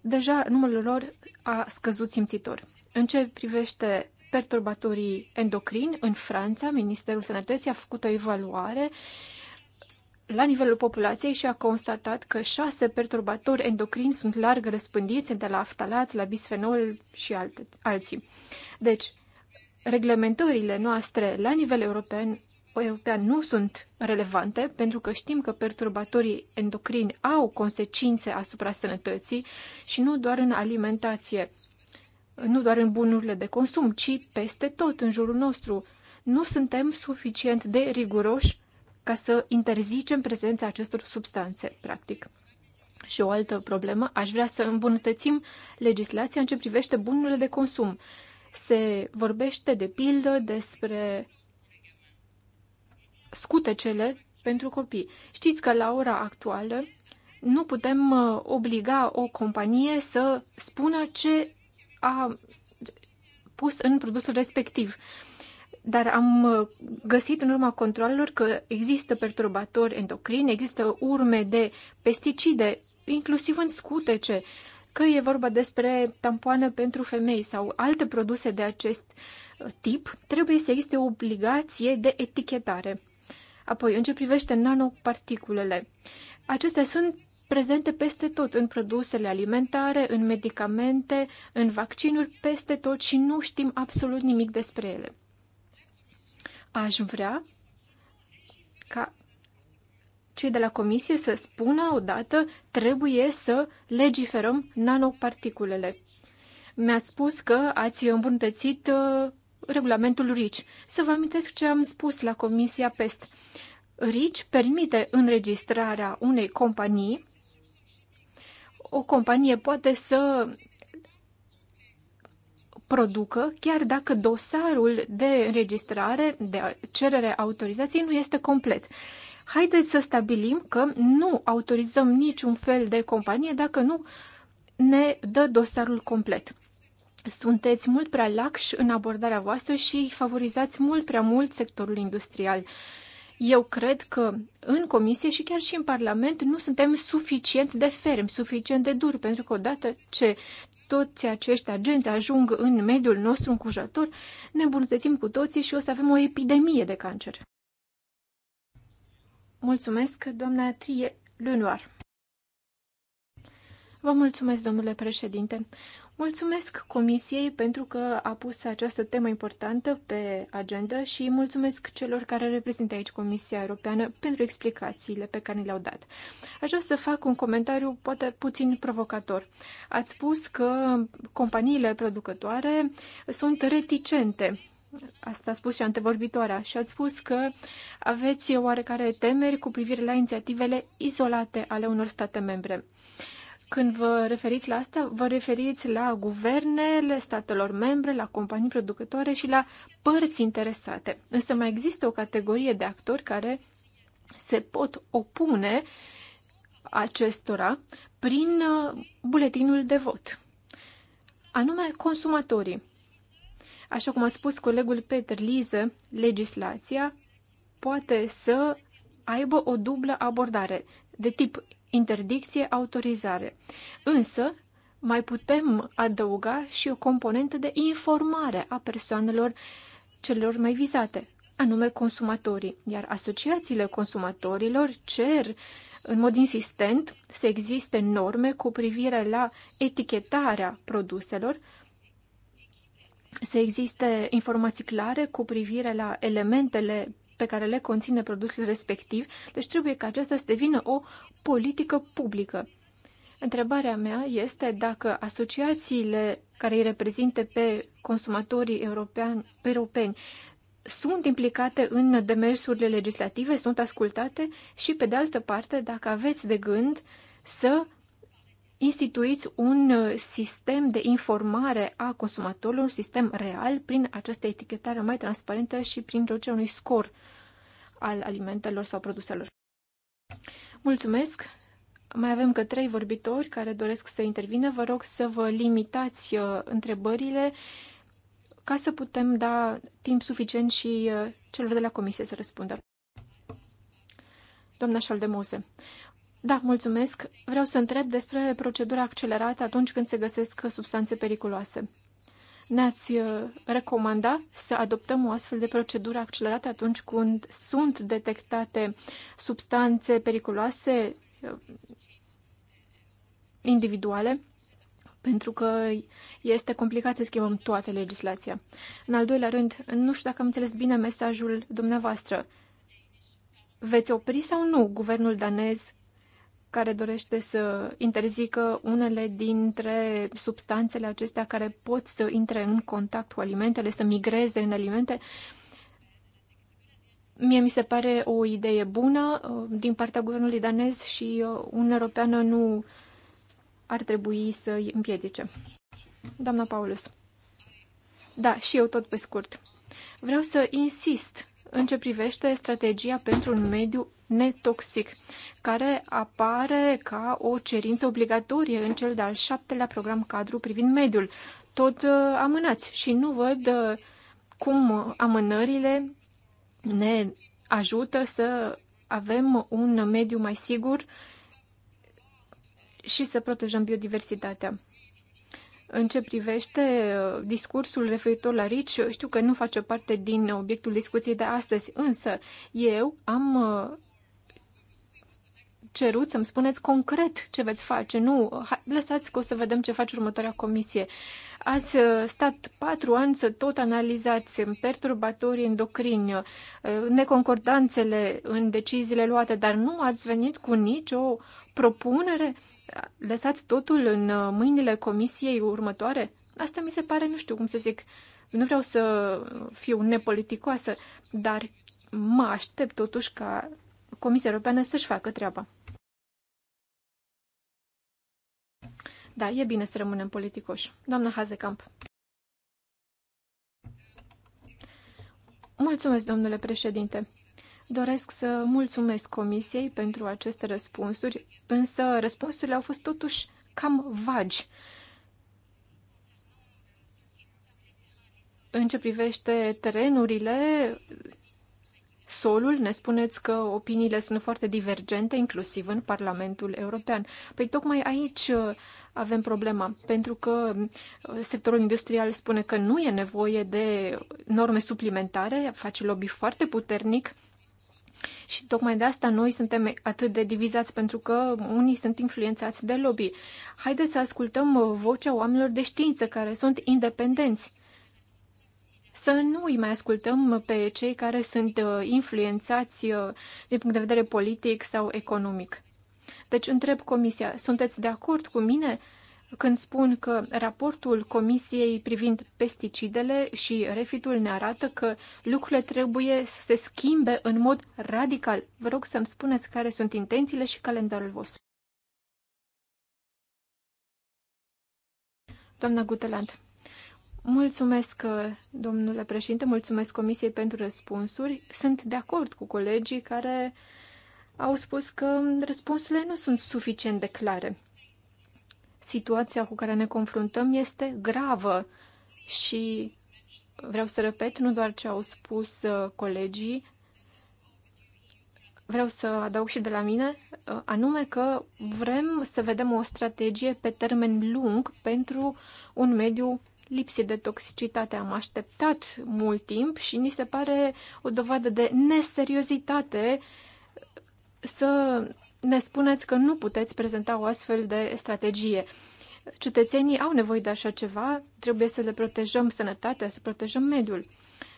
Deja numărul lor a scăzut simțitor. În ce privește perturbatorii endocrini, în Franța, Ministerul Sănătății a făcut o evaluare la nivelul populației și a constatat că șase perturbatori endocrini sunt larg răspândiți de la aftalați, la bisfenol și alte, alții. Deci, reglementările noastre la nivel european, european nu sunt relevante, pentru că știm că perturbatorii endocrini au consecințe asupra sănătății și nu doar în alimentație, nu doar în bunurile de consum, ci peste tot în jurul nostru. Nu suntem suficient de riguroși ca să interzicem prezența acestor substanțe, practic. Și o altă problemă, aș vrea să îmbunătățim legislația în ce privește bunurile de consum. Se vorbește de pildă despre scutecele pentru copii. Știți că la ora actuală nu putem uh, obliga o companie să spună ce a pus în produsul respectiv. Dar am uh, găsit în urma controlelor că există perturbatori endocrini, există urme de pesticide, inclusiv în scutece că e vorba despre tampoane pentru femei sau alte produse de acest uh, tip, trebuie să existe o obligație de etichetare. Apoi, în ce privește nanoparticulele, acestea sunt prezente peste tot în produsele alimentare, în medicamente, în vaccinuri, peste tot și nu știm absolut nimic despre ele. Aș vrea ca cei de la comisie să spună odată trebuie să legiferăm nanoparticulele. Mi-a spus că ați îmbunătățit uh, regulamentul RICI. Să vă amintesc ce am spus la comisia PEST. RICI permite înregistrarea unei companii. O companie poate să producă, chiar dacă dosarul de înregistrare, de cerere autorizației nu este complet haideți să stabilim că nu autorizăm niciun fel de companie dacă nu ne dă dosarul complet. Sunteți mult prea laxi în abordarea voastră și favorizați mult prea mult sectorul industrial. Eu cred că în comisie și chiar și în Parlament nu suntem suficient de fermi, suficient de duri, pentru că odată ce toți acești agenți ajung în mediul nostru încujător, ne îmbunătățim cu toții și o să avem o epidemie de cancer. Mulțumesc, doamna Trie Lunoar. Vă mulțumesc, domnule președinte. Mulțumesc Comisiei pentru că a pus această temă importantă pe agenda și mulțumesc celor care reprezintă aici Comisia Europeană pentru explicațiile pe care le-au dat. Aș vrea să fac un comentariu poate puțin provocator. Ați spus că companiile producătoare sunt reticente asta a spus și antevorbitoarea, și ați spus că aveți oarecare temeri cu privire la inițiativele izolate ale unor state membre. Când vă referiți la asta, vă referiți la guvernele statelor membre, la companii producătoare și la părți interesate. Însă mai există o categorie de actori care se pot opune acestora prin uh, buletinul de vot, anume consumatorii așa cum a spus colegul Peter Liză, legislația poate să aibă o dublă abordare de tip interdicție-autorizare. Însă, mai putem adăuga și o componentă de informare a persoanelor celor mai vizate, anume consumatorii. Iar asociațiile consumatorilor cer în mod insistent să existe norme cu privire la etichetarea produselor să existe informații clare cu privire la elementele pe care le conține produsul respectiv, deci trebuie ca aceasta să devină o politică publică. Întrebarea mea este dacă asociațiile care îi reprezintă pe consumatorii european, europeni sunt implicate în demersurile legislative, sunt ascultate și, pe de altă parte, dacă aveți de gând să instituiți un uh, sistem de informare a consumatorului, un sistem real, prin această etichetare mai transparentă și prin introducerea unui scor al alimentelor sau produselor. Mulțumesc! Mai avem că trei vorbitori care doresc să intervină. Vă rog să vă limitați uh, întrebările ca să putem da timp suficient și uh, celor de la comisie să răspundă. Doamna Șaldemose, da, mulțumesc. Vreau să întreb despre procedura accelerată atunci când se găsesc substanțe periculoase. Ne-ați uh, recomanda să adoptăm o astfel de procedură accelerată atunci când sunt detectate substanțe periculoase uh, individuale? Pentru că este complicat să schimbăm toată legislația. În al doilea rând, nu știu dacă am înțeles bine mesajul dumneavoastră. Veți opri sau nu guvernul danez care dorește să interzică unele dintre substanțele acestea care pot să intre în contact cu alimentele, să migreze în alimente. Mie mi se pare o idee bună uh, din partea guvernului danez și uh, Uniunea Europeană nu ar trebui să îi împiedice. Doamna Paulus. Da, și eu tot pe scurt. Vreau să insist în ce privește strategia pentru un mediu netoxic, care apare ca o cerință obligatorie în cel de-al șaptelea program cadru privind mediul. Tot uh, amânați și nu văd uh, cum amânările ne ajută să avem un mediu mai sigur și să protejăm biodiversitatea. În ce privește uh, discursul referitor la RICI, știu că nu face parte din obiectul discuției de astăzi, însă eu am cerut să-mi spuneți concret ce veți face. Nu, lăsați că o să vedem ce face următoarea comisie. Ați uh, stat patru ani să tot analizați perturbatorii endocrini, uh, neconcordanțele în deciziile luate, dar nu ați venit cu nicio propunere? Lăsați totul în uh, mâinile comisiei următoare? Asta mi se pare, nu știu cum să zic, nu vreau să fiu nepoliticoasă, dar mă aștept totuși ca Comisia Europeană să-și facă treaba. Da, e bine să rămânem politicoși. Doamna Hazekamp. Mulțumesc, domnule președinte. Doresc să mulțumesc Comisiei pentru aceste răspunsuri, însă răspunsurile au fost totuși cam vagi. În ce privește terenurile, solul, ne spuneți că opiniile sunt foarte divergente, inclusiv în Parlamentul European. Păi tocmai aici uh, avem problema, pentru că uh, sectorul industrial spune că nu e nevoie de norme suplimentare, face lobby foarte puternic și tocmai de asta noi suntem atât de divizați, pentru că unii sunt influențați de lobby. Haideți să ascultăm uh, vocea oamenilor de știință care sunt independenți să nu îi mai ascultăm pe cei care sunt uh, influențați uh, din punct de vedere politic sau economic. Deci întreb Comisia, sunteți de acord cu mine când spun că raportul Comisiei privind pesticidele și refitul ne arată că lucrurile trebuie să se schimbe în mod radical? Vă rog să-mi spuneți care sunt intențiile și calendarul vostru. Doamna Guteland. Mulțumesc, uh, domnule președinte, mulțumesc Comisiei pentru răspunsuri. Sunt de acord cu colegii care au spus că răspunsurile nu sunt suficient de clare. Situația cu care ne confruntăm este gravă și vreau să repet nu doar ce au spus uh, colegii, vreau să adaug și de la mine, uh, anume că vrem să vedem o strategie pe termen lung pentru un mediu lipsi de toxicitate. Am așteptat mult timp și ni se pare o dovadă de neseriozitate să ne spuneți că nu puteți prezenta o astfel de strategie. Cetățenii au nevoie de așa ceva, trebuie să le protejăm sănătatea, să protejăm mediul.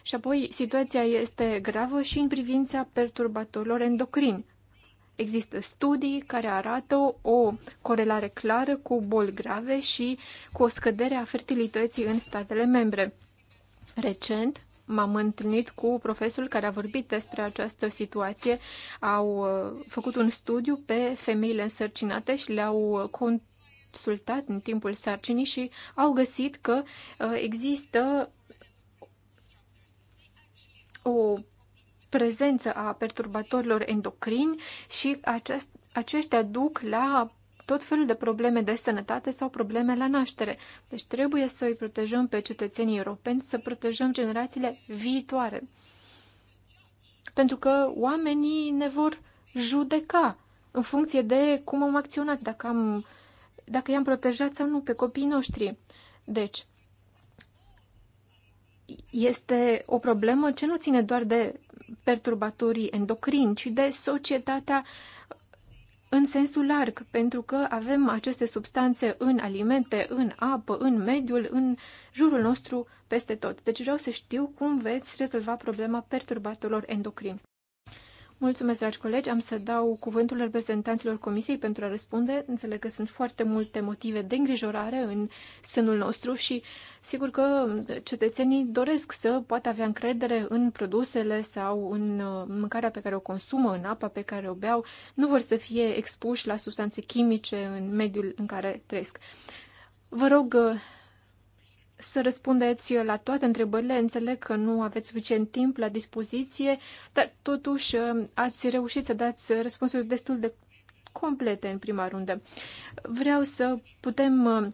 Și apoi, situația este gravă și în privința perturbatorilor endocrini. Există studii care arată o corelare clară cu boli grave și cu o scădere a fertilității în statele membre. Recent m-am întâlnit cu profesorul care a vorbit despre această situație. Au uh, făcut un studiu pe femeile însărcinate și le-au uh, consultat în timpul sarcinii și au găsit că uh, există o prezență a perturbatorilor endocrini și acest, aceștia duc la tot felul de probleme de sănătate sau probleme la naștere. Deci trebuie să îi protejăm pe cetățenii europeni, să protejăm generațiile viitoare. Pentru că oamenii ne vor judeca în funcție de cum am acționat, dacă, am, dacă i-am protejat sau nu pe copiii noștri. Deci, este o problemă ce nu ține doar de perturbatorii endocrini, ci de societatea în sensul larg, pentru că avem aceste substanțe în alimente, în apă, în mediul, în jurul nostru, peste tot. Deci vreau să știu cum veți rezolva problema perturbatorilor endocrini. Mulțumesc, dragi colegi. Am să dau cuvântul reprezentanților Comisiei pentru a răspunde. Înțeleg că sunt foarte multe motive de îngrijorare în sânul nostru și sigur că cetățenii doresc să poată avea încredere în produsele sau în uh, mâncarea pe care o consumă, în apa pe care o beau. Nu vor să fie expuși la substanțe chimice în mediul în care trăiesc. Vă rog uh, să răspundeți la toate întrebările. Înțeleg că nu aveți suficient timp la dispoziție, dar totuși uh, ați reușit să dați răspunsuri destul de complete în prima rundă. Vreau să putem uh,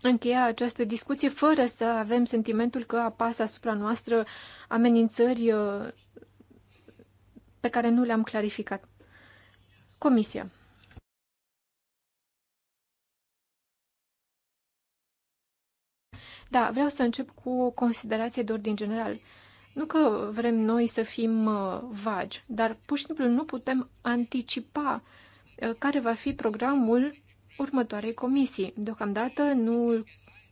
încheia această discuție fără să avem sentimentul că apasă asupra noastră amenințări uh, pe care nu le-am clarificat. Comisia. Da, vreau să încep cu o considerație de ordin general. Nu că vrem noi să fim uh, vagi, dar pur și simplu nu putem anticipa uh, care va fi programul următoarei comisii. Deocamdată nu îl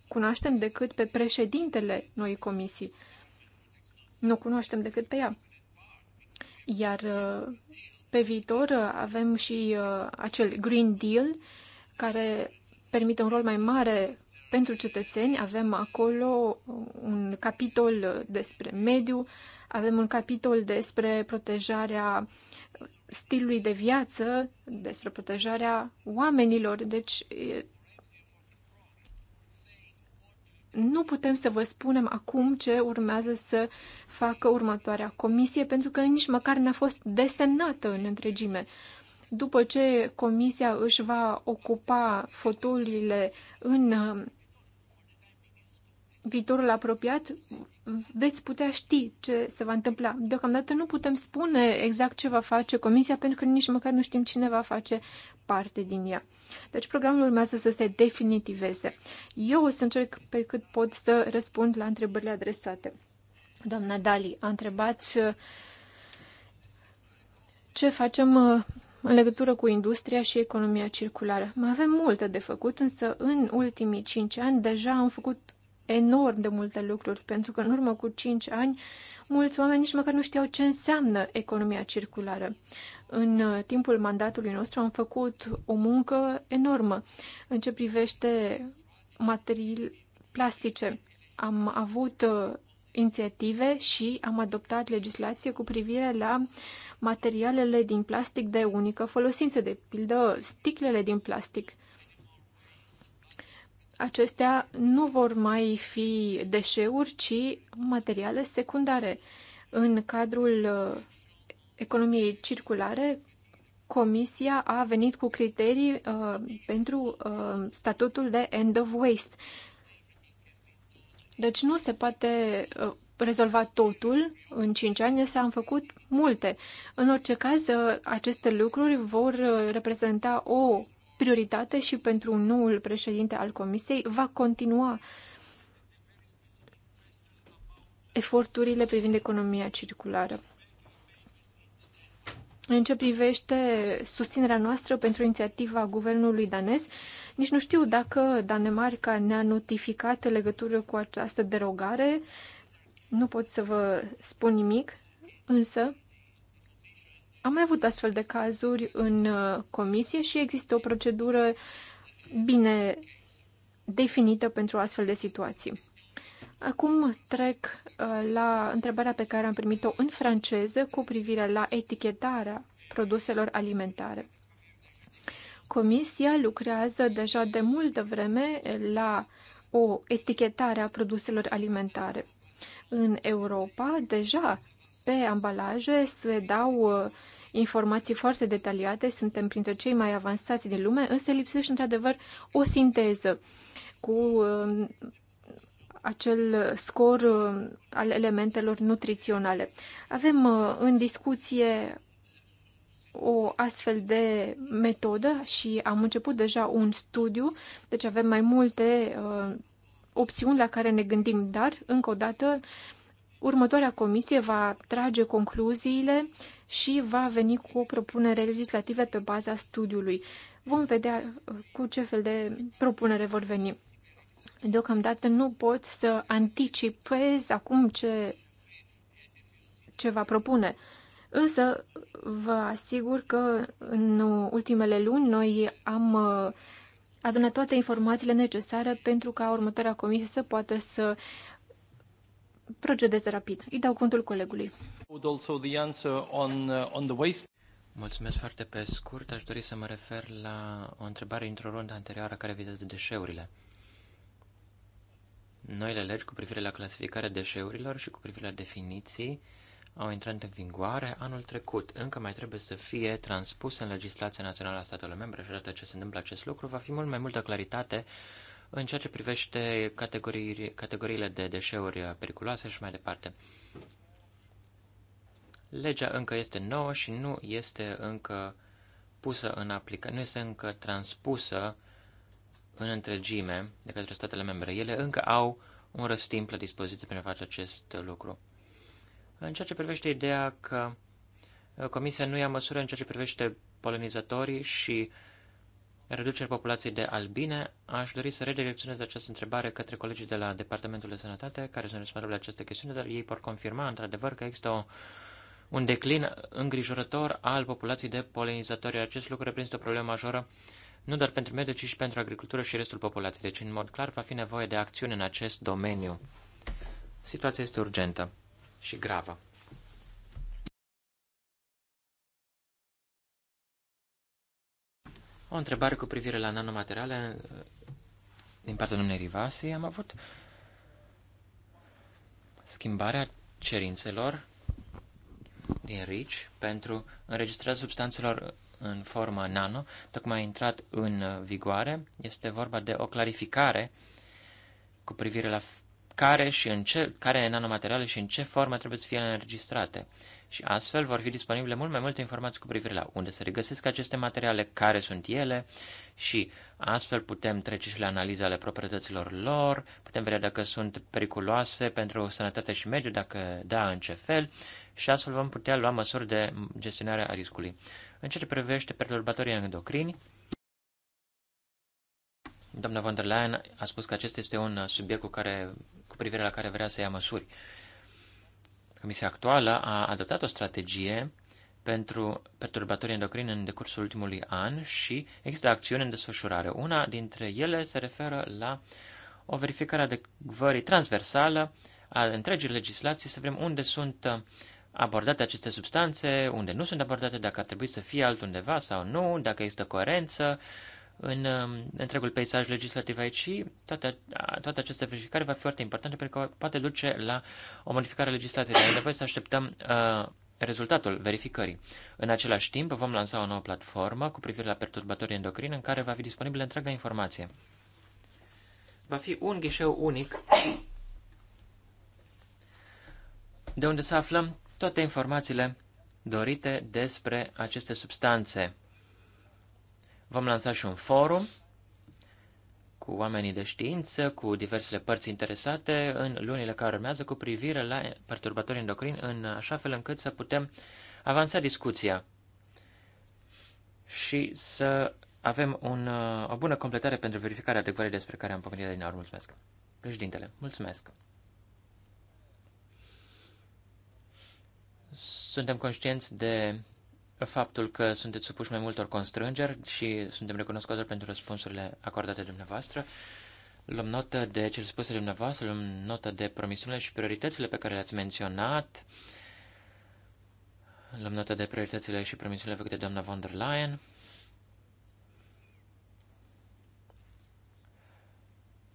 cunoaștem decât pe președintele noi comisii. Nu cunoaștem decât pe ea. Iar uh, pe viitor avem și acel Green Deal care permite un rol mai mare pentru cetățeni. Avem acolo un capitol despre mediu, avem un capitol despre protejarea stilului de viață, despre protejarea oamenilor. Deci nu putem să vă spunem acum ce urmează să facă următoarea comisie, pentru că nici măcar n-a fost desemnată în întregime. După ce comisia își va ocupa fotoliile în viitorul apropiat, veți putea ști ce se va întâmpla. Deocamdată nu putem spune exact ce va face comisia, pentru că nici măcar nu știm cine va face parte din ea. Deci programul urmează să se definitiveze. Eu o să încerc pe cât pot să răspund la întrebările adresate. Doamna Dali a întrebat uh, ce facem uh, în legătură cu industria și economia circulară. Mai avem multe de făcut, însă în ultimii cinci ani deja am făcut enorm de multe lucruri, pentru că în urmă cu 5 ani mulți oameni nici măcar nu știau ce înseamnă economia circulară. În uh, timpul mandatului nostru am făcut o muncă enormă în ce privește materii plastice. Am avut uh, inițiative și am adoptat legislație cu privire la materialele din plastic de unică folosință, de pildă sticlele din plastic acestea nu vor mai fi deșeuri, ci materiale secundare. În cadrul uh, economiei circulare, Comisia a venit cu criterii uh, pentru uh, statutul de end of waste. Deci nu se poate uh, rezolva totul în 5 ani, s am făcut multe. În orice caz, uh, aceste lucruri vor uh, reprezenta o prioritate și pentru noul președinte al Comisiei va continua eforturile privind economia circulară. În ce privește susținerea noastră pentru inițiativa guvernului danez, nici nu știu dacă Danemarca ne-a notificat în legătură cu această derogare. Nu pot să vă spun nimic, însă am mai avut astfel de cazuri în uh, comisie și există o procedură bine definită pentru astfel de situații. Acum trec uh, la întrebarea pe care am primit-o în franceză cu privire la etichetarea produselor alimentare. Comisia lucrează deja de multă vreme la o etichetare a produselor alimentare. În Europa deja pe ambalaje se dau uh, informații foarte detaliate, suntem printre cei mai avansați din lume, însă lipsește într-adevăr o sinteză cu uh, acel scor uh, al elementelor nutriționale. Avem în discuție o astfel de metodă și am început deja un studiu, deci avem mai multe opțiuni la care ne gândim, dar, încă o dată, Următoarea comisie va trage concluziile și va veni cu o propunere legislativă pe baza studiului. Vom vedea uh, cu ce fel de propunere vor veni. Deocamdată nu pot să anticipez acum ce, ce va propune. Însă vă asigur că în ultimele luni noi am uh, adunat toate informațiile necesare pentru ca următoarea comisie să poată să procedeze rapid. Îi dau cuvântul colegului. Uh, Mulțumesc foarte pe scurt. Aș dori să mă refer la o întrebare într-o rundă anterioară care vizează deșeurile. Noile legi cu privire la clasificarea deșeurilor și cu privire la definiții au intrat în vigoare anul trecut. Încă mai trebuie să fie transpuse în legislația națională a statelor membre și odată ce se întâmplă acest lucru, va fi mult mai multă claritate în ceea ce privește categorii, categoriile de deșeuri periculoase și mai departe. Legea încă este nouă și nu este încă pusă în aplicare, nu este încă transpusă în întregime de către statele membre. Ele încă au un răstimp la dispoziție pentru a face acest lucru. În ceea ce privește ideea că Comisia nu ia măsură în ceea ce privește polonizatorii și uh, reducerea populației de albine, aș dori să redirecționez această întrebare către colegii de la Departamentul de Sănătate, care sunt responsabili de aceste chestiuni, dar ei pot confirma, într-adevăr, că există o, un declin îngrijorător al populației de polenizatori. Acest lucru reprezintă o problemă majoră nu doar pentru medici, ci și pentru agricultură și restul populației. Deci, în mod clar, va fi nevoie de acțiune în acest domeniu. Situația este urgentă și gravă. O întrebare cu privire la nanomateriale uh, din partea domnului Rivasi. Am avut schimbarea cerințelor din RICI pentru înregistrarea substanțelor în formă nano, tocmai a intrat în vigoare. Este vorba de o clarificare cu privire la care și în ce, care nanomateriale și în ce formă trebuie să fie înregistrate și astfel vor fi disponibile mult mai multe informații cu privire la unde se regăsesc aceste materiale, care sunt ele și astfel putem trece și la analiza ale proprietăților lor, putem vedea dacă sunt periculoase pentru sănătate și mediu, dacă da, în ce fel și astfel vom putea lua măsuri de gestionare a riscului. În ceea ce privește perturbatorii endocrini, doamna von der Leyen a spus că acesta este un subiect cu, care, cu privire la care vrea să ia măsuri. Uh, Comisia actuală a adoptat o strategie pentru perturbatorii endocrini în decursul ultimului an și există acțiuni în desfășurare. Una dintre ele se referă la o verificare adecvării transversală a întregii legislații, să vedem unde sunt abordate aceste substanțe, unde nu sunt abordate, dacă ar trebui să fie altundeva sau nu, dacă există coerență în um, întregul peisaj legislativ aici și toate, toate aceste verificare va fi foarte importantă pentru că poate duce la o modificare legislației, dar e nevoie să așteptăm uh, rezultatul verificării. În același timp, vom lansa o nouă platformă cu privire la perturbatorii endocrini în care va fi disponibilă întreaga informație. Va fi un ghișeu unic de unde să aflăm toate informațiile dorite despre aceste substanțe Vom lansa și un forum cu oamenii de știință, cu diversele părți interesate în lunile care urmează cu privire la perturbatorii endocrini, în așa fel încât să putem avansa discuția și să avem un, uh, o bună completare pentru verificarea adecvării despre care am pomenit din aur. Mulțumesc. Președintele, mulțumesc. Suntem conștienți de faptul că sunteți supuși mai multor constrângeri și suntem recunoscători pentru răspunsurile acordate dumneavoastră. Luăm notă de cele spuse de dumneavoastră, luăm notă de promisiunile și prioritățile pe care le-ați menționat. Luăm notă de prioritățile și promisiunile făcute de doamna von der Leyen.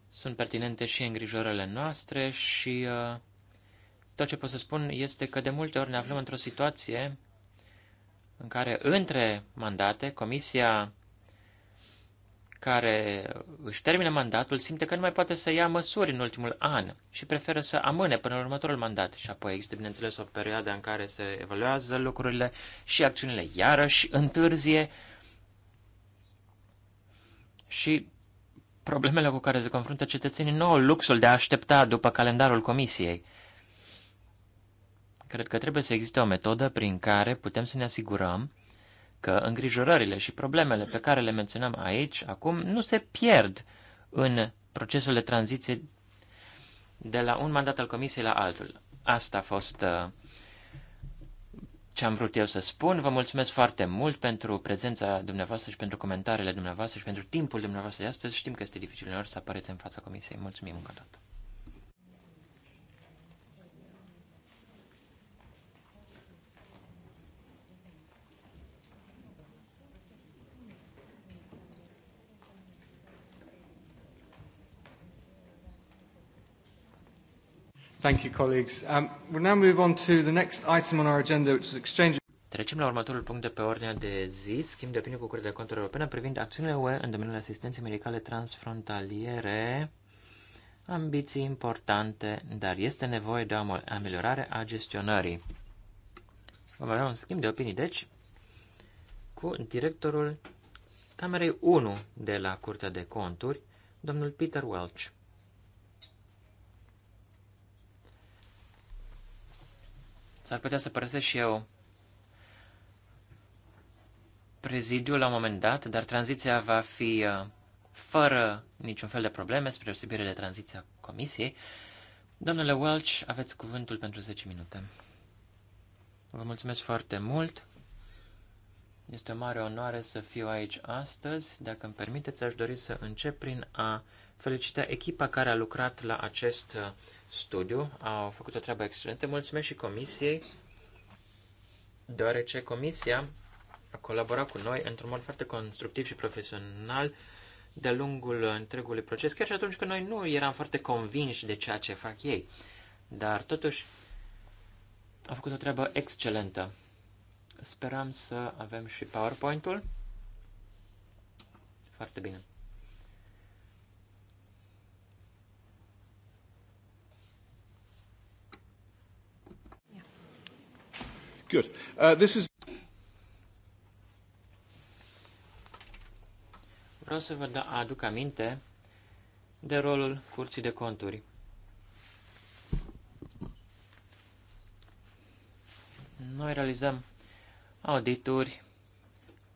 Sunt pertinente și îngrijorările noastre și uh, tot ce pot să spun este că de multe ori ne aflăm într-o situație în care între mandate comisia care își termină mandatul simte că nu mai poate să ia măsuri în ultimul an și preferă să amâne până la următorul mandat. Și apoi există, bineînțeles, o perioadă în care se evaluează lucrurile și acțiunile iarăși întârzie și problemele cu care se confruntă cetățenii nu au luxul de a aștepta după calendarul comisiei. Cred că trebuie să existe o metodă prin care putem să ne asigurăm că îngrijorările și problemele pe care le menționam aici, acum, nu se pierd în procesul de tranziție de la un mandat al Comisiei la altul. Asta a fost uh, ce am vrut eu să spun. Vă mulțumesc foarte mult pentru prezența dumneavoastră și pentru comentariile dumneavoastră și pentru timpul dumneavoastră de astăzi. Știm că este dificil în să apareți în fața Comisiei. Mulțumim încă o dată. Thank you, colleagues. Um, we'll now move on to the next item on our agenda, which is exchange. Trecem la următorul punct de pe ordinea de zi, schimb de opinie cu Curtea de Conturi Europene privind acțiunile UE în domeniul asistenței medicale transfrontaliere. Ambiții importante, dar este nevoie de o ameliorare a gestionării. Vom avea un schimb de opinii, deci, cu directorul Camerei 1 de la Curtea de Conturi, domnul Peter Welch. S-ar putea să părăsesc și eu prezidiu la un moment dat, dar tranziția va fi uh, fără niciun fel de probleme, spre osebire de tranziția comisiei. Domnule Welch, aveți cuvântul pentru 10 minute. Vă mulțumesc foarte mult. Este o mare onoare să fiu aici astăzi. Dacă îmi permiteți, aș dori să încep prin a felicită echipa care a lucrat la acest uh, studiu. Au făcut o treabă excelentă. Mulțumesc și comisiei, deoarece comisia a colaborat cu noi într-un mod foarte constructiv și profesional de-a lungul întregului proces, chiar și atunci când noi nu eram foarte convinși de ceea ce fac ei. Dar totuși a făcut o treabă excelentă. Sperăm să avem și PowerPoint-ul. Foarte bine. Good. Uh, this is... Vreau să vă da- aduc aminte de rolul Curții de Conturi. Noi realizăm audituri,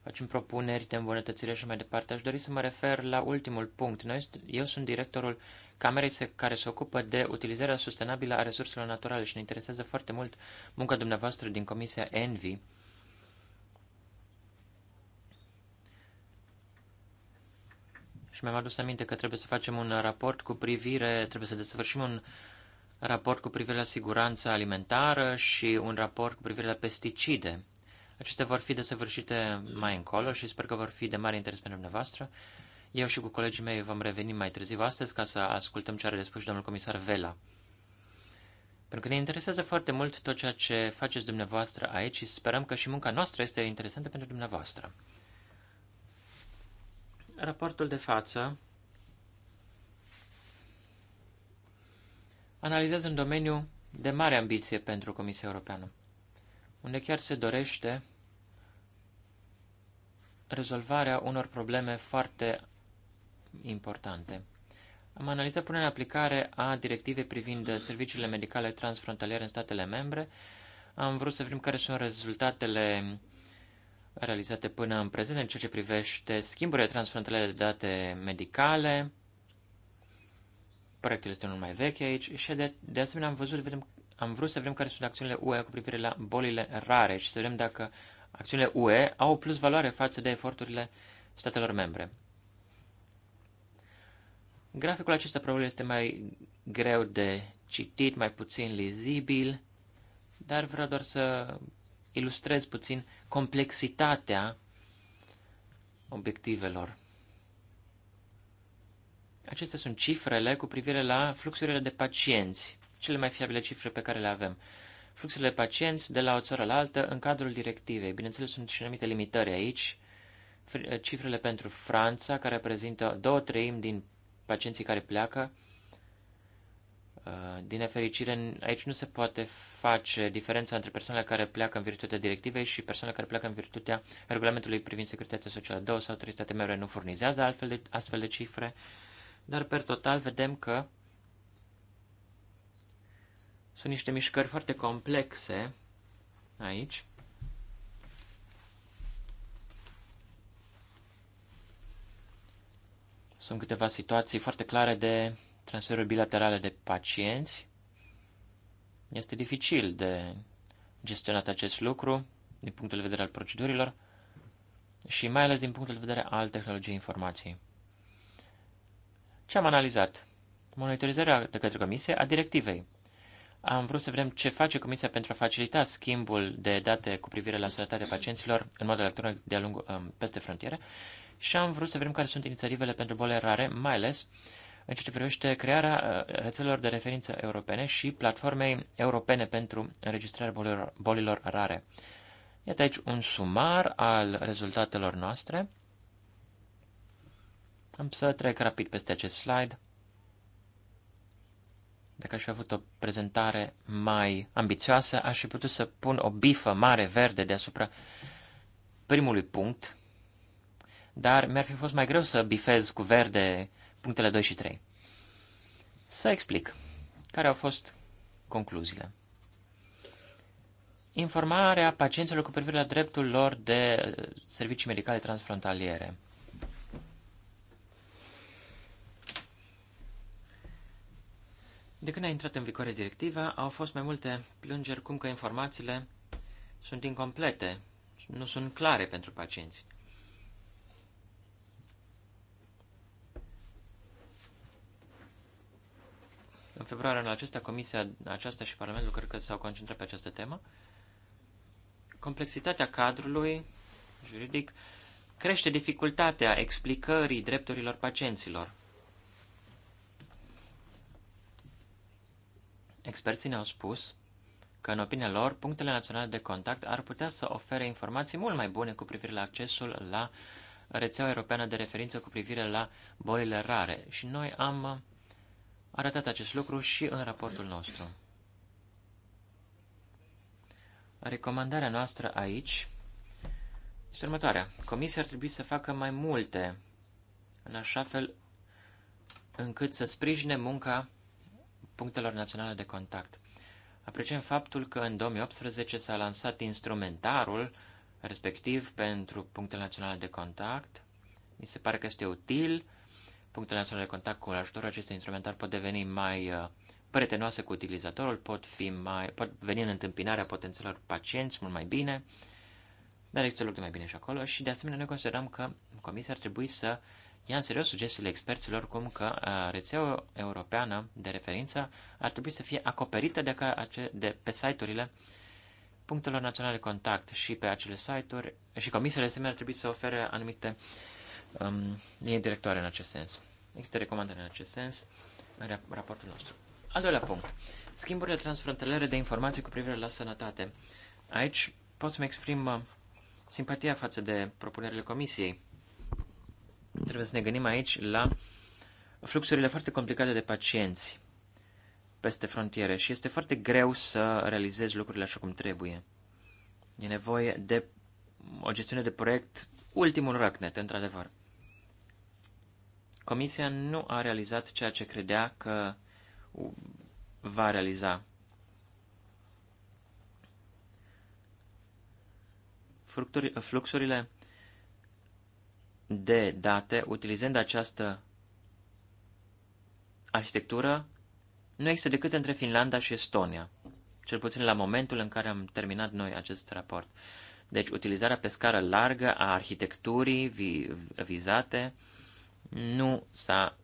facem propuneri de îmbunătățire și mai departe. Aș dori să mă refer la ultimul punct. Noi, eu sunt directorul Camerei care se ocupă de utilizarea sustenabilă a resurselor naturale și ne interesează foarte mult munca dumneavoastră din Comisia ENVI. Și mi-am adus aminte că trebuie să facem un raport cu privire, trebuie să desfășurăm un raport cu privire la siguranța alimentară și un raport cu privire la pesticide. Acestea vor fi desăvârșite mai încolo și sper că vor fi de mare interes pentru dumneavoastră. Eu și cu colegii mei vom reveni mai târziu astăzi ca să ascultăm ce are de spus și domnul comisar Vela. Pentru că ne interesează foarte mult tot ceea ce faceți dumneavoastră aici și sperăm că și munca noastră este interesantă pentru dumneavoastră. Raportul de față analizează un domeniu de mare ambiție pentru Comisia Europeană, unde chiar se dorește rezolvarea unor probleme foarte importante. Am analizat punerea în aplicare a directivei privind serviciile medicale transfrontaliere în statele membre. Am vrut să vedem care sunt rezultatele realizate până în prezent în ceea ce privește schimburile transfrontaliere de date medicale. Proiectul este unul mai vechi aici și de, de asemenea am, văzut, vedem, am vrut să vedem care sunt acțiunile UE cu privire la bolile rare și să vedem dacă acțiunile UE au plus valoare față de eforturile statelor membre. Graficul acesta probabil este mai greu de citit, mai puțin lizibil, dar vreau doar să ilustrez puțin complexitatea obiectivelor. Acestea sunt cifrele cu privire la fluxurile de pacienți, cele mai fiabile cifre pe care le avem. Fluxurile de pacienți de la o țară la altă în cadrul directivei. Bineînțeles, sunt și anumite limitări aici. Cifrele pentru Franța, care reprezintă două treimi din pacienții care pleacă, uh, din nefericire, aici nu se poate face diferența între persoanele care pleacă în virtutea directivei și persoanele care pleacă în virtutea regulamentului privind securitatea socială. Două sau trei state membre nu furnizează altfel de, astfel de cifre, dar per total vedem că sunt niște mișcări foarte complexe aici. Sunt câteva situații foarte clare de transferuri bilaterale de pacienți. Este dificil de gestionat acest lucru din punctul de vedere al procedurilor și mai ales din punctul de vedere al tehnologiei informației. Ce am analizat? Monitorizarea de către Comisie a directivei. Am vrut să vedem ce face Comisia pentru a facilita schimbul de date cu privire la sănătatea pacienților în mod electronic de-a lungul, um, peste frontiere și am vrut să vedem care sunt inițiativele pentru boli rare, mai ales în ceea ce privește crearea uh, rețelelor de referință europene și platformei europene pentru înregistrarea bolilor, bolilor rare. Iată aici un sumar al rezultatelor noastre. Am să trec rapid peste acest slide. Dacă aș fi avut o prezentare mai ambițioasă, aș fi putut să pun o bifă mare verde deasupra primului punct dar mi-ar fi fost mai greu să bifez cu verde punctele 2 și 3. Să explic care au fost concluziile. Informarea pacienților cu privire la dreptul lor de servicii medicale transfrontaliere. De când a intrat în vigoare directiva, au fost mai multe plângeri cum că informațiile sunt incomplete, nu sunt clare pentru pacienți. În februarie anul acesta, Comisia aceasta și Parlamentul cred că s-au concentrat pe această temă. Complexitatea cadrului juridic crește dificultatea explicării drepturilor pacienților. Experții ne-au spus că, în opinia lor, punctele naționale de contact ar putea să ofere informații mult mai bune cu privire la accesul la rețeaua europeană de referință cu privire la bolile rare. Și noi am arătat acest lucru și în raportul nostru. Recomandarea noastră aici este următoarea. Comisia ar trebui să facă mai multe, în așa fel încât să sprijine munca punctelor naționale de contact. Apreciem faptul că în 2018 s-a lansat instrumentarul respectiv pentru punctele naționale de contact. Mi se pare că este util Punctele naționale de contact cu ajutorul acestui instrumentar pot deveni mai uh, prietenoase cu utilizatorul, pot, fi mai, pot veni în întâmpinarea potențialor pacienți mult mai bine, dar există loc de mai bine și acolo și de asemenea noi considerăm că Comisia ar trebui să ia în serios sugestiile experților cum că uh, rețeaua europeană de referință ar trebui să fie acoperită de, ca, de pe site-urile punctelor naționale de contact și pe acele site-uri și comisiile de asemenea ar trebui să ofere anumite uh, um, linie directoare în acest sens. Există recomandări în acest sens în raportul nostru. Al doilea punct. Schimburile transfrontaliere de informații cu privire la sănătate. Aici pot să-mi exprim uh, simpatia față de propunerile comisiei. Trebuie să ne gândim aici la fluxurile foarte complicate de pacienți peste frontiere și este foarte greu să realizezi lucrurile așa cum trebuie. E nevoie de o gestiune de proiect ultimul răcnet, într-adevăr. Comisia nu a realizat ceea ce credea că va realiza. Fluxurile de date utilizând această arhitectură nu există decât între Finlanda și Estonia, cel puțin la momentul în care am terminat noi acest raport. Deci, utilizarea pe scară largă a arhitecturii vi- vizate nu s-a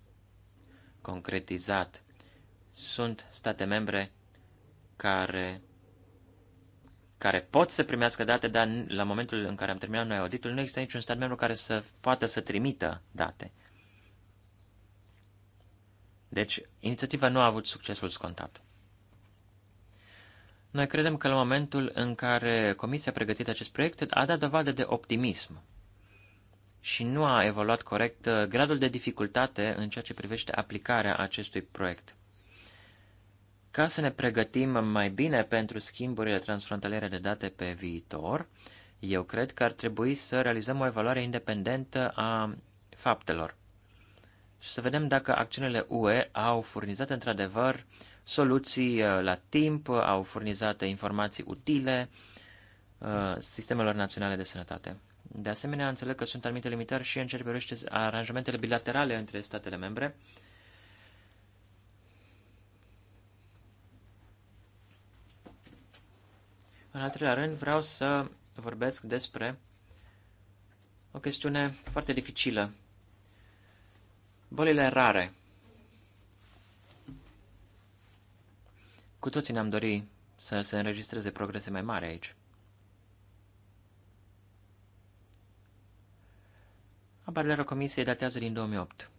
concretizat. Sunt state membre care, care pot să primească date, dar la momentul în care am terminat noi auditul, nu există niciun stat membru care să poată să trimită date. Deci, inițiativa nu a avut succesul scontat. Noi credem că la momentul în care Comisia a pregătit acest proiect, a dat dovadă de optimism și nu a evaluat corect uh, gradul de dificultate în ceea ce privește aplicarea acestui proiect. Ca să ne pregătim mai bine pentru schimburile transfrontaliere de date pe viitor, eu cred că ar trebui să realizăm o evaluare independentă a faptelor și să vedem dacă acțiunile UE au furnizat într-adevăr soluții uh, la timp, au furnizat informații utile uh, sistemelor naționale de sănătate. De asemenea, înțeleg că sunt anumite limitări și în ce privește aranjamentele bilaterale între statele membre. În al treilea rând, vreau să vorbesc despre o chestiune foarte dificilă. Bolile rare. Cu toții ne-am dorit să se înregistreze progrese mai mari aici. Apelarea Comisiei datează din 2008.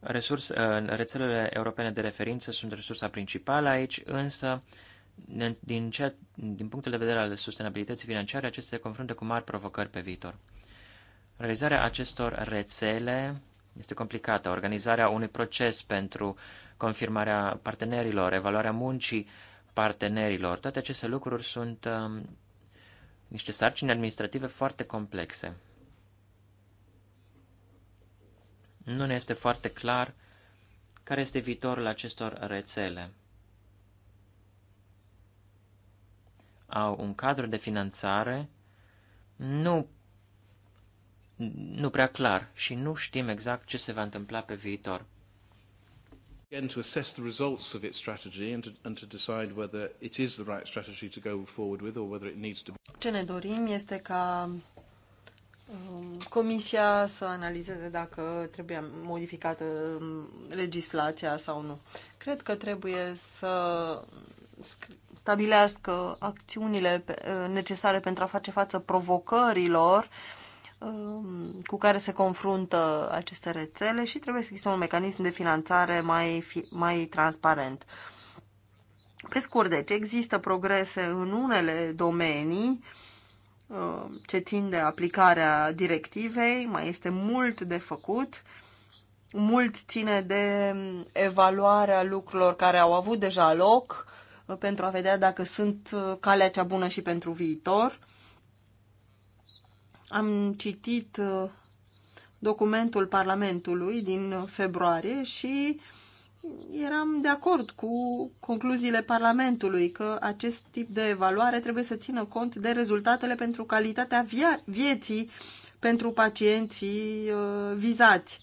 Resurs, ă, rețelele europene de referință sunt resursa principală aici, însă, din, cea, din punctul de vedere al sustenabilității financiare, acestea se confruntă cu mari provocări pe viitor. Realizarea acestor rețele este complicată. Organizarea unui proces pentru confirmarea partenerilor, evaluarea muncii partenerilor, toate aceste lucruri sunt ă, niște sarcini administrative foarte complexe. Nu ne este foarte clar care este viitorul acestor rețele. Au un cadru de finanțare nu, nu prea clar și nu știm exact ce se va întâmpla pe viitor again to assess the results of its strategy and to, and to decide whether it is the right strategy to go forward with or whether it needs to be. Ce ne dorim este ca um, Comisia să analizeze dacă trebuie modificată um, legislația sau nu. Cred că trebuie să stabilească acțiunile uh, necesare pentru a face față provocărilor uh, Um, cu care se confruntă aceste rețele și trebuie să există un mecanism de finanțare mai, fi, mai transparent. Pe scurt, deci, există progrese în unele domenii um, ce țin de aplicarea directivei, mai este mult de făcut, mult ține de um, evaluarea lucrurilor care au avut deja loc uh, pentru a vedea dacă sunt uh, calea cea bună și pentru viitor am citit uh, documentul Parlamentului din februarie și eram de acord cu concluziile Parlamentului că acest tip de evaluare trebuie să țină cont de rezultatele pentru calitatea vieții pentru pacienții uh, vizați.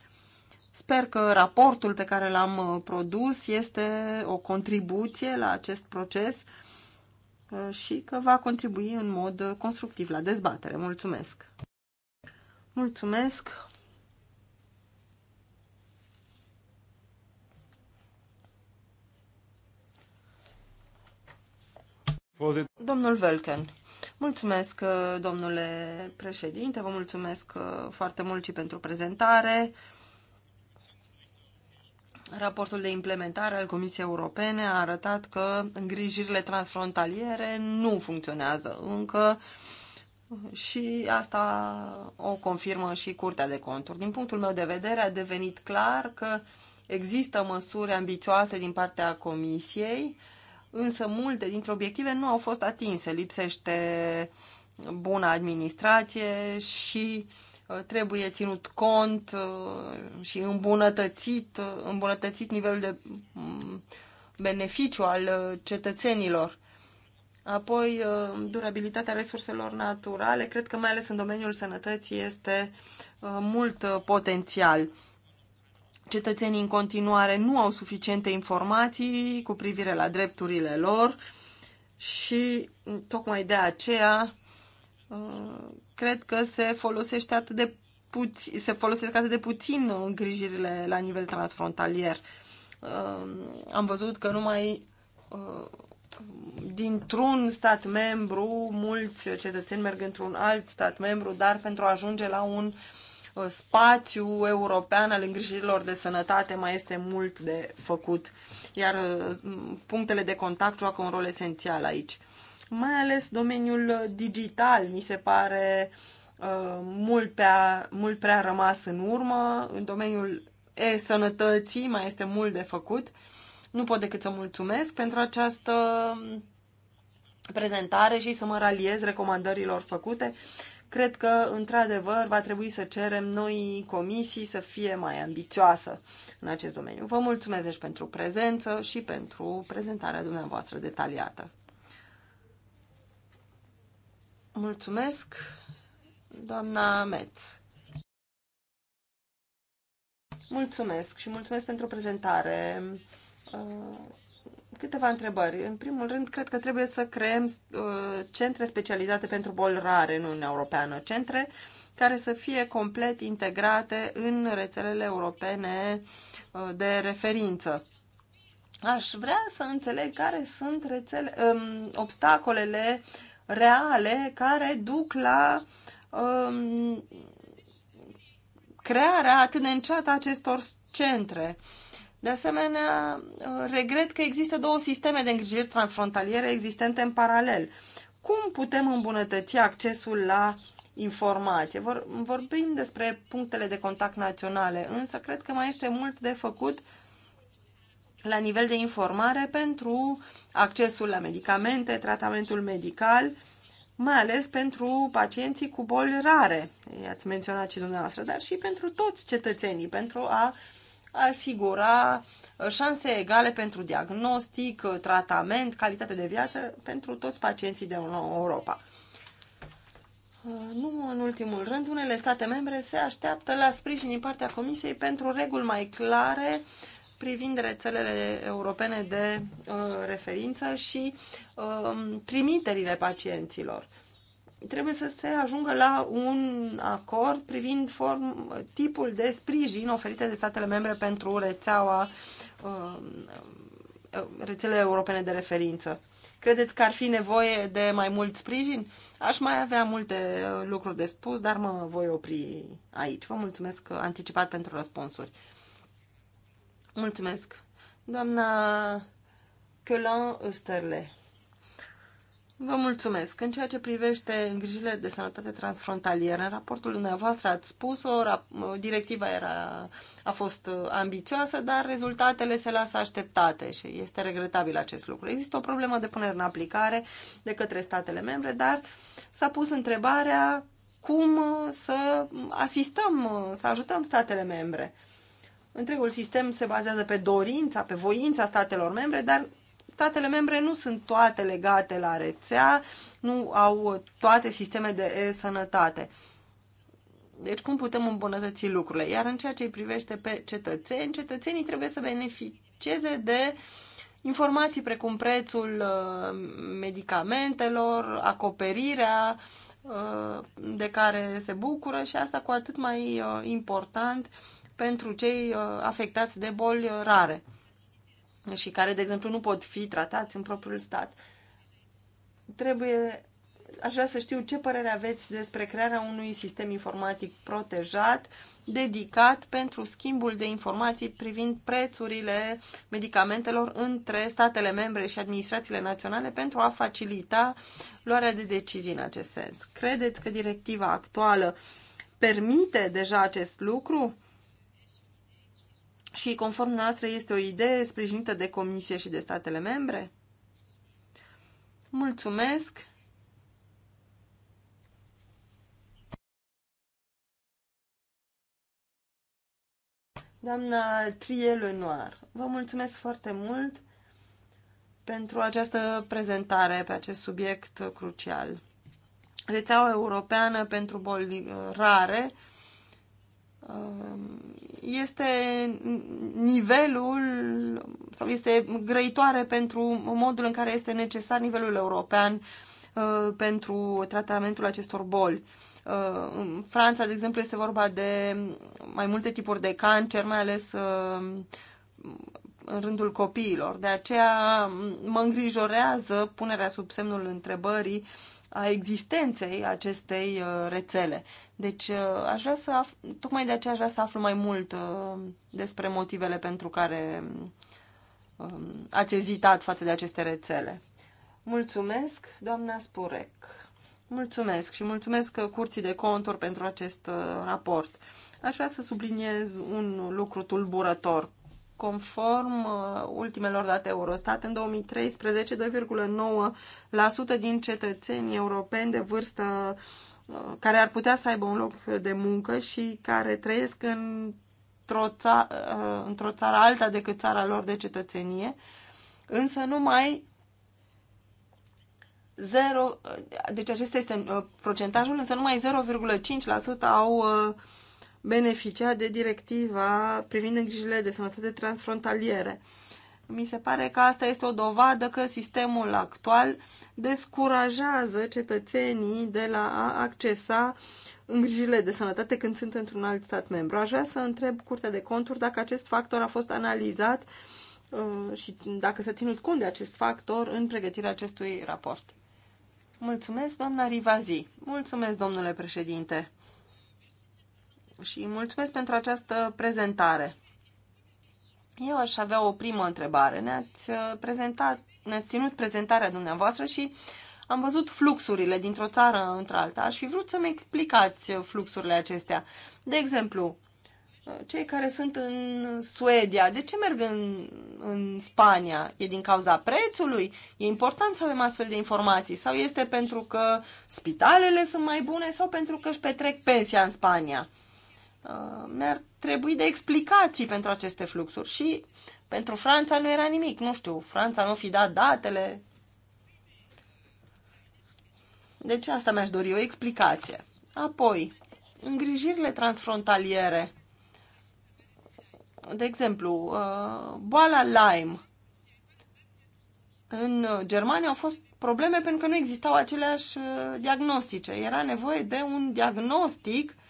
Sper că raportul pe care l-am uh, produs este o contribuție la acest proces Uh, și că va contribui în mod uh, constructiv la dezbatere. Mulțumesc! Mulțumesc! Domnul Velken, mulțumesc, uh, domnule președinte, vă mulțumesc foarte mult și pentru prezentare. Raportul de implementare al Comisiei Europene a arătat că îngrijirile transfrontaliere nu funcționează încă și asta o confirmă și Curtea de Conturi. Din punctul meu de vedere a devenit clar că există măsuri ambițioase din partea Comisiei, însă multe dintre obiective nu au fost atinse. Lipsește bună administrație și uh, Uh, trebuie ținut cont uh, și îmbunătățit, uh, îmbunătățit nivelul de mm, beneficiu al cetățenilor. Apoi, durabilitatea resurselor naturale, cred că mai ales în domeniul sănătății este mult potențial. Cetățenii în continuare nu au suficiente informații cu privire la drepturile lor și tocmai de aceea cred că se folosește atât de puțin, se folosesc atât de puțin îngrijirile la nivel transfrontalier. Am văzut că numai uh, dintr-un stat membru, mulți cetățeni merg într-un alt stat membru, dar pentru a ajunge la un uh, spațiu european al îngrijirilor de sănătate mai este mult de făcut, iar uh, punctele de contact joacă un rol esențial aici. Mai ales domeniul digital mi se pare uh, mult prea, mult prea rămas în urmă. În domeniul e-sănătății mai este mult de făcut. Nu pot decât să mulțumesc pentru această prezentare și să mă raliez recomandărilor făcute. Cred că, într-adevăr, va trebui să cerem noi comisii să fie mai ambițioasă în acest domeniu. Vă mulțumesc deci, pentru prezență și pentru prezentarea dumneavoastră detaliată. Mulțumesc, doamna Met. Mulțumesc și mulțumesc pentru prezentare. Uh, câteva întrebări. În primul rând, cred că trebuie să creăm uh, centre specializate pentru boli rare în Uniunea Europeană. Centre care să fie complet integrate în rețelele europene uh, de referință. Aș vrea să înțeleg care sunt rețele, um, obstacolele reale care duc la um, crearea atât de înceată acestor centre. De asemenea, uh, regret că există două sisteme de îngrijiri transfrontaliere existente în paralel. Cum putem îmbunătăți accesul la informație? vorbim despre punctele de contact naționale, însă cred că mai este mult de făcut la nivel de informare pentru accesul la medicamente, tratamentul medical, mai ales pentru pacienții cu boli rare, i-ați menționat și dumneavoastră, dar și pentru toți cetățenii, pentru a asigura șanse egale pentru diagnostic, tratament, calitate de viață pentru toți pacienții din Europa. Nu în ultimul rând, unele state membre se așteaptă la sprijin din partea Comisiei pentru reguli mai clare privind rețelele europene de uh, referință și um, trimiterile pacienților. Trebuie să se ajungă la un acord privind form, tipul de sprijin oferite de statele membre pentru rețeaua, um, rețelele europene de referință. Credeți că ar fi nevoie de mai mult sprijin? Aș mai avea multe uh, lucruri de spus, dar mă voi opri aici. Vă mulțumesc uh, anticipat pentru răspunsuri. Mulțumesc. Doamna Călan Österle. Vă mulțumesc. În ceea ce privește îngrijirile de sănătate transfrontalieră, în raportul dumneavoastră ați spus-o, directiva era, a fost uh, ambițioasă, dar rezultatele se lasă așteptate și este regretabil acest lucru. Există o problemă de punere în aplicare de către statele membre, dar s-a pus întrebarea cum uh, să asistăm, uh, să ajutăm statele membre. Întregul sistem se bazează pe dorința, pe voința statelor membre, dar statele membre nu sunt toate legate la rețea, nu au toate sisteme de e sănătate. Deci cum putem îmbunătăți lucrurile? Iar în ceea ce îi privește pe cetățeni, cetățenii trebuie să beneficieze de informații precum prețul uh, medicamentelor, acoperirea uh, de care se bucură și asta cu atât mai uh, important pentru cei uh, afectați de boli uh, rare și care, de exemplu, nu pot fi tratați în propriul stat. Trebuie, aș vrea să știu ce părere aveți despre crearea unui sistem informatic protejat, dedicat pentru schimbul de informații privind prețurile medicamentelor între statele membre și administrațiile naționale pentru a facilita luarea de decizii în acest sens. Credeți că directiva actuală permite deja acest lucru? Și conform noastră este o idee sprijinită de Comisie și de statele membre? Mulțumesc! Doamna Triel lenoir vă mulțumesc foarte mult pentru această prezentare pe acest subiect crucial. Rețeaua europeană pentru boli uh, rare Um, este nivelul sau este grăitoare pentru modul în care este necesar nivelul european uh, pentru tratamentul acestor boli. Uh, în Franța, de exemplu, este vorba de mai multe tipuri de cancer, mai ales uh, în rândul copiilor. De aceea mă îngrijorează punerea sub semnul întrebării a existenței acestei uh, rețele. Deci uh, aș vrea să af- tocmai de aceea aș vrea să aflu mai mult uh, despre motivele pentru care um, ați ezitat față de aceste rețele. Mulțumesc, doamna Spurec. Mulțumesc și mulțumesc Curții de Conturi pentru acest raport. Aș vrea să subliniez un lucru tulburător Conform uh, ultimelor date Eurostat, în 2013, 2,9% din cetățenii europeni de vârstă uh, care ar putea să aibă un loc de muncă și care trăiesc într-o, ța- uh, într-o țară alta decât țara lor de cetățenie, însă numai 0, deci acesta este procentajul, însă numai 0,5% au uh, beneficia de directiva privind îngrijirile de sănătate transfrontaliere. Mi se pare că asta este o dovadă că sistemul actual descurajează cetățenii de la a accesa îngrijirile de sănătate când sunt într-un alt stat membru. Aș vrea să întreb Curtea de Conturi dacă acest factor a fost analizat uh, și dacă s-a ținut cont de acest factor în pregătirea acestui raport. Mulțumesc, doamna Rivazi. Mulțumesc, domnule președinte și mulțumesc pentru această prezentare. Eu aș avea o primă întrebare. Ne-ați uh, prezentat, ne-ați ținut prezentarea dumneavoastră și am văzut fluxurile dintr-o țară într-alta și vrut să-mi explicați fluxurile acestea. De exemplu, uh, cei care sunt în Suedia, de ce merg în, în Spania? E din cauza prețului? E important să avem astfel de informații? Sau este pentru că spitalele sunt mai bune sau pentru că își petrec pensia în Spania? Uh, mi-ar trebui de explicații pentru aceste fluxuri și pentru Franța nu era nimic, nu știu, Franța nu fi dat datele. Deci asta mi-aș dori, o explicație. Apoi, îngrijirile transfrontaliere. De exemplu, uh, boala Lyme. În Germania au fost probleme pentru că nu existau aceleași uh, diagnostice. Era nevoie de un diagnostic uh,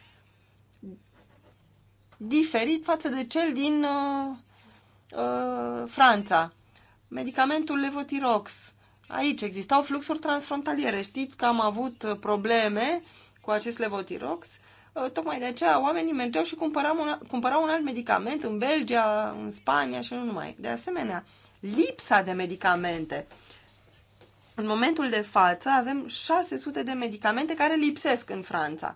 diferit față de cel din uh, uh, Franța. Medicamentul Levotirox. Aici existau fluxuri transfrontaliere. Știți că am avut uh, probleme cu acest Levotirox. Uh, tocmai de aceea oamenii mergeau și cumpărau un, cumpărau un alt medicament în Belgia, în Spania și nu numai. De asemenea, lipsa de medicamente. În momentul de față avem 600 de medicamente care lipsesc în Franța.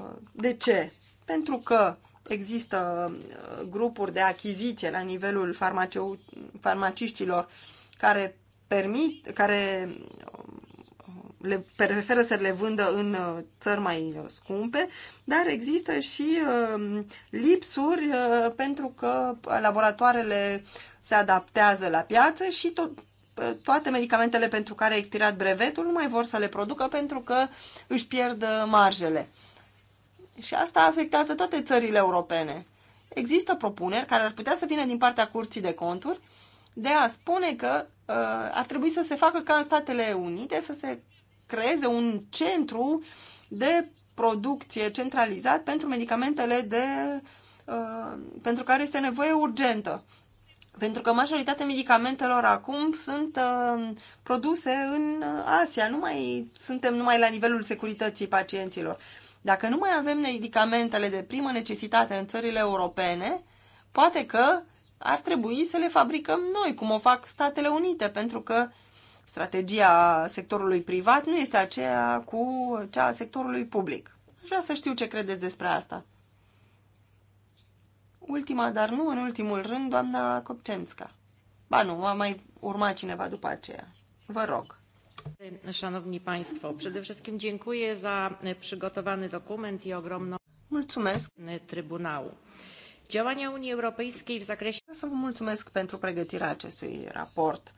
Uh, de ce? Pentru că există uh, grupuri de achiziție la nivelul farmaceu, farmaciștilor care permit, care uh, le preferă să le vândă în uh, țări mai scumpe, dar există și lipsuri pentru că laboratoarele se adaptează la piață și tot, toate medicamentele pentru care a expirat brevetul nu mai vor să le producă pentru că își pierd marjele. Și asta afectează toate țările europene. Există propuneri care ar putea să vină din partea Curții de Conturi de a spune că uh, ar trebui să se facă ca în Statele Unite, să se creeze un centru de producție centralizat pentru medicamentele de, uh, pentru care este nevoie urgentă. Pentru că majoritatea medicamentelor acum sunt uh, produse în Asia, nu mai suntem numai la nivelul securității pacienților. Uh, dacă nu mai avem medicamentele de primă necesitate în țările europene, poate că ar trebui să le fabricăm noi, cum o fac Statele Unite, pentru că strategia sectorului privat nu este aceea cu cea a sectorului public. Aș să știu ce credeți despre asta. Ultima, dar nu în ultimul rând, doamna Copcenska. Ba nu, va mai urma cineva după aceea. Vă rog przede wszystkim dziękuję za przygotowany dokument i ogromną Mulțumesc. Trybunału. Działania Unii Europejskiej w zakresie... Să vă mulțumesc pentru pregătirea acestui raport.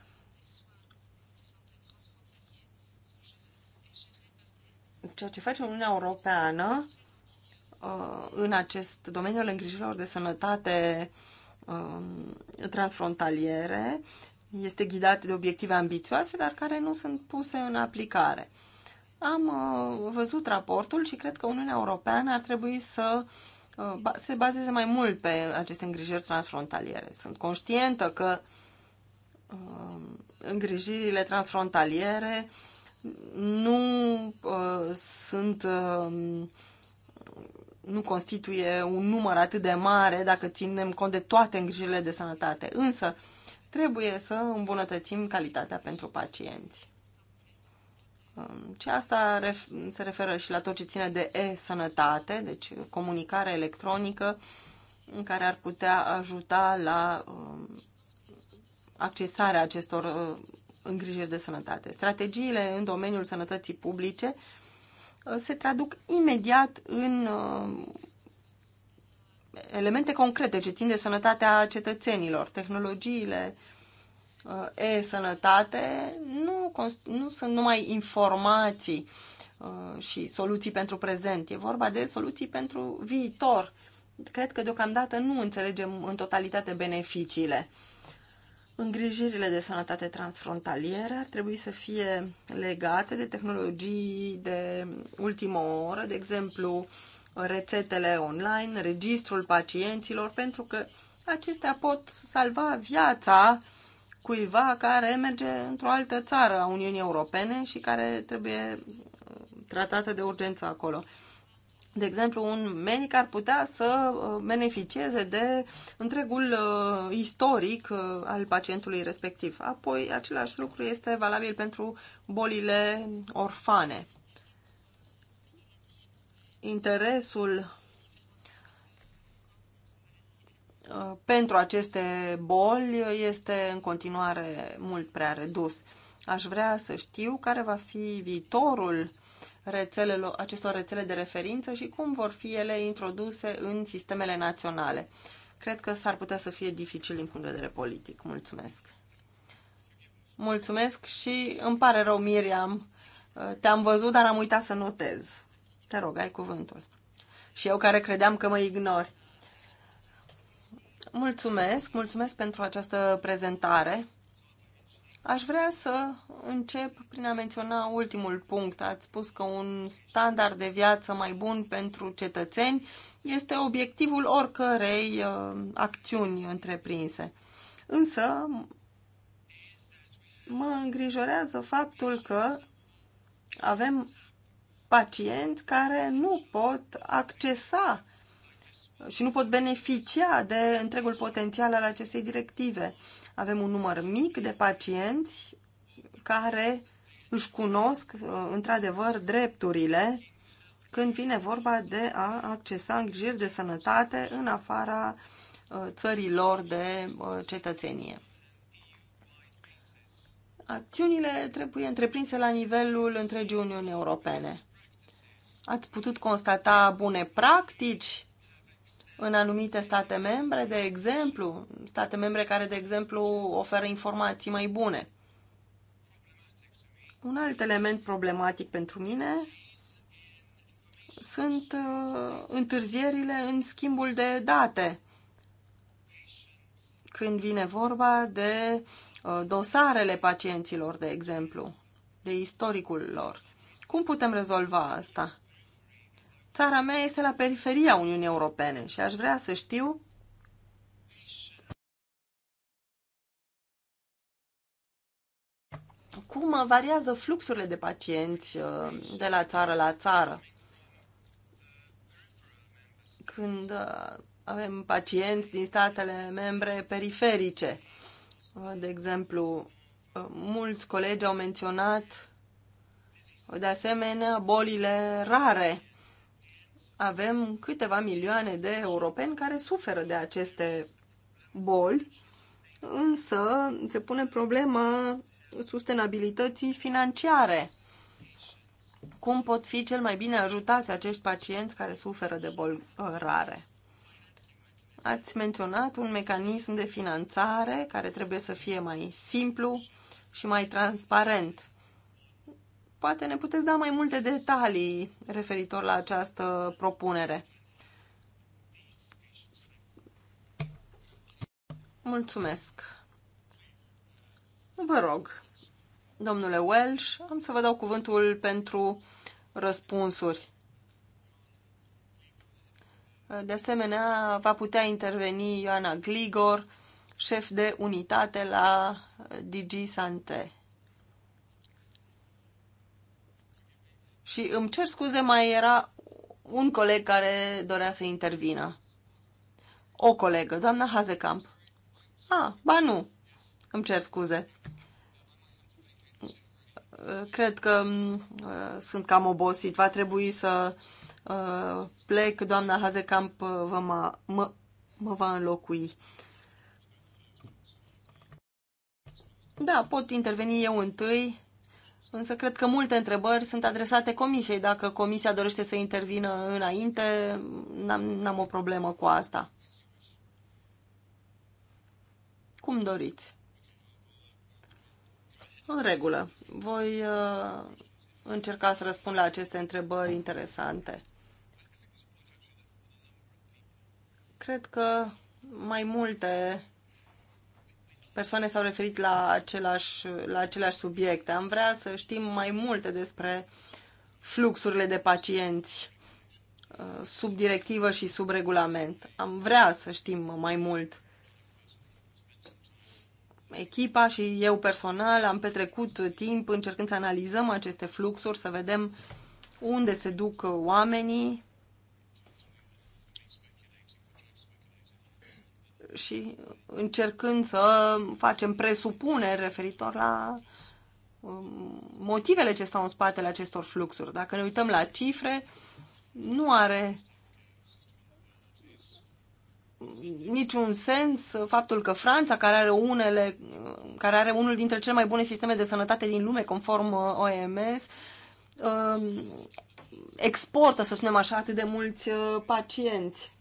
Ceea ce face Uniunea Europeană uh, în acest domeniu al îngrijirilor de sănătate um, transfrontaliere este ghidat de obiective ambițioase, dar care nu sunt puse în aplicare. Am uh, văzut raportul și cred că Uniunea Europeană ar trebui să uh, se bazeze mai mult pe aceste îngrijiri transfrontaliere. Sunt conștientă că uh, îngrijirile transfrontaliere nu sunt nu constituie un număr atât de mare dacă ținem cont de toate îngrijirile de sănătate. Însă, trebuie să îmbunătățim calitatea pentru pacienți. Um, și asta se referă și la tot ce ține de e-sănătate, deci comunicare electronică în care ar putea ajuta la um, accesarea acestor uh, îngrijiri de sănătate. Strategiile în domeniul sănătății publice uh, se traduc imediat în uh, elemente concrete ce țin de sănătatea cetățenilor. Tehnologiile uh, e-sănătate nu, nu sunt numai informații uh, și soluții pentru prezent, e vorba de soluții pentru viitor. Cred că deocamdată nu înțelegem în totalitate beneficiile. Îngrijirile de sănătate transfrontaliere ar trebui să fie legate de tehnologii de ultimă oră, de exemplu, rețetele online, registrul pacienților, pentru că acestea pot salva viața cuiva care merge într-o altă țară a Uniunii Europene și care trebuie tratată de urgență acolo. De exemplu, un medic ar putea să uh, beneficieze de întregul uh, istoric uh, al pacientului respectiv. Apoi, același lucru este valabil pentru bolile orfane interesul uh, pentru aceste boli este în continuare mult prea redus. Aș vrea să știu care va fi viitorul rețelelor, acestor rețele de referință și cum vor fi ele introduse în sistemele naționale. Cred că s-ar putea să fie dificil din punct de vedere politic. Mulțumesc! Mulțumesc și îmi pare rău, Miriam. Uh, te-am văzut, dar am uitat să notez. Te rog, ai cuvântul. Și eu care credeam că mă ignori. Mulțumesc, mulțumesc pentru această prezentare. Aș vrea să încep prin a menționa ultimul punct. Ați spus că un standard de viață mai bun pentru cetățeni este obiectivul oricărei uh, acțiuni întreprinse. Însă, mă îngrijorează faptul că avem pacienți care nu pot accesa și nu pot beneficia de întregul potențial al acestei directive. Avem un număr mic de pacienți care își cunosc uh, într-adevăr drepturile când vine vorba de a accesa îngrijiri de sănătate în afara uh, țărilor de uh, cetățenie. Acțiunile trebuie întreprinse la nivelul întregii Uniuni Europene. Ați putut constata bune practici în anumite state membre, de exemplu, state membre care, de exemplu, oferă informații mai bune. Un alt element problematic pentru mine sunt uh, întârzierile în schimbul de date. Când vine vorba de uh, dosarele pacienților, de exemplu, de istoricul lor. Cum putem rezolva asta? Țara mea este la periferia Uniunii Europene și aș vrea să știu cum variază fluxurile de pacienți uh, de la țară la țară. Când uh, avem pacienți din statele membre periferice, uh, de exemplu, mulți colegi au menționat de asemenea bolile rare avem câteva milioane de europeni care suferă de aceste boli, însă se pune problema sustenabilității financiare. Cum pot fi cel mai bine ajutați acești pacienți care suferă de boli uh, rare? Ați menționat un mecanism de finanțare care trebuie să fie mai simplu și mai transparent poate ne puteți da mai multe detalii referitor la această propunere. Mulțumesc. Vă rog, domnule Welsh, am să vă dau cuvântul pentru răspunsuri. De asemenea, va putea interveni Ioana Gligor, șef de unitate la DG Sante. Și îmi cer scuze, mai era un coleg care dorea să intervină. O colegă, doamna Hazekamp. Ah, ba nu. Îmi cer scuze. Cred că uh, sunt cam obosit. Va trebui să uh, plec. Doamna Hazekamp uh, vă ma, mă, mă va înlocui. Da, pot interveni eu întâi Însă cred că multe întrebări sunt adresate comisiei. Dacă comisia dorește să intervină înainte, n-am, o problemă cu asta. Cum doriți. În regulă. Voi uh, încerca să răspund la aceste întrebări interesante. Cred că mai multe persoane s-au referit la același, la același subiect. Am vrea să știm mai multe despre fluxurile de pacienți uh, sub directivă și sub regulament. Am vrea să știm mai mult. Echipa și eu personal am petrecut timp încercând să analizăm aceste fluxuri, să vedem unde se duc oamenii, și încercând să facem presupuneri referitor la um, motivele ce stau în spatele acestor fluxuri. Dacă ne uităm la cifre, nu are niciun sens faptul că Franța, care are, unele, care are unul dintre cele mai bune sisteme de sănătate din lume, conform uh, OMS, um, exportă, să spunem așa, atât de mulți uh, pacienți.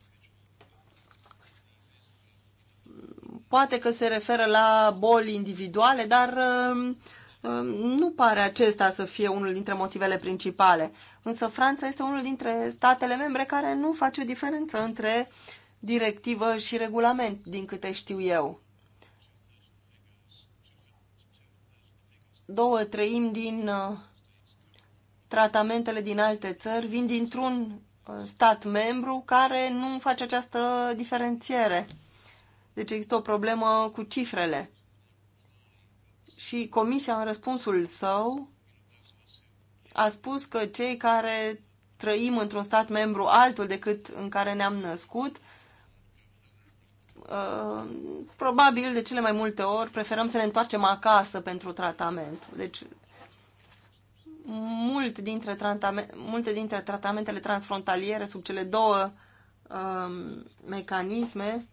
Poate că se referă la boli individuale, dar um, um, nu pare acesta să fie unul dintre motivele principale. Însă Franța este unul dintre statele membre care nu face o diferență între directivă și regulament, din câte știu eu. Două treimi din uh, tratamentele din alte țări vin dintr-un uh, stat membru care nu face această diferențiere. Deci există o problemă cu cifrele. Și comisia, în răspunsul său, a spus că cei care trăim într-un stat membru altul decât în care ne-am născut, uh, probabil de cele mai multe ori preferăm să ne întoarcem acasă pentru tratament. Deci mult dintre tratame, multe dintre tratamentele transfrontaliere sub cele două um, mecanisme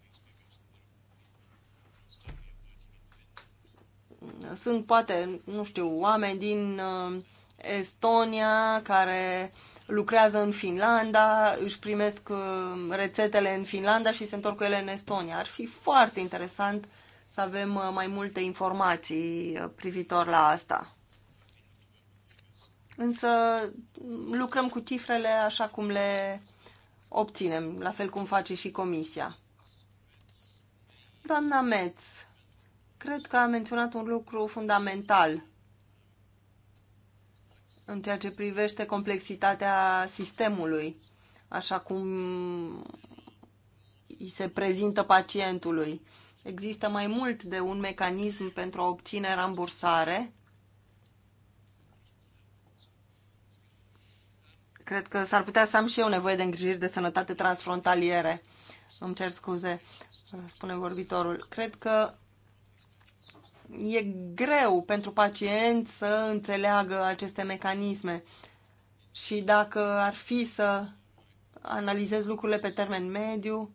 sunt poate, nu știu, oameni din uh, Estonia care lucrează în Finlanda, își primesc uh, rețetele în Finlanda și se întorc cu ele în Estonia. Ar fi foarte interesant să avem uh, mai multe informații privitor la asta. Însă lucrăm cu cifrele așa cum le obținem, la fel cum face și comisia. Doamna Metz, cred că a menționat un lucru fundamental în ceea ce privește complexitatea sistemului, așa cum îi se prezintă pacientului. Există mai mult de un mecanism pentru a obține rambursare. Cred că s-ar putea să am și eu nevoie de îngrijiri de sănătate transfrontaliere. Îmi cer scuze, spune vorbitorul. Cred că e greu pentru pacient să înțeleagă aceste mecanisme. Și dacă ar fi să analizez lucrurile pe termen mediu,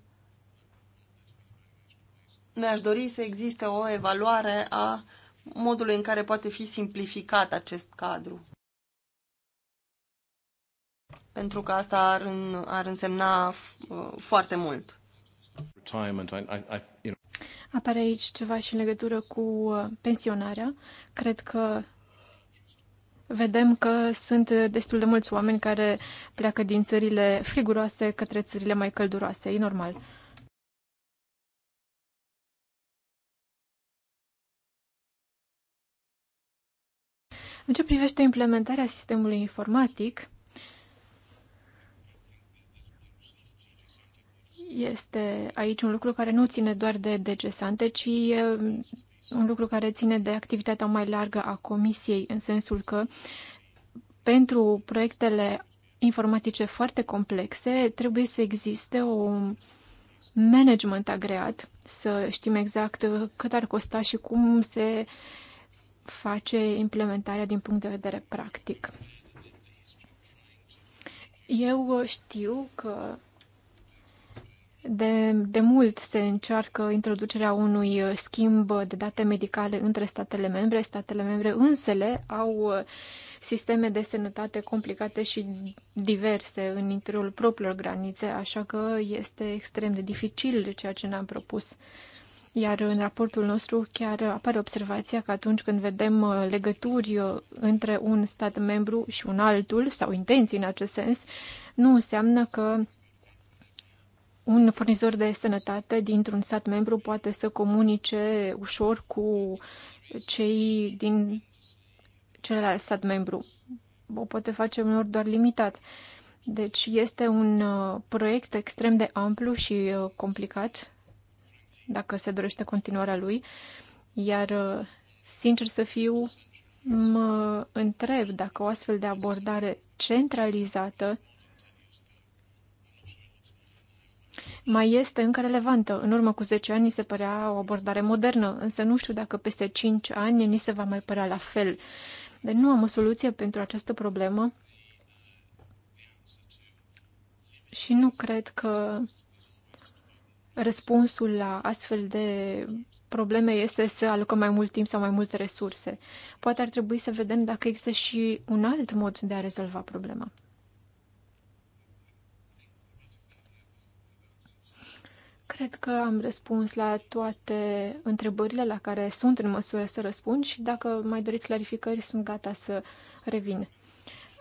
mi-aș dori să existe o evaluare a modului în care poate fi simplificat acest cadru. Pentru că asta ar, în, ar însemna uh, foarte mult. Retirement, I, I, you Apare aici ceva și în legătură cu uh, pensionarea. Cred că vedem că sunt destul de mulți oameni care pleacă din țările friguroase către țările mai călduroase. E normal. În ce privește implementarea sistemului informatic, este aici un lucru care nu ține doar de decesante, ci un lucru care ține de activitatea mai largă a comisiei, în sensul că pentru proiectele informatice foarte complexe trebuie să existe un management agreat, să știm exact cât ar costa și cum se face implementarea din punct de vedere practic. Eu știu că de, de mult se încearcă introducerea unui uh, schimb de date medicale între statele membre. Statele membre însele au uh, sisteme de sănătate complicate și diverse în interiorul propriilor granițe, așa că este extrem de dificil ceea ce ne-am propus. Iar în raportul nostru chiar apare observația că atunci când vedem uh, legături între un stat membru și un altul, sau intenții în acest sens, nu înseamnă că un furnizor de sănătate dintr-un stat membru poate să comunice ușor cu cei din celălalt stat membru. O poate face unor doar limitat. Deci este un uh, proiect extrem de amplu și uh, complicat, dacă se dorește continuarea lui. Iar, uh, sincer să fiu, mă întreb dacă o astfel de abordare centralizată mai este încă relevantă. În urmă cu 10 ani ni se părea o abordare modernă, însă nu știu dacă peste 5 ani ni se va mai părea la fel. Deci nu am o soluție pentru această problemă și nu cred că răspunsul la astfel de probleme este să alocăm mai mult timp sau mai multe resurse. Poate ar trebui să vedem dacă există și un alt mod de a rezolva problema. Cred că am răspuns la toate întrebările la care sunt în măsură să răspund și dacă mai doriți clarificări, sunt gata să revin.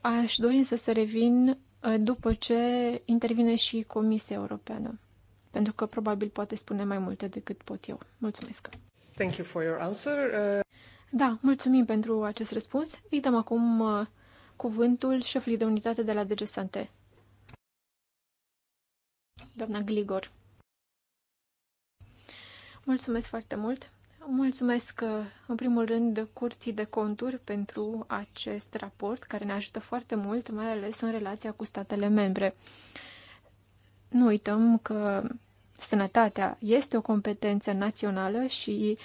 Aș dori să se revin uh, după ce intervine și Comisia Europeană, pentru că probabil poate spune mai multe decât pot eu. Mulțumesc! Thank you for your answer. Uh... Da, mulțumim pentru acest răspuns. Îi dăm acum uh, cuvântul șefului de unitate de la DG Sante. Doamna Gligor. Mulțumesc foarte mult! Mulțumesc, uh, în primul rând, Curții de Conturi pentru acest raport, care ne ajută foarte mult, mai ales în relația cu statele membre. Nu uităm că sănătatea este o competență națională și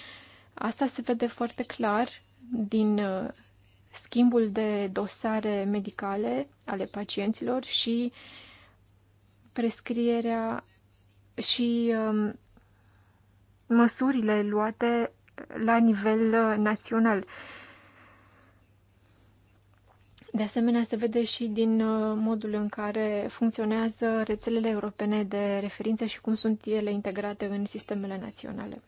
asta se vede foarte clar din uh, schimbul de dosare medicale ale pacienților și prescrierea și um, măsurile luate la nivel uh, național. De asemenea, se vede și din uh, modul în care funcționează rețelele europene de referință și cum sunt ele integrate în sistemele naționale.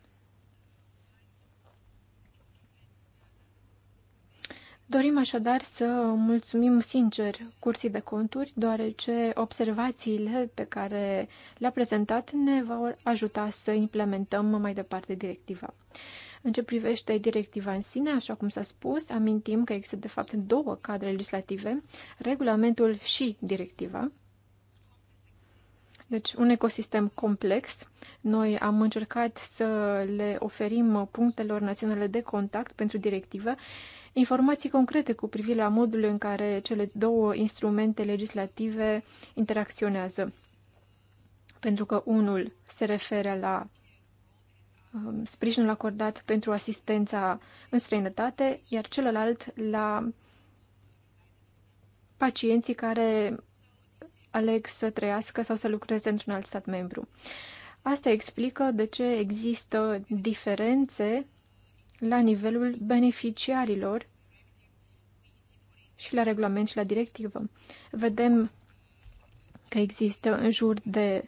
Dorim așadar să mulțumim sincer cursii de Conturi, deoarece observațiile pe care le-a prezentat ne vor ajuta să implementăm mai departe directiva. În ce privește directiva în sine, așa cum s-a spus, amintim că există de fapt două cadre legislative, regulamentul și directiva. Deci un ecosistem complex. Noi am încercat să le oferim punctelor naționale de contact pentru directivă informații concrete cu privire la modul în care cele două instrumente legislative interacționează. Pentru că unul se referă la um, sprijinul acordat pentru asistența în străinătate, iar celălalt la pacienții care aleg să trăiască sau să lucreze într-un alt stat membru. Asta explică de ce există diferențe la nivelul beneficiarilor și la regulament și la directivă. Vedem că există în jur de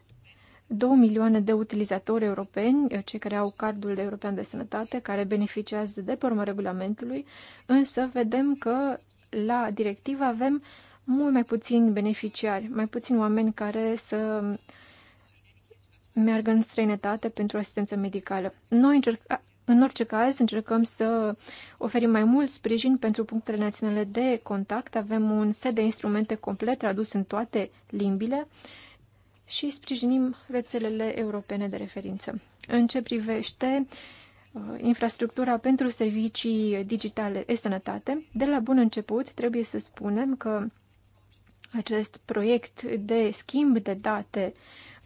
2 milioane de utilizatori europeni, cei care au cardul european de sănătate, care beneficiază de pe urma regulamentului, însă vedem că la directivă avem mult mai puțin beneficiari, mai puțin oameni care să meargă în străinătate pentru asistență medicală. Noi încercăm în orice caz, încercăm să oferim mai mult sprijin pentru punctele naționale de contact. Avem un set de instrumente complet tradus în toate limbile și sprijinim rețelele europene de referință. În ce privește uh, infrastructura pentru servicii digitale e sănătate, de la bun început trebuie să spunem că acest proiect de schimb de date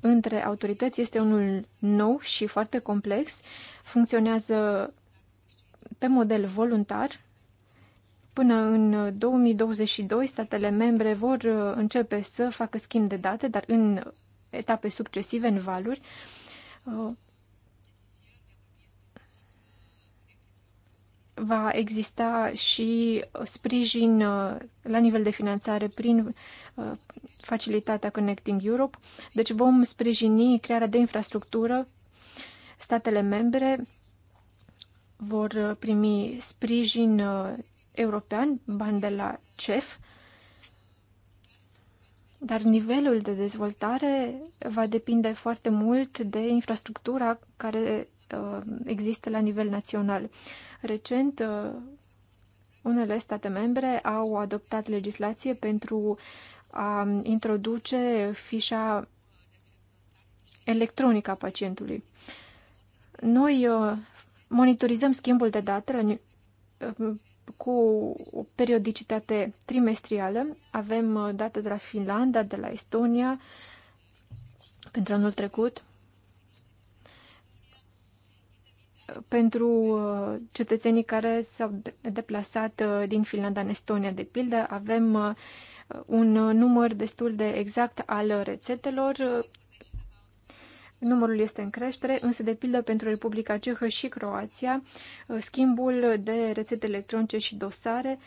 între autorități este unul nou și foarte complex. Funcționează pe model voluntar. Până în 2022, statele membre vor uh, începe să facă schimb de date, dar în etape succesive, în valuri. Uh, va exista și sprijin uh, la nivel de finanțare prin uh, facilitatea Connecting Europe. Deci vom sprijini crearea de infrastructură. Statele membre vor uh, primi sprijin european, bani de la CEF, dar nivelul de dezvoltare va depinde foarte mult de infrastructura care Uh, există la nivel național. Recent, uh, unele state membre au adoptat legislație pentru a introduce fișa electronică a pacientului. Noi uh, monitorizăm schimbul de date cu o periodicitate trimestrială. Avem date de la Finlanda, de la Estonia pentru anul trecut pentru uh, cetățenii care s-au deplasat uh, din Finlanda în Estonia, de pildă, avem uh, un număr destul de exact al rețetelor. Numărul este în creștere, însă, de pildă, pentru Republica Cehă și Croația, schimbul de rețete electronice și dosare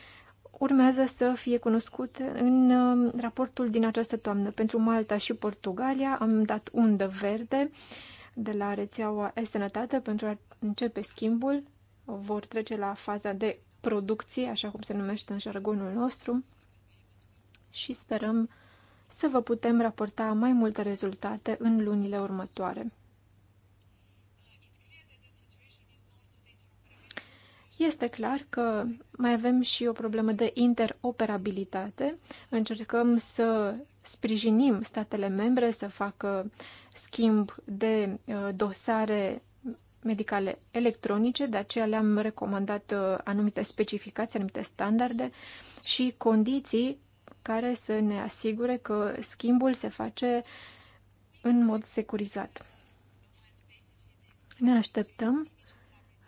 urmează să fie cunoscut în raportul din această toamnă. Pentru Malta și Portugalia am dat undă verde de la rețeaua e-sănătate pentru începe schimbul, vor trece la faza de producție, așa cum se numește în jargonul nostru, și sperăm să vă putem raporta mai multe rezultate în lunile următoare. Este clar că mai avem și o problemă de interoperabilitate. Încercăm să sprijinim statele membre să facă schimb de uh, dosare medicale electronice, de aceea le-am recomandat uh, anumite specificații, anumite standarde și condiții care să ne asigure că schimbul se face în mod securizat. Ne așteptăm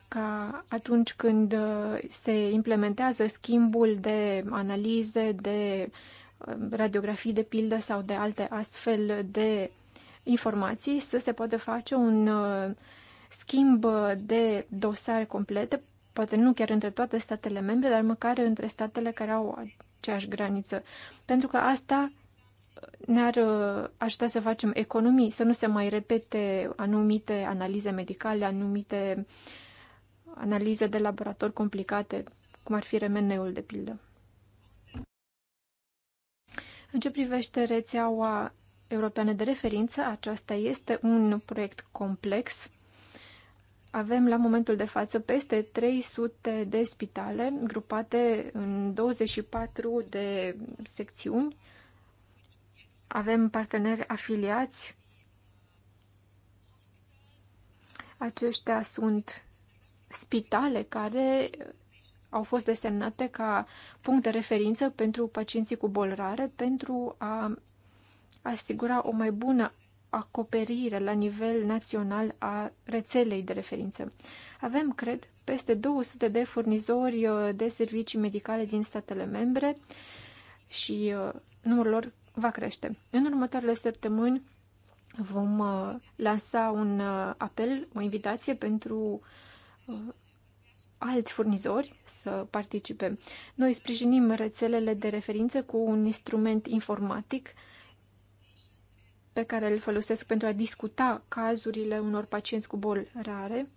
ca atunci când uh, se implementează schimbul de analize, de uh, radiografii de pildă sau de alte astfel de informații, să se poată face un schimb de dosare complete, poate nu chiar între toate statele membre, dar măcar între statele care au aceeași graniță. Pentru că asta ne-ar uh, ajuta să facem economii, să nu se mai repete anumite analize medicale, anumite analize de laborator complicate, cum ar fi remeneul, de pildă. În ce privește rețeaua europeană de referință, aceasta este un proiect complex avem la momentul de față peste 300 de spitale grupate în 24 de secțiuni. Avem parteneri afiliați. Aceștia sunt spitale care au fost desemnate ca punct de referință pentru pacienții cu boli rare pentru a asigura o mai bună acoperire la nivel național a rețelei de referință. Avem, cred, peste 200 de furnizori uh, de servicii medicale din statele membre și uh, numărul lor va crește. În următoarele săptămâni vom uh, lansa un apel, o invitație pentru alți furnizori să participe. Noi sprijinim rețelele de referință cu un instrument informatic uh, pe care îl folosesc pentru a discuta cazurile unor pacienți cu boli rare.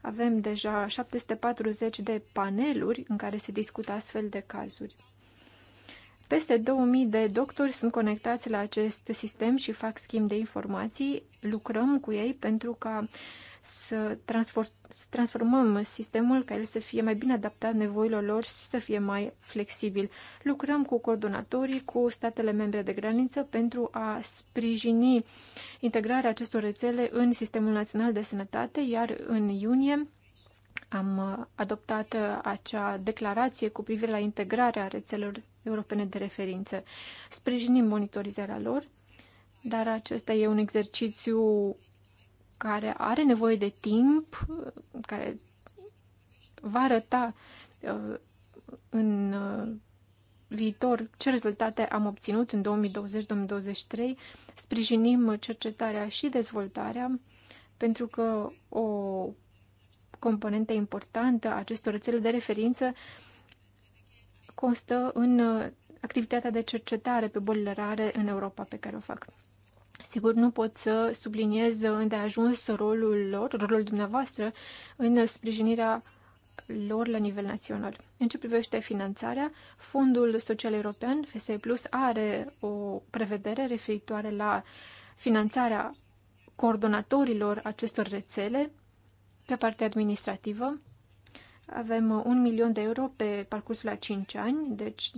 Avem deja 740 de paneluri în care se discută astfel de cazuri. Peste 2000 de doctori sunt conectați la acest sistem și fac schimb de informații. Lucrăm cu ei pentru ca uh, să, transform, să transformăm sistemul el să fie mai bine adaptat nevoilor lor și să fie mai flexibil. Lucrăm cu coordonatorii, cu statele membre de graniță pentru a sprijini integrarea acestor rețele în Sistemul Național de Sănătate, iar în iunie am adoptat acea declarație cu privire la integrarea rețelelor europene de referință. Sprijinim monitorizarea lor, dar acesta e un exercițiu care are nevoie de timp, care va arăta uh, în uh, viitor ce rezultate am obținut în 2020-2023. Sprijinim cercetarea și dezvoltarea, pentru că o componentă importantă a acestor rețele de referință constă în uh, activitatea de cercetare pe bolile rare în Europa pe care o fac. Sigur, nu pot să subliniez îndeajuns rolul lor, rolul dumneavoastră, în sprijinirea lor la nivel național. În ce privește finanțarea, Fondul Social European, FSE Plus, are o prevedere referitoare la finanțarea coordonatorilor acestor rețele pe partea administrativă. Avem un milion de euro pe parcursul a 5 ani, deci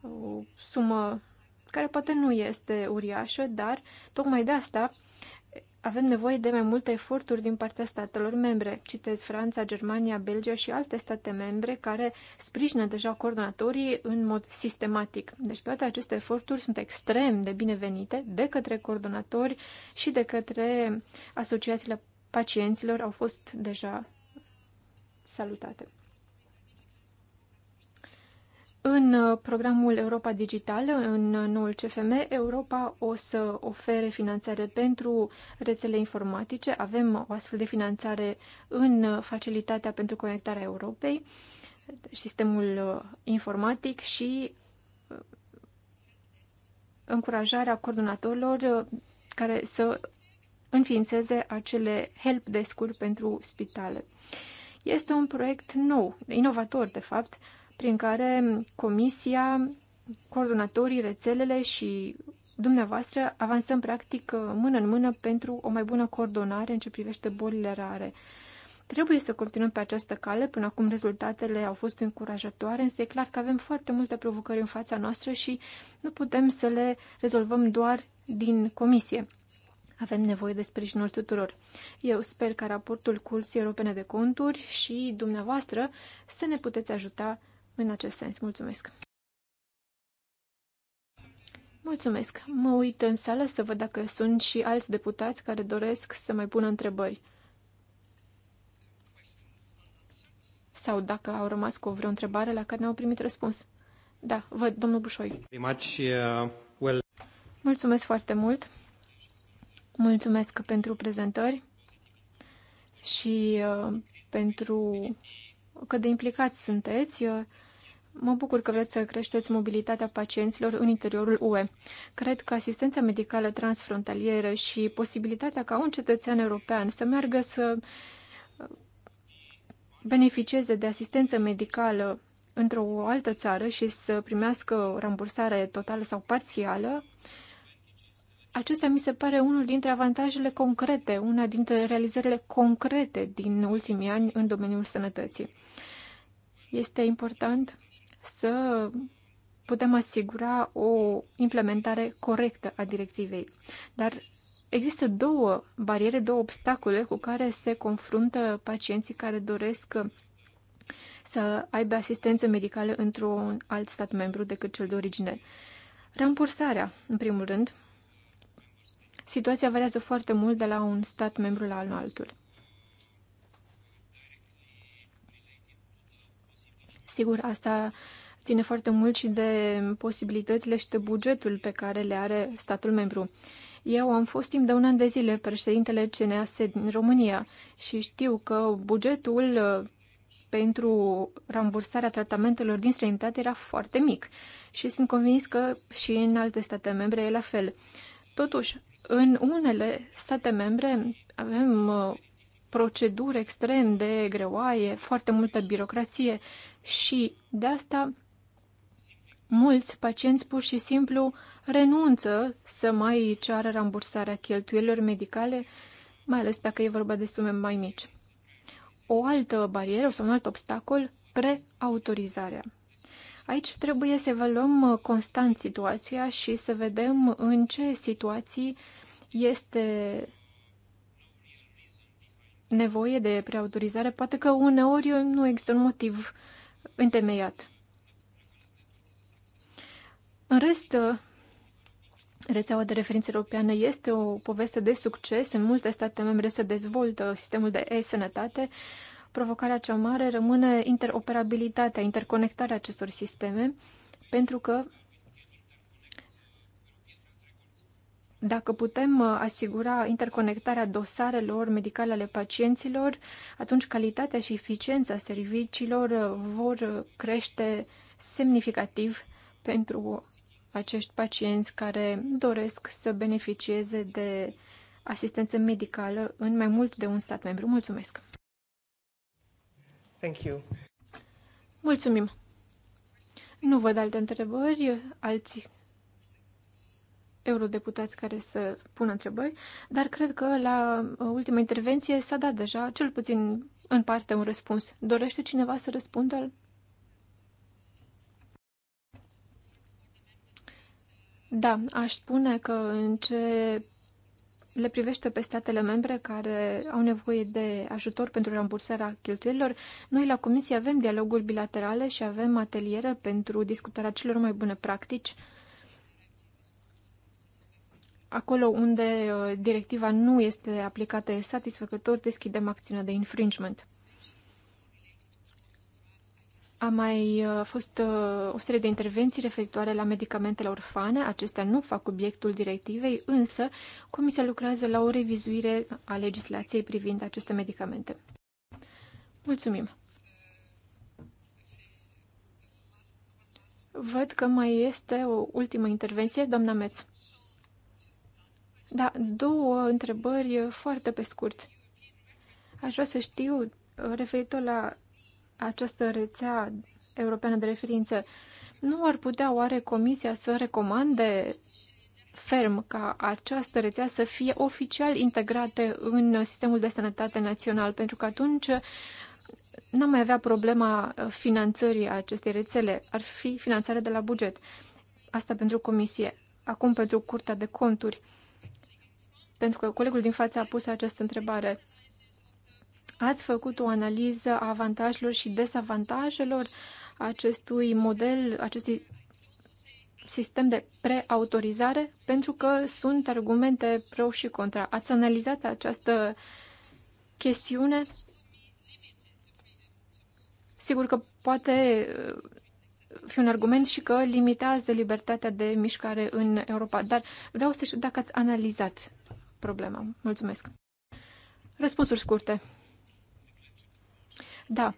o sumă care poate nu este uriașă, dar tocmai de asta avem nevoie de mai multe eforturi din partea statelor membre. Citez Franța, Germania, Belgia și alte state membre care sprijină deja coordonatorii în mod sistematic. Deci toate aceste eforturi sunt extrem de binevenite de către coordonatori și de către asociațiile pacienților au fost deja salutate. În uh, programul Europa Digitală, în uh, noul CFM, Europa o să ofere finanțare pentru rețele informatice. Avem o astfel de finanțare în uh, Facilitatea pentru Conectarea Europei, sistemul informatic și încurajarea coordonatorilor care să înființeze acele help desk-uri pentru spitale. Este un proiect nou, inovator de fapt, prin care Comisia, coordonatorii, rețelele și dumneavoastră avansăm practic mână în mână pentru o mai bună coordonare în ce privește bolile rare. Trebuie să continuăm pe această cale, până acum rezultatele au fost încurajatoare, însă e clar că avem foarte multe provocări în fața noastră și nu putem să le rezolvăm doar din comisie. Avem nevoie de sprijinul tuturor. Eu sper ca raportul Curții Europene de Conturi și dumneavoastră să ne puteți ajuta în acest sens. Mulțumesc! Mulțumesc! Mă uit în sală să văd dacă sunt și alți deputați care doresc să mai pună întrebări. Sau dacă au rămas cu vreo întrebare la care n-au primit răspuns. Da, văd, domnul Bușoi. Uh, mulțumesc foarte mult! Mulțumesc pentru prezentări și uh, pentru că de implicați sunteți. Uh, Mă bucur că vreți să creșteți mobilitatea pacienților în interiorul UE. Cred că asistența medicală transfrontalieră și posibilitatea ca un cetățean european să meargă să uh, beneficieze de asistență medicală într-o altă țară și să primească rambursare totală sau parțială, acesta mi se pare unul dintre avantajele concrete, una dintre realizările concrete din ultimii ani în domeniul sănătății. Este important să putem asigura o implementare corectă a directivei. Dar există două bariere, două obstacole cu care se confruntă pacienții care doresc să aibă asistență medicală într-un alt stat membru decât cel de origine. Rambursarea, în primul rând. Situația variază foarte mult de la un stat membru la altul. Sigur, asta ține foarte mult și de posibilitățile și de bugetul pe care le are statul membru. Eu am fost timp de un an de zile președintele CNAS din România și știu că bugetul uh, pentru rambursarea tratamentelor din străinătate era foarte mic și sunt convins că și în alte state membre e la fel. Totuși, în unele state membre avem uh, proceduri extrem de greoaie, foarte multă birocrație și de asta mulți pacienți pur și simplu renunță să mai ceară rambursarea cheltuielor medicale, mai ales dacă e vorba de sume mai mici. O altă barieră sau un alt obstacol, preautorizarea. Aici trebuie să evaluăm constant situația și să vedem în ce situații este nevoie de preautorizare, poate că uneori nu există un motiv întemeiat. În rest, rețeaua de referință europeană este o poveste de succes. În multe state membre se dezvoltă sistemul de e-sănătate. Provocarea cea mare rămâne interoperabilitatea, interconectarea acestor sisteme, pentru că Dacă putem uh, asigura interconectarea dosarelor medicale ale pacienților, atunci calitatea și eficiența serviciilor uh, vor uh, crește semnificativ pentru acești pacienți care doresc să beneficieze de asistență medicală în mai mult de un stat membru. Mulțumesc! Thank you. Mulțumim! Nu văd alte întrebări, alți eurodeputați care să pună întrebări, dar cred că la uh, ultima intervenție s-a dat deja, cel puțin în parte, un răspuns. Dorește cineva să răspundă? Da, aș spune că în ce le privește pe statele membre care au nevoie de ajutor pentru rambursarea cheltuielilor, noi la Comisie avem dialoguri bilaterale și avem ateliere pentru discutarea celor mai bune practici acolo unde uh, directiva nu este aplicată satisfăcător, deschidem acțiunea de infringement. A mai uh, fost uh, o serie de intervenții referitoare la medicamentele orfane. Acestea nu fac obiectul directivei, însă Comisia lucrează la o revizuire a legislației privind aceste medicamente. Mulțumim! Văd că mai este o ultimă intervenție, doamna Metz. Da, două întrebări foarte pe scurt. Aș vrea să știu, referitor la această rețea europeană de referință, nu ar putea oare Comisia să recomande ferm ca această rețea să fie oficial integrată în sistemul de sănătate național, pentru că atunci n-am mai avea problema finanțării acestei rețele, ar fi finanțare de la buget. Asta pentru Comisie. Acum pentru Curtea de Conturi pentru că colegul din față a pus această întrebare. Ați făcut o analiză a avantajelor și dezavantajelor acestui model, acestui sistem de preautorizare? Pentru că sunt argumente pro și contra. Ați analizat această chestiune? Sigur că poate uh, fi un argument și că limitează libertatea de mișcare în Europa, dar vreau să știu dacă ați analizat problema. Mulțumesc. Răspunsuri scurte. Da,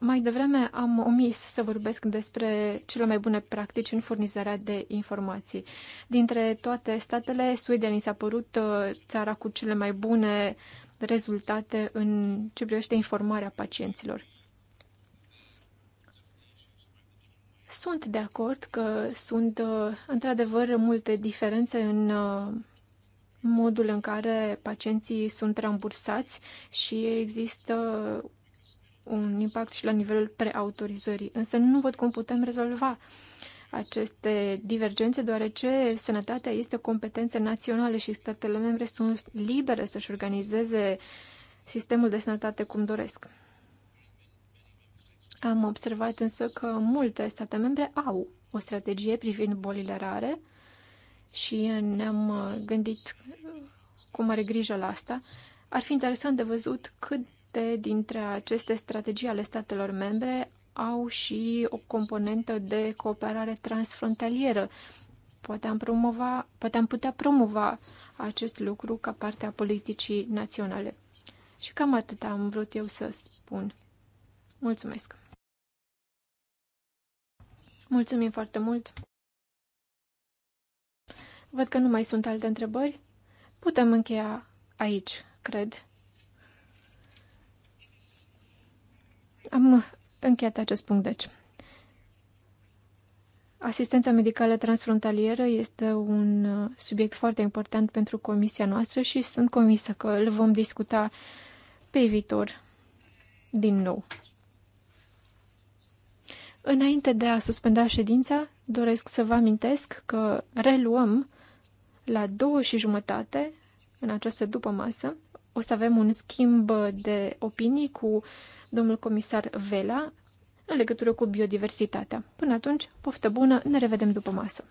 mai devreme am omis să vorbesc despre cele mai bune practici în furnizarea de informații. Dintre toate statele, Suedia ni s-a părut uh, țara cu cele mai bune rezultate în ce privește informarea pacienților. Sunt de acord că sunt uh, într-adevăr multe diferențe în uh, modul în care pacienții sunt rambursați și există un impact și la nivelul preautorizării. Însă nu văd cum putem rezolva aceste divergențe, deoarece sănătatea este o competență națională și statele membre sunt libere să-și organizeze sistemul de sănătate cum doresc. Am observat însă că multe state membre au o strategie privind bolile rare, și ne-am uh, gândit cu mare grijă la asta. Ar fi interesant de văzut câte dintre aceste strategii ale statelor membre au și o componentă de cooperare transfrontalieră. Poate am, promova, poate am putea promova acest lucru ca parte a politicii naționale. Și cam atât am vrut eu să spun. Mulțumesc! Mulțumim foarte mult! Văd că nu mai sunt alte întrebări. Putem încheia aici, cred. Am încheiat acest punct, deci. Asistența medicală transfrontalieră este un uh, subiect foarte important pentru comisia noastră și sunt convinsă că îl vom discuta pe viitor din nou. Înainte de a suspenda ședința, doresc să vă amintesc că reluăm la două și jumătate, în această după masă, o să avem un schimb de opinii cu domnul comisar Vela în legătură cu biodiversitatea. Până atunci, poftă bună, ne revedem după masă!